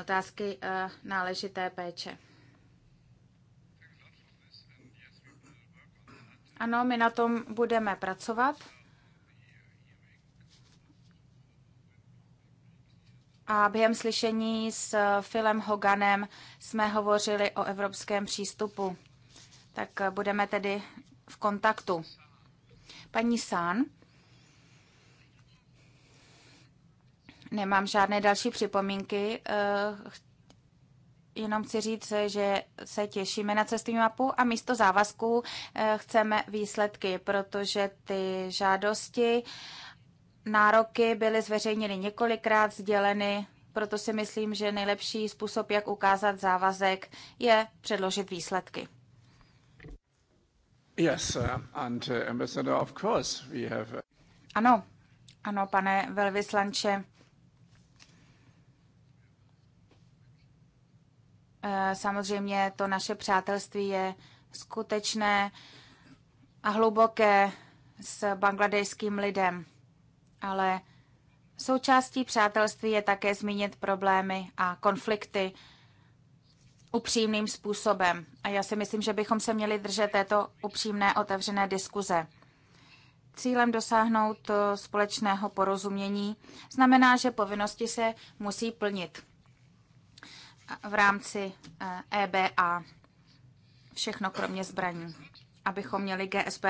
otázky e, náležité péče. Ano, my na tom budeme pracovat. A během slyšení s Filem eh, Hoganem jsme hovořili o evropském přístupu. Tak eh, budeme tedy v kontaktu. Paní Sán, nemám žádné další připomínky. Eh, jenom chci říct, že se těšíme na cestovní mapu a místo závazků chceme výsledky, protože ty žádosti nároky byly zveřejněny několikrát, sděleny, proto si myslím, že nejlepší způsob, jak ukázat závazek, je předložit výsledky. Yes, uh, and uh, ambassador, of course, we have... Uh, ano, ano, pane velvyslanče. Eh, samozřejmě to naše přátelství je skutečné a hluboké s bangladejským lidem ale součástí přátelství je také zmínit problémy a konflikty upřímným způsobem. A já si myslím, že bychom se měli držet této upřímné otevřené diskuze. Cílem dosáhnout eh, společného porozumění znamená, že povinnosti se musí plnit v rámci EBA. Eh, e Všechno kromě zbraní, abychom měli GSP+.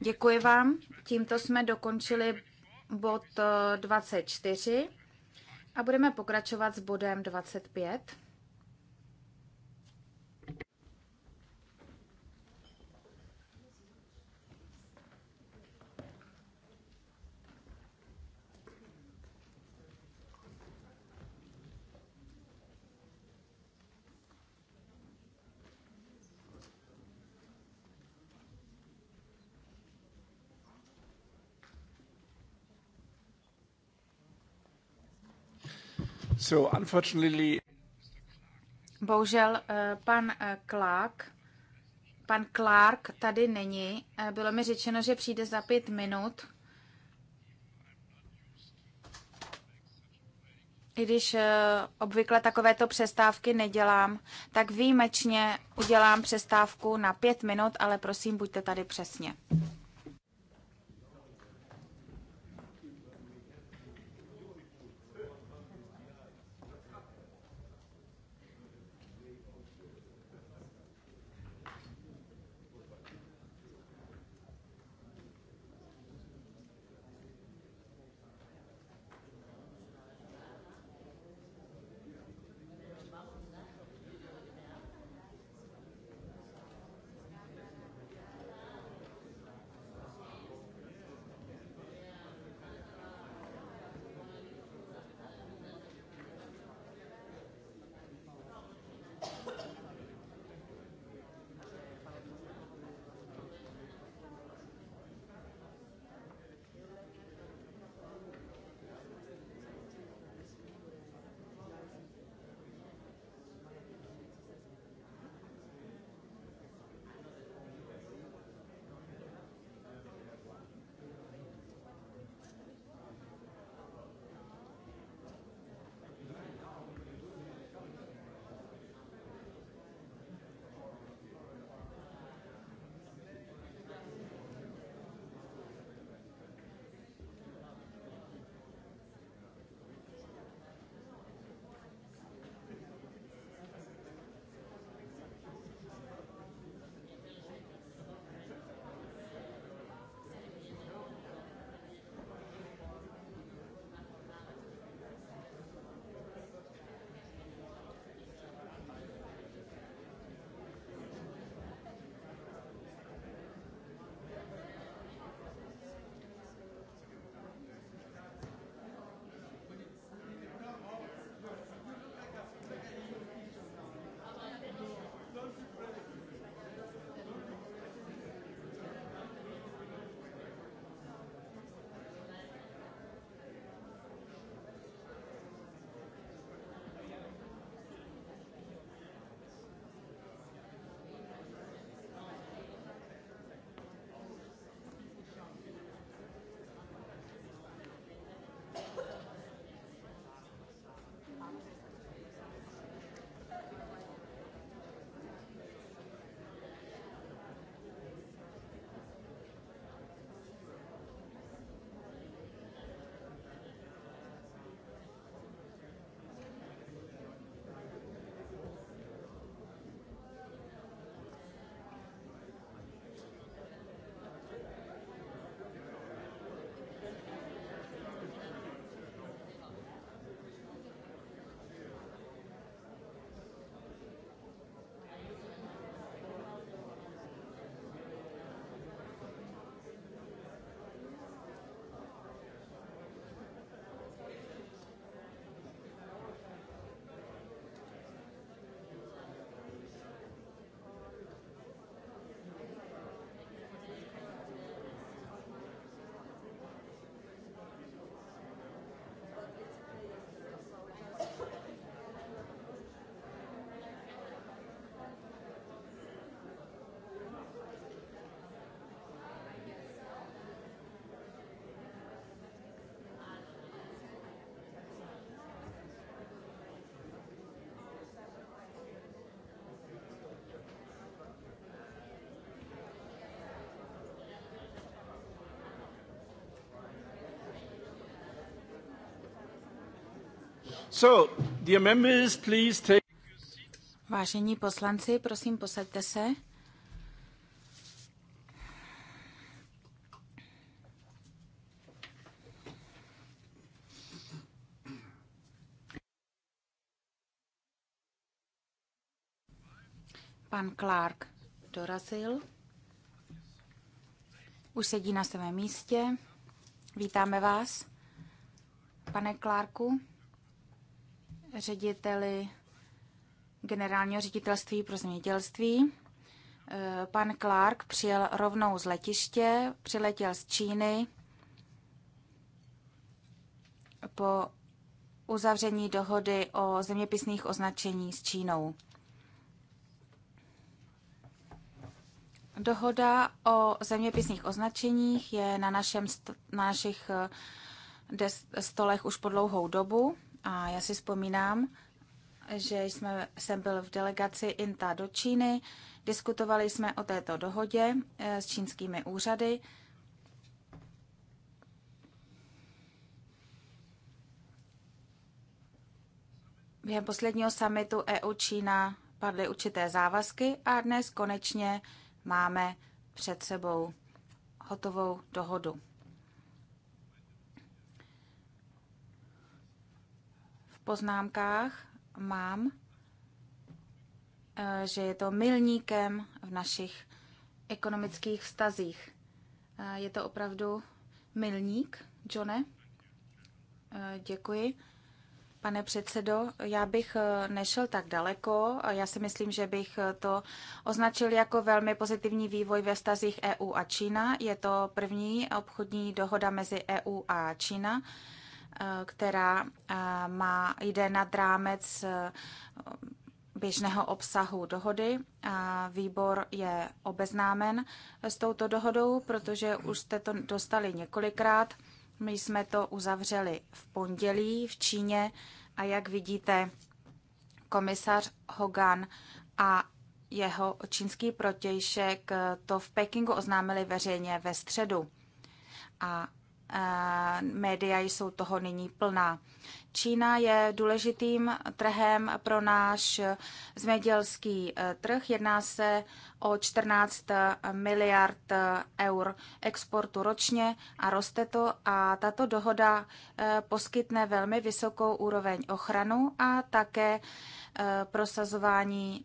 Děkuji vám. Tímto jsme dokončili bod 24 eh, a budeme pokračovat s bodem 25. So unfortunately... Bohužel eh, pan eh, Clark, pan Clark tady není. Eh, bylo mi řečeno, že přijde za pět minut. I když obvykle takovéto přestávky nedělám, tak výjimečně udělám přestávku na pět minut, ale prosím, buďte tady přesně. Vážení poslanci, prosím, posaďte se. Pan Clark dorazil. Už sedí na svém místě. Vítáme vás, pane Clarku řediteli generálního ředitelství pro zemědělství. Eh, pan Clark přijel rovnou z letiště, přiletěl z Číny po uzavření dohody o zeměpisných označení s Čínou. Dohoda o zeměpisných označeních je na, našem, na našich eh, stolech už po dlouhou dobu. A já si vzpomínám, že jsme, jsem byl v delegaci INTA do Číny, diskutovali jsme o této dohodě eh, s čínskými úřady. Během posledního summitu EU-Čína padly určité závazky a dnes konečně máme před sebou hotovou dohodu. poznámkách mám, eh, že je to milníkem v našich ekonomických vztazích. Eh, je to opravdu milník, Johne? Eh, děkuji. Pane předsedo, já bych nešel tak daleko. Já si myslím, že bych to označil jako velmi pozitivní vývoj ve stazích EU a Čína. Je to první obchodní dohoda mezi EU a Čína. Eh, která eh, má, jde nad rámec eh, běžného obsahu dohody. A výbor je obeznámen s touto dohodou, protože už jste to dostali několikrát. My jsme to uzavřeli v pondělí v Číně a jak vidíte, komisař Hogan a jeho čínský protějšek to v Pekingu oznámili veřejně ve středu. A Eh, média jsou toho nyní plná. Čína je důležitým trhem pro náš zemědělský eh, trh. Jedná se o 14 eh, miliard eur exportu ročně a roste to a tato dohoda poskytne velmi vysokou úroveň ochranu a také prosazování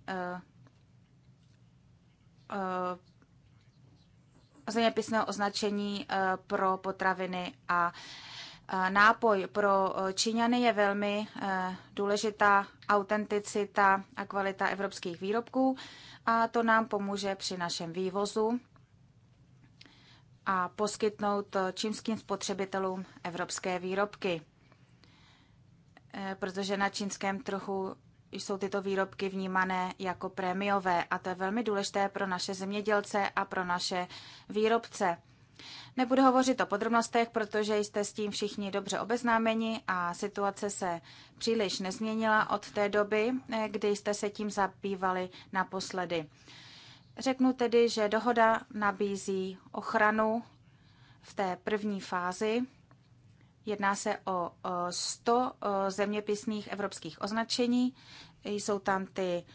zeměpisného označení eh, pro potraviny a eh, nápoj pro eh, Číňany je velmi důležitá autenticita a kvalita evropských výrobků a to nám pomůže při našem vývozu a poskytnout čínským spotřebitelům evropské výrobky, protože na čínském trhu jsou tyto výrobky vnímané jako prémiové a to je velmi důležité pro naše zemědělce a pro naše výrobce. Nebudu hovořit o podrobnostech, protože jste s tím všichni dobře obeznámeni a situace se příliš nezměnila od té doby, eh, kdy jste se tím zabývali naposledy. Řeknu tedy, že dohoda nabízí ochranu v té první fázi Jedná se o 100 zeměpisných evropských označení. Jsou tam ty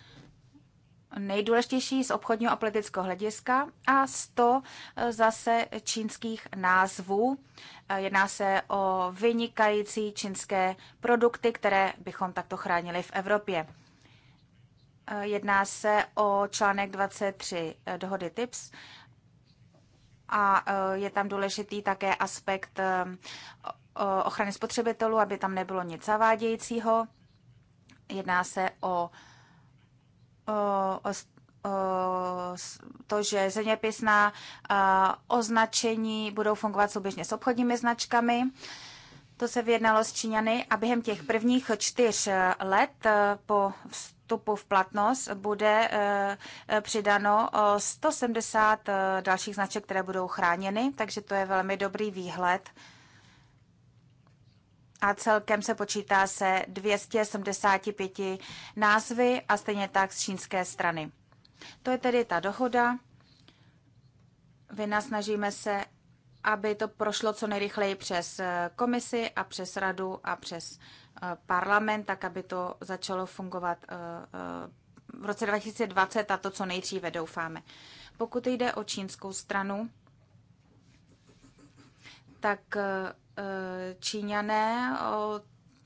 nejdůležitější z obchodního a politického hlediska a 100 e, zase čínských názvů. E, jedná se o vynikající čínské produkty, které bychom takto chránili v Evropě. E, jedná se o článek 23 dohody TIPS a je tam důležitý také aspekt ochrany spotřebitelů, aby tam nebylo nic zavádějícího. Jedná se o, o, o to, že zeměpisná označení budou fungovat souběžně s obchodními značkami. To se vyjednalo s Číňany a během těch prvních čtyř let e, po vstupu v platnost bude e, e, přidano 170 dalších značek, které budou chráněny, takže to je velmi dobrý výhled a celkem se počítá se 275 názvy a stejně tak z čínské strany. To je tedy ta dohoda. Vynasnažíme se, aby to prošlo co nejrychleji přes eh, komisi a přes radu a přes eh, parlament, tak aby to začalo fungovat eh, v roce 2020 a to co nejdříve doufáme. Pokud jde o čínskou stranu, tak eh, eh, Číňané o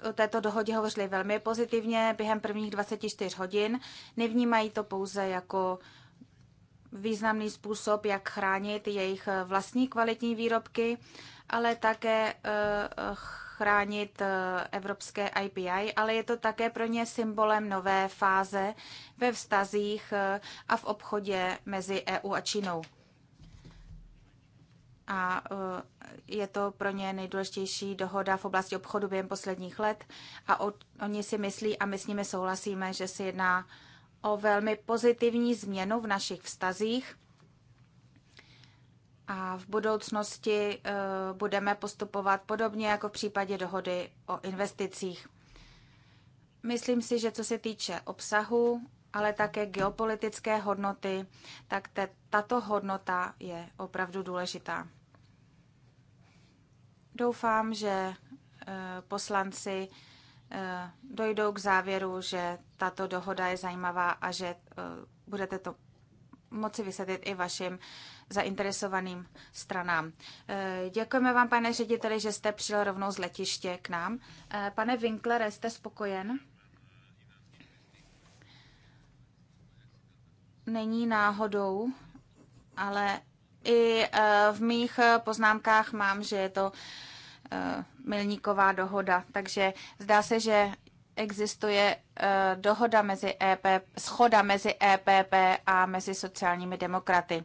o této dohodě hovořili velmi pozitivně během prvních 24 hodin. Nevnímají to pouze jako významný způsob, jak chránit jejich vlastní kvalitní výrobky, ale také eh, chránit evropské IPI, ale je to také pro ně symbolem nové fáze ve vztazích a v obchodě mezi EU a Čínou. A je to pro ně nejdůležitější dohoda v oblasti obchodu během posledních let a od, oni si myslí a my s nimi souhlasíme, že se jedná o velmi pozitivní změnu v našich vztazích a v budoucnosti uh, budeme postupovat podobně jako v případě dohody o investicích. Myslím si, že co se týče obsahu, ale také geopolitické hodnoty, tak te, tato hodnota je opravdu důležitá. Doufám, že eh, poslanci eh, dojdou k závěru, že tato dohoda je zajímavá a že eh, budete to moci vysvětlit i vašim zainteresovaným stranám. Děkujeme vám, pane řediteli, že jste přijel rovnou z letiště k nám. Pane Winklere, jste spokojen? Není náhodou, ale i eh, v mých eh, poznámkách mám, že je to eh, milníková dohoda. Takže zdá se, že existuje dohoda mezi EP, schoda mezi EPP a mezi sociálními demokraty.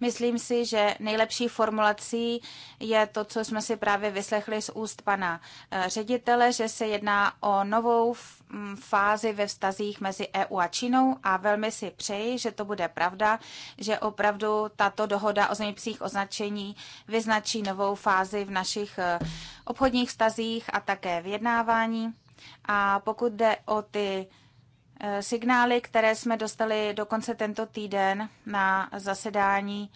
Myslím si, že nejlepší formulací je to, co jsme si právě vyslechli z úst pana ředitele, že se jedná o novou Mm, fázi ve vztazích mezi EU a Čínou a velmi si přeji, že to bude pravda, že opravdu tato dohoda o zeměpisných označení vyznačí novou fázi v našich eh, obchodních vztazích a také vyjednávání. A pokud jde o ty eh, signály, které jsme dostali dokonce tento týden na zasedání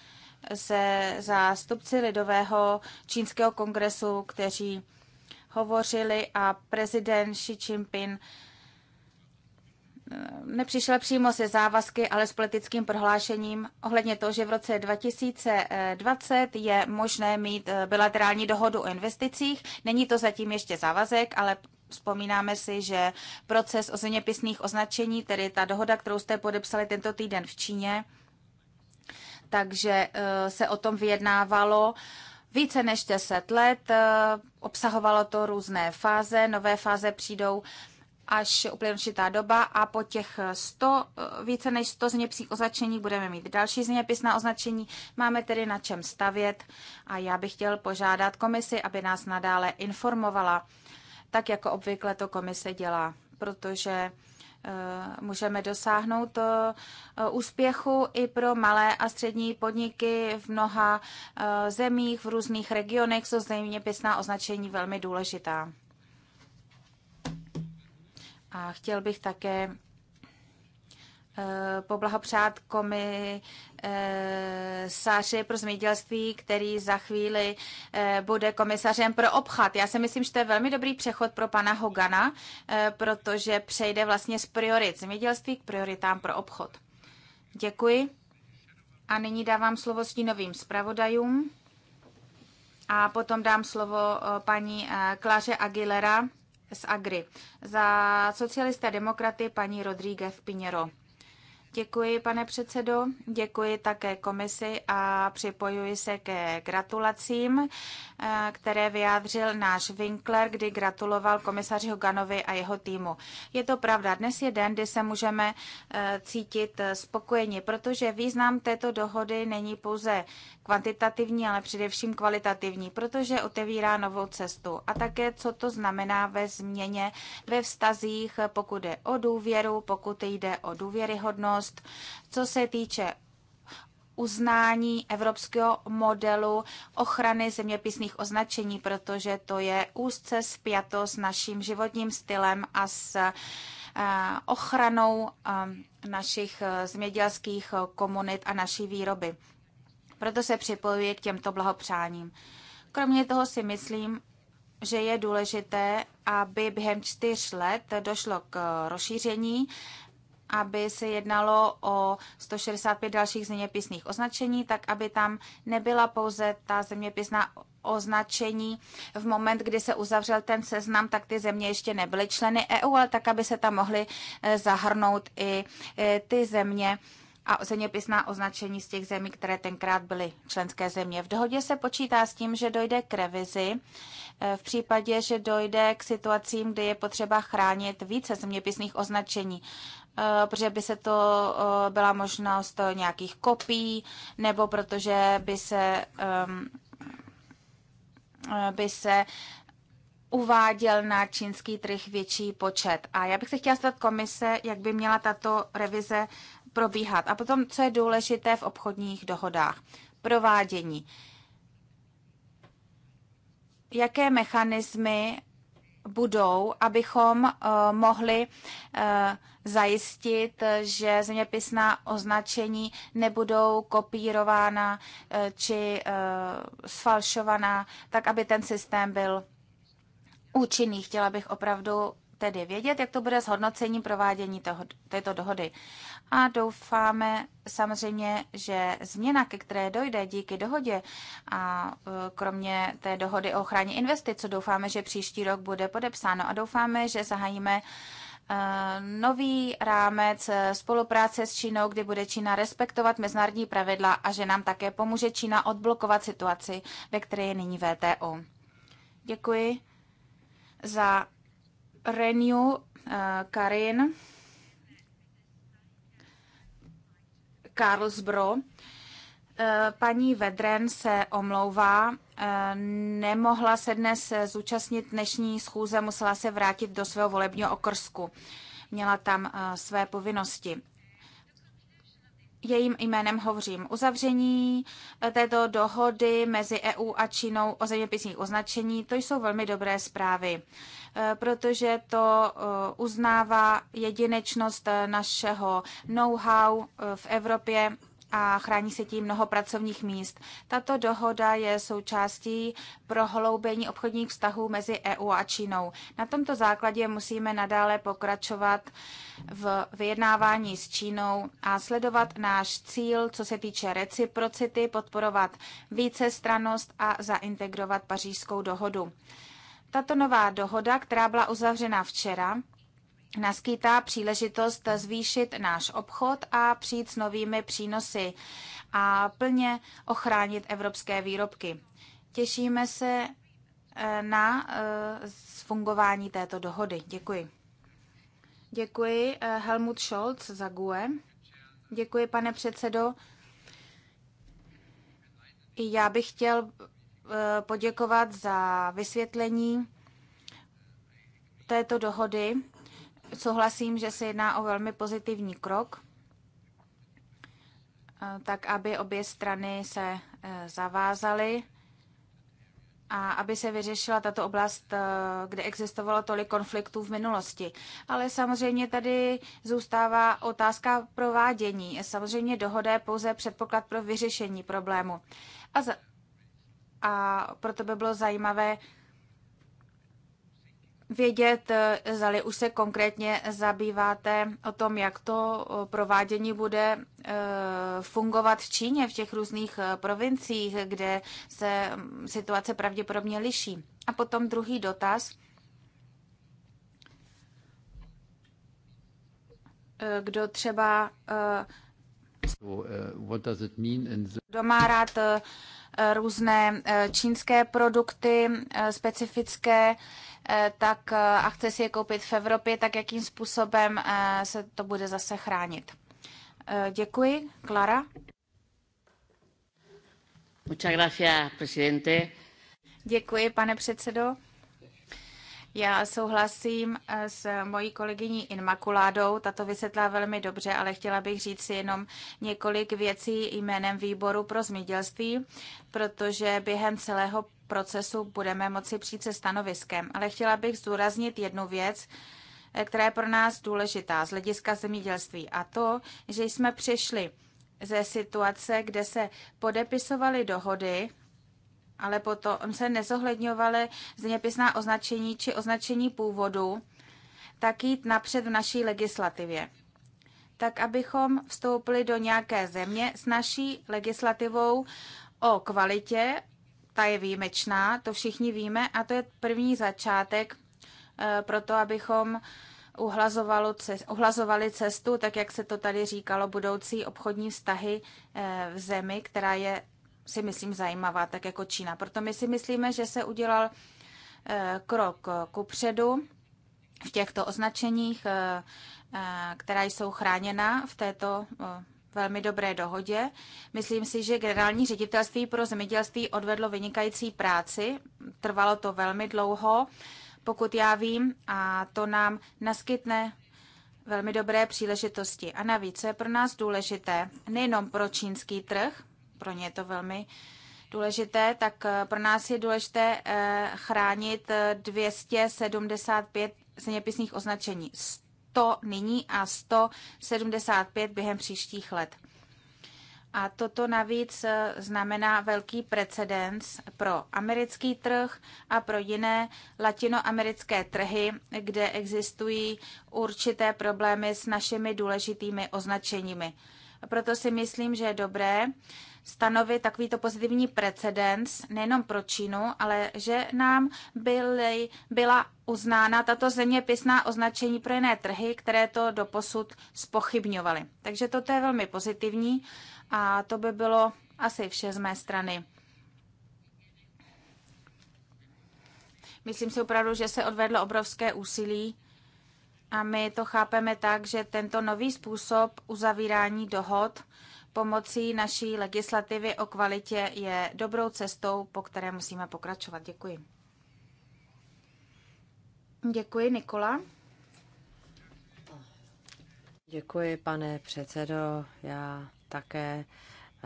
se zástupci Lidového čínského kongresu, kteří hovořili a prezident Xi Jinping eh, nepřišel přímo se závazky, ale s politickým prohlášením ohledně toho, že v roce 2020 je možné mít eh, bilaterální dohodu o investicích. Není to zatím ještě závazek, ale vzpomínáme si, že proces o zeměpisných označení, tedy ta dohoda, kterou jste podepsali tento týden v Číně, takže eh, se o tom vyjednávalo více než 10 let. Eh, obsahovalo to různé fáze, nové fáze přijdou až uplyne určitá doba a po těch 100, eh, více než 100 zněpsích označení budeme mít další zněpisná označení. Máme tedy na čem stavět a já bych chtěl požádat komisi, aby nás nadále informovala, tak jako obvykle to komise dělá, protože Eh, můžeme dosáhnout eh, úspěchu i pro malé a střední podniky v mnoha eh, zemích, v různých regionech, jsou pěsná označení velmi důležitá. A chtěl bych také Eh, poblahopřát komi eh, pro zemědělství, který za chvíli eh, bude komisařem pro obchod. Já si myslím, že to je velmi dobrý přechod pro pana Hogana, protože přejde vlastně z priorit zemědělství k prioritám pro obchod. Děkuji. A nyní dávám slovo stínovým zpravodajům. A potom dám slovo paní Kláře Aguilera z Agri. Za socialisté demokraty paní Rodríguez Pinero. Děkuji, pane předsedo, děkuji také komisi a připojuji se ke gratulacím, eh, které vyjádřil náš Winkler, kdy gratuloval komisaři Hoganovi a jeho týmu. Je to pravda, dnes je den, kdy se můžeme eh, cítit eh, spokojeni, protože význam této dohody není pouze kvantitativní, ale především kvalitativní, protože otevírá novou cestu. A také, co to znamená ve změně ve vztazích, pokud jde o důvěru, pokud jde o důvěryhodnost, co se týče uznání evropského modelu ochrany zeměpisných označení, protože to je úzce spjato s naším životním stylem a s eh, ochranou eh, našich eh, zemědělských komunit a naší výroby. Proto se připojuji k těmto blahopřáním. Kromě toho si myslím, že je důležité, aby během čtyř let došlo k rozšíření, aby se jednalo o 165 dalších zeměpisných označení, tak aby tam nebyla pouze ta zeměpisná označení v moment, kdy se uzavřel ten seznam, tak ty země ještě nebyly členy EU, ale tak, aby se tam mohly eh, zahrnout i eh, ty země, a zeměpisná označení z těch zemí, které tenkrát byly členské země. V dohodě se počítá s tím, že dojde k revizi eh, v případě, že dojde k situacím, kdy je potřeba chránit více zeměpisných označení, eh, protože by se to eh, byla možnost nějakých kopií, nebo protože by se ehm, by se uváděl na čínský trh větší počet. A já bych se chtěla zeptat komise, jak by měla tato revize probíhat. A potom, co je důležité v obchodních dohodách? Provádění. Jaké mechanismy budou, abychom eh, mohli eh, zajistit, že zeměpisná označení nebudou kopírována eh, či sfalšovaná, tak aby ten systém byl účinný. Chtěla bych opravdu tedy vědět, jak to bude s hodnocením provádění toho, této dohody. A doufáme samozřejmě, že změna, ke které dojde díky dohodě a e, kromě té dohody o ochraně investic, co doufáme, že příští rok bude podepsáno a doufáme, že zahájíme e, nový rámec spolupráce s Čínou, kdy bude Čína respektovat mezinárodní pravidla a že nám také pomůže Čína odblokovat situaci, ve které je nyní VTO. Děkuji za Renew eh, Karin Karlsbro. Eh, paní Vedren se omlouvá, eh, nemohla se dnes zúčastnit dnešní schůze, musela se vrátit do svého volebního okrsku. Měla tam své povinnosti jejím jménem hovořím. Uzavření této dohody mezi EU a Čínou o zeměpisných označení, to jsou velmi dobré zprávy. Eh, protože to eh, uznává jedinečnost eh, našeho know-how v Evropě a chrání se tím mnoho pracovních míst. Tato dohoda je součástí prohloubení obchodních vztahů mezi EU a Čínou. Na tomto základě musíme nadále pokračovat v vyjednávání s Čínou a sledovat náš cíl, co se týče reciprocity, podporovat vícestranost a zaintegrovat pařížskou dohodu. Tato nová dohoda, která byla uzavřena včera, naskýtá příležitost zvýšit náš obchod a přijít s novými přínosy a plně ochránit evropské výrobky. Těšíme se eh, na eh, fungování této dohody. Děkuji. Děkuji eh, Helmut Scholz za GUE. Děkuji, pane předsedo. Já bych chtěl Eh, poděkovat za vysvětlení této dohody. Souhlasím, že se jedná o velmi pozitivní krok, eh, tak aby obě strany se eh, zavázaly a aby se vyřešila tato oblast, kde existovalo tolik konfliktů v minulosti. Ale samozřejmě tady zůstává otázka provádění. Samozřejmě dohoda je pouze předpoklad pro vyřešení problému. A a proto tebe bylo zajímavé vědět, zali už se konkrétně zabýváte o tom, jak to provádění bude eh, fungovat v Číně, v těch různých eh, provinciích, kde se mm, situace pravděpodobně liší. A potom druhý dotaz. Eh, kdo třeba Uh, Kdo má rád uh, různé uh, čínské produkty specifické, tak a chce si je koupit v Evropě, tak jakým způsobem se to bude zase chránit. Děkuji. Klara? Muchas gracias, presidente. Děkuji, pane předsedo. Já souhlasím eh, s mojí kolegyní Inmakuládou, tato vysvětlá velmi dobře, ale chtěla bych říct si jenom několik věcí jménem výboru pro zemědělství, protože během celého procesu budeme moci přijít se stanoviskem. Ale chtěla bych zdůraznit jednu věc, eh, která je pro nás důležitá z hlediska zemědělství, a to, že jsme přišli ze situace, kde se podepisovaly dohody ale potom se nezohledňovaly zeměpisná označení či označení původu, tak jít napřed v naší legislativě. Tak abychom vstoupili do nějaké země s naší legislativou o kvalitě, ta je výjimečná, to všichni víme, a to je první začátek eh, pro to, abychom uhlazovali cestu, tak jak se to tady říkalo, budoucí obchodní vztahy eh, v zemi, která je si myslím zajímavá, tak jako Čína. Proto my si myslíme, že se udělal eh, krok eh, ku předu v těchto označeních, eh, která jsou chráněna v této velmi dobré dohodě. Myslím si, že generální ředitelství pro zemědělství odvedlo vynikající práci. Trvalo to velmi dlouho, pokud já vím, a to nám naskytne velmi dobré příležitosti. A navíc je pro nás důležité nejenom pro čínský trh, pro ně je to velmi důležité, tak eh, pro nás je důležité eh, chránit 275 eh, zeměpisných označení. 100 nyní a 175 během příštích let. A toto navíc znamená velký precedens pro americký trh a pro jiné latinoamerické trhy, kde existují určité problémy s našimi důležitými označeními. Proto si myslím, že je dobré, stanovit takovýto pozitivní precedens nejenom pro Čínu, ale že nám byly, byla uznána tato zeměpisná označení pro jiné trhy, které to doposud spochybňovaly. Takže toto je velmi pozitivní a to by bylo asi vše z mé strany. Myslím si opravdu, že se odvedlo obrovské úsilí a my to chápeme tak, že tento nový způsob uzavírání dohod pomocí naší legislativy o kvalitě je dobrou cestou, po které musíme pokračovat. Děkuji. Děkuji, Nikola. Děkuji, pane předsedo. Já také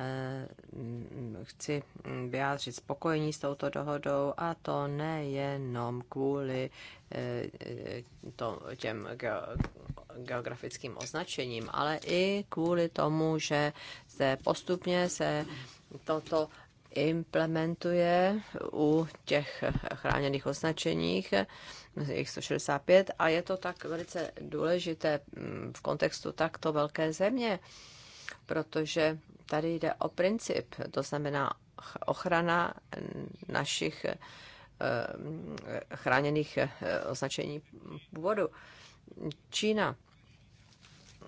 Eh, chci vyjádřit spokojení s touto dohodou a to nejenom kvůli eh, to, těm geografickým označením, ale i kvůli tomu, že se postupně se toto implementuje u těch chráněných označeních, jich 165, a je to tak velice důležité mm, v kontextu takto velké země, protože tady jde o princip, to znamená ochrana našich eh, chráněných eh, označení původu. Čína,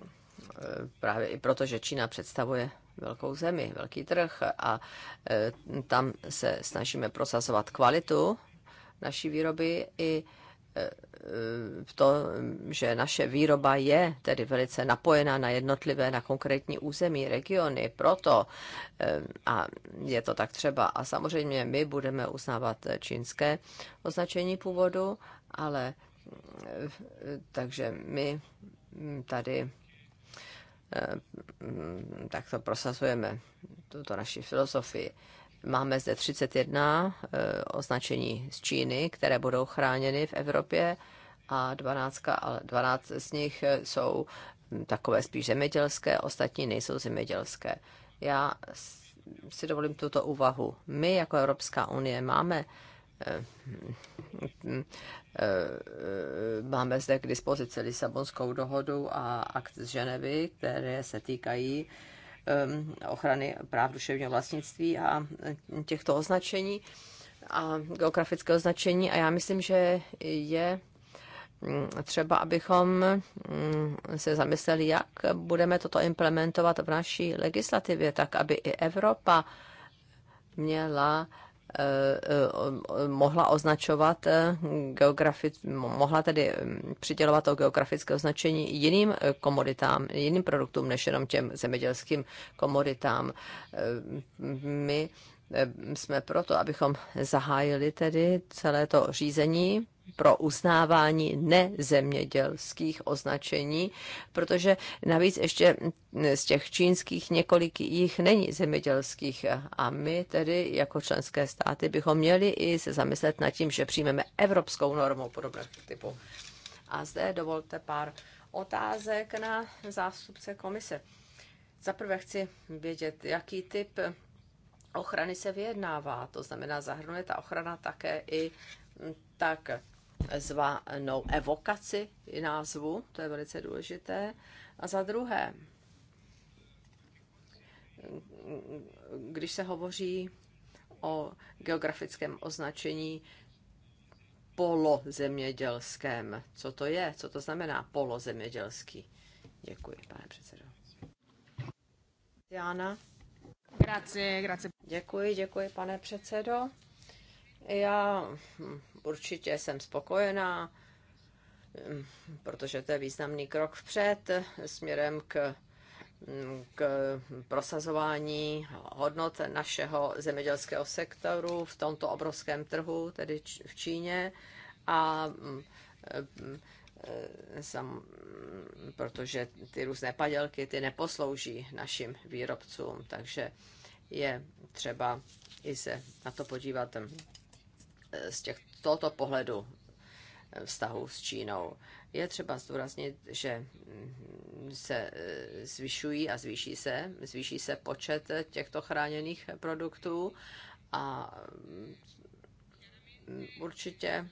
eh, právě i proto, že Čína představuje velkou zemi, velký trh a tam se snažíme prosazovat kvalitu naší výroby i Eh, v to, že naše výroba je tedy velice napojená na jednotlivé, na konkrétní území, regiony, proto eh, a je to tak třeba. A samozřejmě my budeme uznávat čínské označení původu, ale eh, takže my mm, tady mm, tak to prosazujeme, tuto naši filozofii. Máme zde 31 eh, označení z Číny, které budou chráněny v Evropě a 12, 12 z nich eh, jsou hm, takové spíš zemědělské, ostatní nejsou zemědělské. Já si dovolím tuto úvahu. My jako Evropská unie máme eh, hm, máme zde k dispozici Lisabonskou dohodu a akt z Ženevy, které se týkají Um, ochrany práv duševního vlastnictví a těchto označení a geografické označení a já myslím, že je mm, třeba, abychom mm, se zamysleli, jak budeme toto implementovat v naší legislativě, tak aby i Evropa měla Eh, eh, mohla označovat eh, geografic, mohla tedy mm, přidělovat to geografické označení jiným komoditám, jiným produktům, než jenom těm zemědělským komoditám. My jsme proto, abychom zahájili tedy celé to řízení pro uznávání nezemědělských označení, protože navíc ještě z těch čínských několik jich není zemědělských a my tedy jako členské státy bychom měli i se zamyslet nad tím, že přijmeme evropskou normu podobného typu. A zde dovolte pár otázek na zástupce komise. Za prvé chci vědět, jaký typ ochrany se vyjednává, to znamená, zahrnuje ta ochrana také i tak zvanou evokaci názvu, to je velice důležité. A za druhé, když se hovoří o geografickém označení polozemědělském. Co to je? Co to znamená polozemědělský? Děkuji, pane předsedo. Jana. Grazie, grazie. Děkuji, děkuji, pane předsedo. Já hm, určitě jsem spokojená, hm, protože to je významný krok vpřed eh, směrem k hm, k prosazování hodnot našeho zemědělského sektoru v tomto obrovském trhu, tedy v Číně. A eh, sam, protože ty různé padělky, ty neposlouží našim výrobcům, takže je třeba i se na to podívat z těch, tohoto pohledu vztahu s Čínou. Je třeba zdůraznit, že se eh, zvyšují a zvýší se, zvýší se počet těchto chráněných produktů a mm, určitě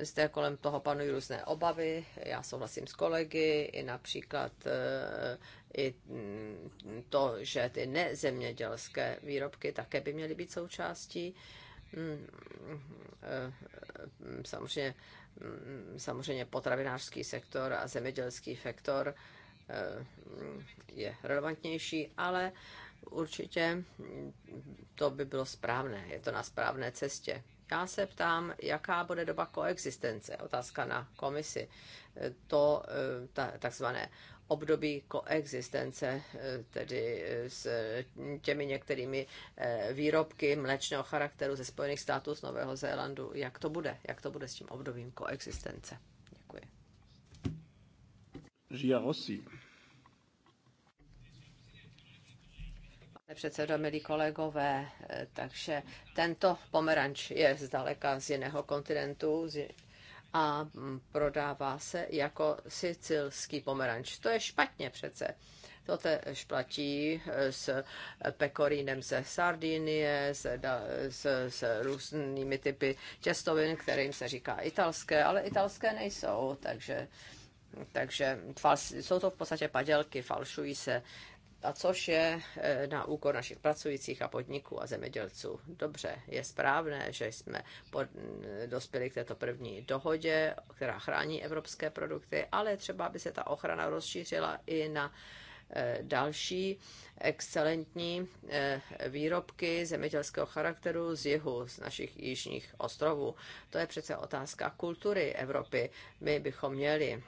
zde kolem toho panují různé obavy. Já souhlasím s kolegy, i například eh, i mm, to, že ty nezemědělské výrobky také by měly být součástí Mm, eh, samozřejmě, mm, samozřejmě potravinářský sektor a zemědělský sektor eh, je relevantnější, ale určitě to by bylo správné. Je to na správné cestě. Já se ptám, jaká bude doba koexistence. Otázka na komisi. Eh, to takzvané období koexistence, eh, tedy eh, s eh, těmi některými výrobky mléčného charakteru ze Spojených států z Nového Zélandu. Jak to bude? Jak to bude s tím obdobím koexistence? Děkuji. Žia Rossi. Pane předsedo, milí kolegové, takže tento pomeranč je zdaleka z jiného kontinentu, z a prodává se jako sicilský pomeranč. To je špatně přece. To tež platí eh, s pekorínem ze Sardinie, s, s, s různými typy těstovin, kterým se říká italské, ale italské nejsou, takže, takže fals, jsou to v podstatě padělky, falšují se a což je e, na úkor našich pracujících a podniků a zemědělců. Dobře, je správné, že jsme pod, e, dospěli k této první dohodě, která chrání evropské produkty, ale třeba by se ta ochrana rozšířila i na e, další excelentní výrobky zemědělského charakteru z jihu, z našich jižních ostrovů. To je přece otázka kultury Evropy. My bychom měli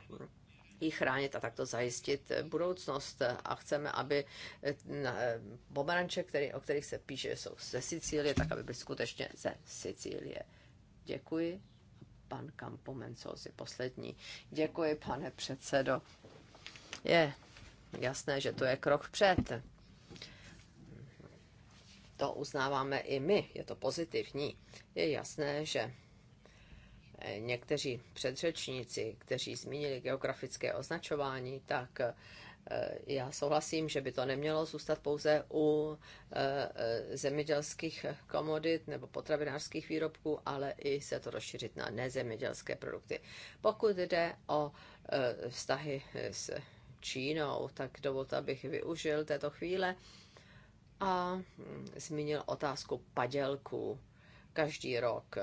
ji chránit a takto zajistit eh, budoucnost. A chceme, aby eh, eh, pomeranče, který, o kterých se píše, jsou ze Sicílie, tak aby byly skutečně ze Sicílie. Děkuji. Pan Campo Menzosi, poslední. Děkuji, pane předsedo. Je jasné, že to je krok před. To uznáváme i my, je to pozitivní. Je jasné, že někteří předřečníci, kteří zmínili geografické označování, tak eh, já souhlasím, že by to nemělo zůstat pouze u eh, zemědělských komodit nebo potravinářských výrobků, ale i se to rozšířit na nezemědělské produkty. Pokud jde o eh, vztahy s Čínou, tak dovolte, abych využil této chvíle a mm, zmínil otázku padělků každý rok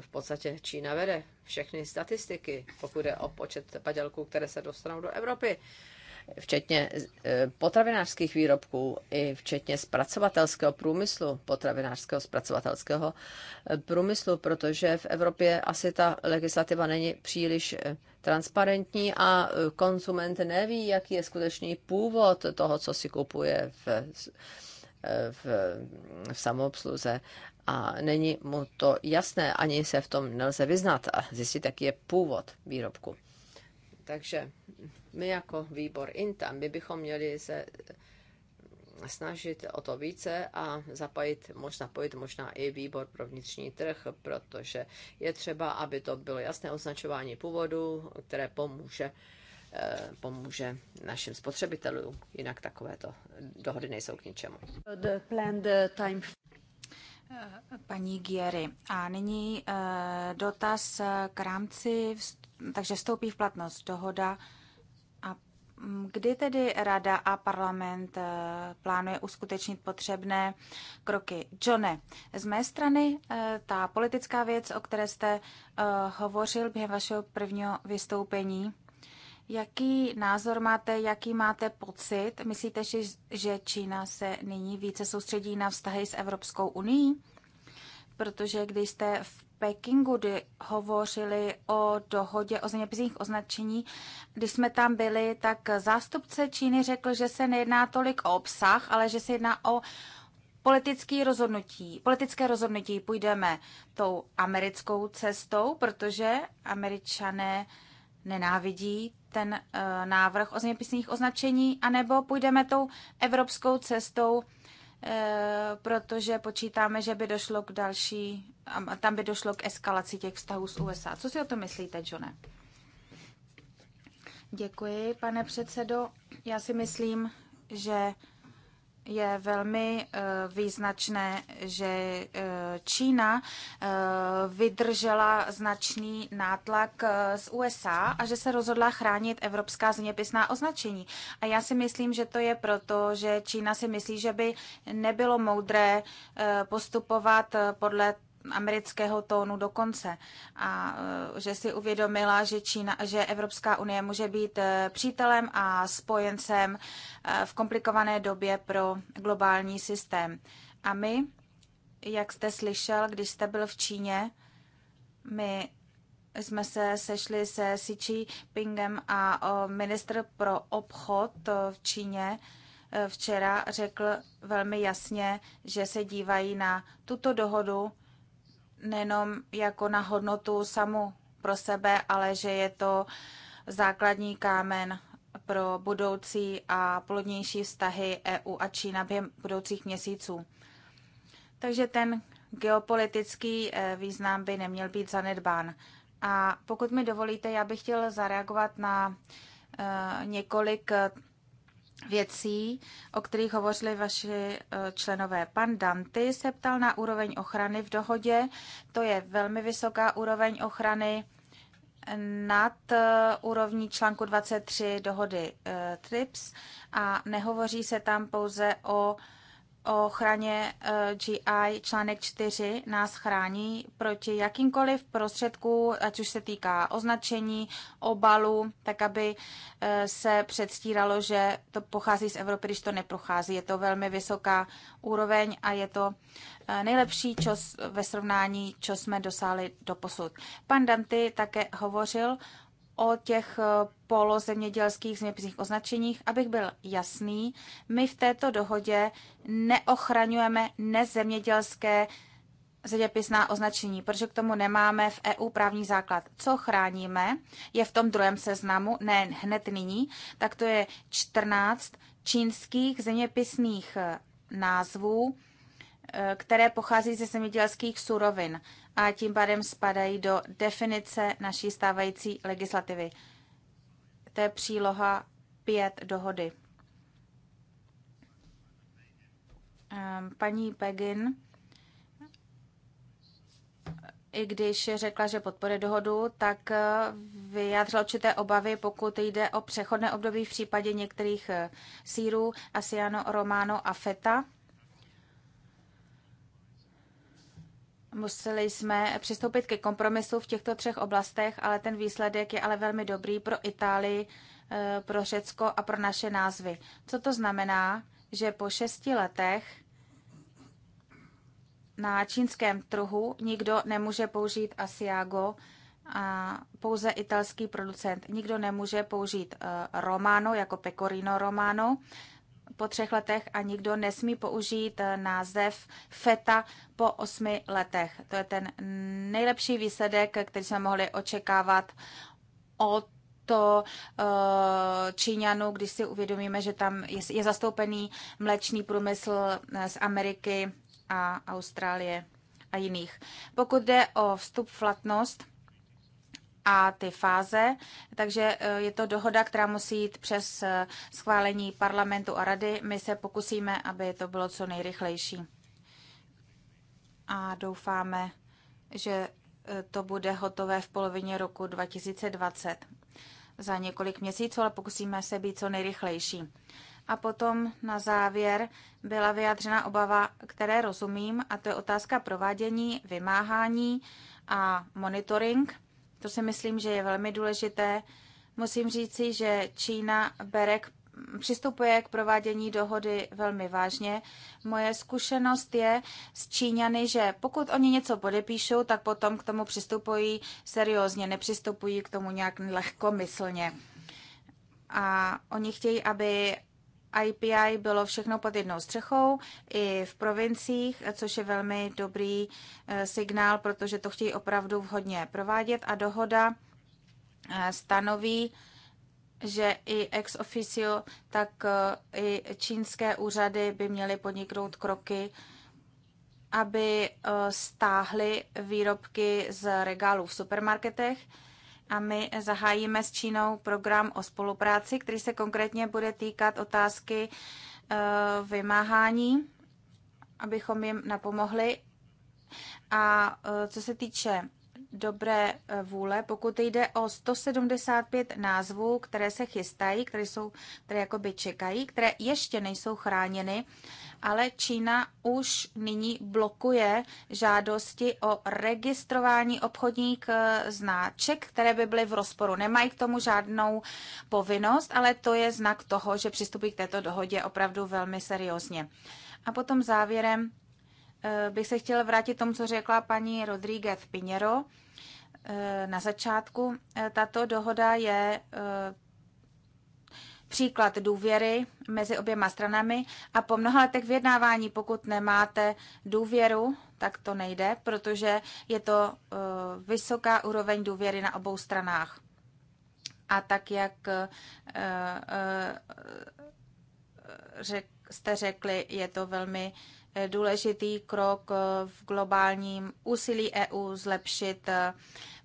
v podstatě Čína vede všechny statistiky, pokud je o počet padělků, které se dostanou do Evropy, včetně e, potravinářských výrobků i včetně zpracovatelského průmyslu, potravinářského zpracovatelského e, průmyslu, protože v Evropě asi ta legislativa není příliš e, transparentní a konsument neví, jaký je skutečný původ toho, co si kupuje v v, v samoobsluze a není mu to jasné, ani se v tom nelze vyznat a zjistit, jaký je původ výrobku. Takže my jako výbor INTA, my bychom měli se snažit o to více a zapojit, možná pojit možná i výbor pro vnitřní trh, protože je třeba, aby to bylo jasné označování původu, které pomůže Eh, pomůže našim spotřebitelům. Jinak takovéto dohody nejsou k ničemu. The planned eh, time eh, Paní Giery. A nyní dotaz k rámci, takže vstoupí v platnost dohoda. A kdy tedy Rada a parlament plánuje uskutečnit potřebné kroky? Johne, z mé strany ta politická věc, o které jste hovořil během vašeho prvního vystoupení, Jaký názor máte, jaký máte pocit? Myslíte, že, že Čína se nyní více soustředí na vztahy s Evropskou unii? Protože když jste v Pekingu kdy hovořili o dohodě o zeměpisných označení, když jsme tam byli, tak zástupce Číny řekl, že se nejedná tolik o obsah, ale že se jedná o politické rozhodnutí. Politické rozhodnutí půjdeme tou americkou cestou, protože američané nenávidí ten eh, návrh o zeměpisných označení, anebo půjdeme tou evropskou cestou, eh, protože počítáme, že by došlo k další, tam by došlo k eskalaci těch vztahů s USA. Co si o to myslíte, Johne? Děkuji, pane předsedo. Já si myslím, že je velmi eh, význačné, že eh, Čína eh, vydržela značný nátlak z USA a že se rozhodla chránit evropská zeměpisná označení. A já si myslím, že to je proto, že Čína si myslí, že by nebylo moudré postupovat podle amerického tónu dokonce a e, že si uvědomila, že, Čína, že Evropská unie může být e, přítelem a spojencem e, v komplikované době pro globální systém. A my, jak jste slyšel, když jste byl v Číně, my jsme se sešli se Xi Jinpingem a ministr pro obchod v Číně včera řekl velmi jasně, že se dívají na tuto dohodu nejenom jako na hodnotu samu pro sebe, ale že je to základní kámen pro budoucí a plodnější vztahy EU a Čína během budoucích měsíců. Takže ten geopolitický eh, význam by neměl být zanedbán. A pokud mi dovolíte, já bych chtěl zareagovat na eh, několik věcí, o kterých hovořili vaši e, členové. Pan Danty se ptal na úroveň ochrany v dohodě. To je velmi vysoká úroveň ochrany nad e, úrovní článku 23 dohody e, TRIPS a nehovoří se tam pouze o o ochraně eh, GI článek 4 nás chrání proti jakýmkoliv prostředku, ať už se týká označení, obalu, tak aby eh, se předstíralo, že to pochází z Evropy, když to neprochází. Je to velmi vysoká úroveň a je to eh, nejlepší čos ve srovnání, co jsme dosáhli do posud. Pan Danty také hovořil o těch eh, polozemědělských zeměpisných označeních, abych byl jasný, my v této dohodě neochraňujeme nezemědělské zeměpisná označení, protože k tomu nemáme v EU právní základ. Co chráníme, je v tom druhém seznamu, ne hned nyní, tak to je 14 čínských zeměpisných eh, názvů, Eh, které pochází ze zemědělských surovin a tím pádem spadají do definice naší stávající legislativy. To je příloha 5 dohody. Ehm, paní Pegin, i když řekla, že podporuje dohodu, tak eh, vyjádřila určité obavy, pokud jde o přechodné období v případě některých eh, sírů, Asiano, Romano a Feta Museli jsme přistoupit ke kompromisu v těchto třech oblastech, ale ten výsledek je ale velmi dobrý pro Itálii, eh, pro Řecko a pro naše názvy. Co to znamená, že po šesti letech na čínském trhu nikdo nemůže použít Asiago, a pouze italský producent. Nikdo nemůže použít eh, Romano jako Pecorino Romano po třech letech a nikdo nesmí použít eh, název FETA po osmi letech. To je ten nejlepší výsledek, který jsme mohli očekávat od to eh, Číňanů, když si uvědomíme, že tam je zastoupený mléčný průmysl eh, z Ameriky a Austrálie a jiných. Pokud jde o vstup v platnost, a ty fáze, takže e, je to dohoda, která musí jít přes e, schválení parlamentu a rady. My se pokusíme, aby to bylo co nejrychlejší. A doufáme, že e, to bude hotové v polovině roku 2020. Za několik měsíců, ale pokusíme se být co nejrychlejší. A potom na závěr byla vyjádřena obava, které rozumím, a to je otázka provádění, vymáhání a monitoring to si myslím, že je velmi důležité. Musím říci, že Čína bere k přistupuje k provádění dohody velmi vážně. Moje zkušenost je s Číňany, že pokud oni něco podepíšou, tak potom k tomu přistupují seriózně, nepřistupují k tomu nějak lehkomyslně. A oni chtějí, aby IPI bylo všechno pod jednou střechou i v provinciích, což je velmi dobrý eh, signál, protože to chtějí opravdu vhodně provádět a dohoda eh, stanoví, že i ex officio, tak eh, i čínské úřady by měly podniknout kroky, aby stáhly výrobky z regálů v supermarketech a my zahájíme s Čínou program o spolupráci, který se konkrétně bude týkat otázky e, vymáhání, abychom jim napomohli. A e, co se týče dobré e, vůle, pokud jde o 175 názvů, které se chystají, které jsou, které jakoby čekají, které ještě nejsou chráněny, ale Čína už nyní blokuje žádosti o registrování obchodních eh, značek, které by byly v rozporu. Nemají k tomu žádnou povinnost, ale to je znak toho, že přistupují k této dohodě opravdu velmi seriózně. A potom závěrem eh, bych se chtěla vrátit tomu, co řekla paní Rodríguez Pinero. Eh, na začátku tato dohoda je příklad důvěry mezi oběma stranami a po mnoha letech vyjednávání, pokud nemáte důvěru, tak to nejde, protože je to eh, vysoká úroveň důvěry na obou stranách. A tak, jak eh, eh, jste řekli, je to velmi důležitý krok v globálním úsilí EU zlepšit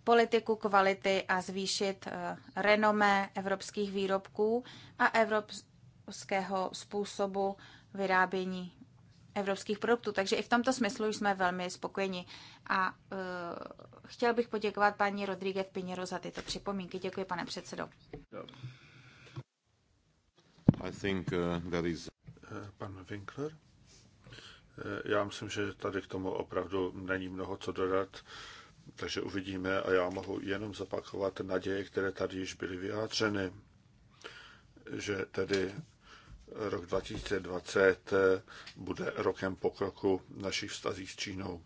politiku kvality a zvýšit eh, renomé evropských výrobků a evropského způsobu vyrábění evropských produktů. Takže i v tomto smyslu jsme velmi spokojeni. A uh, chtěl bych poděkovat paní Rodríguez Piněro za tyto připomínky. Děkuji, pane předsedo. I think, uh, that is... Pan Winkler? Já myslím, že tady k tomu opravdu není mnoho co dodat. Takže uvidíme a já mohu jenom zapakovat naděje, které tady již byly vyjádřeny, že tedy rok 2020 bude rokem pokroku našich vztazích s Čínou.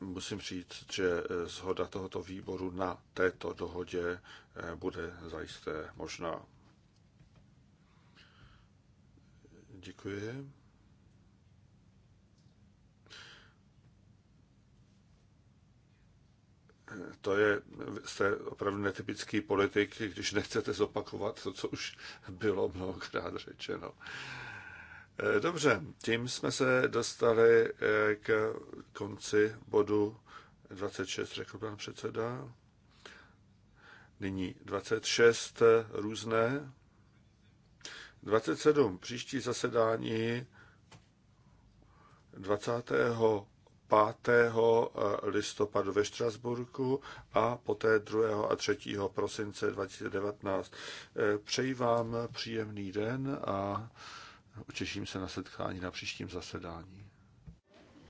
Musím říct, že zhoda tohoto výboru na této dohodě bude zajisté možná. Děkuji. to je, jste opravdu netypický politik, když nechcete zopakovat to, co už bylo mnohokrát řečeno. E, dobře, tím jsme se dostali e, k konci bodu 26, řekl pan předseda. Nyní 26 různé. 27 příští zasedání 20. 5. Eh, listopadu ve Štrasburku a poté 2. a 3. prosince 2019. Eh, přeji vám příjemný den a těším se na setkání na příštím zasedání.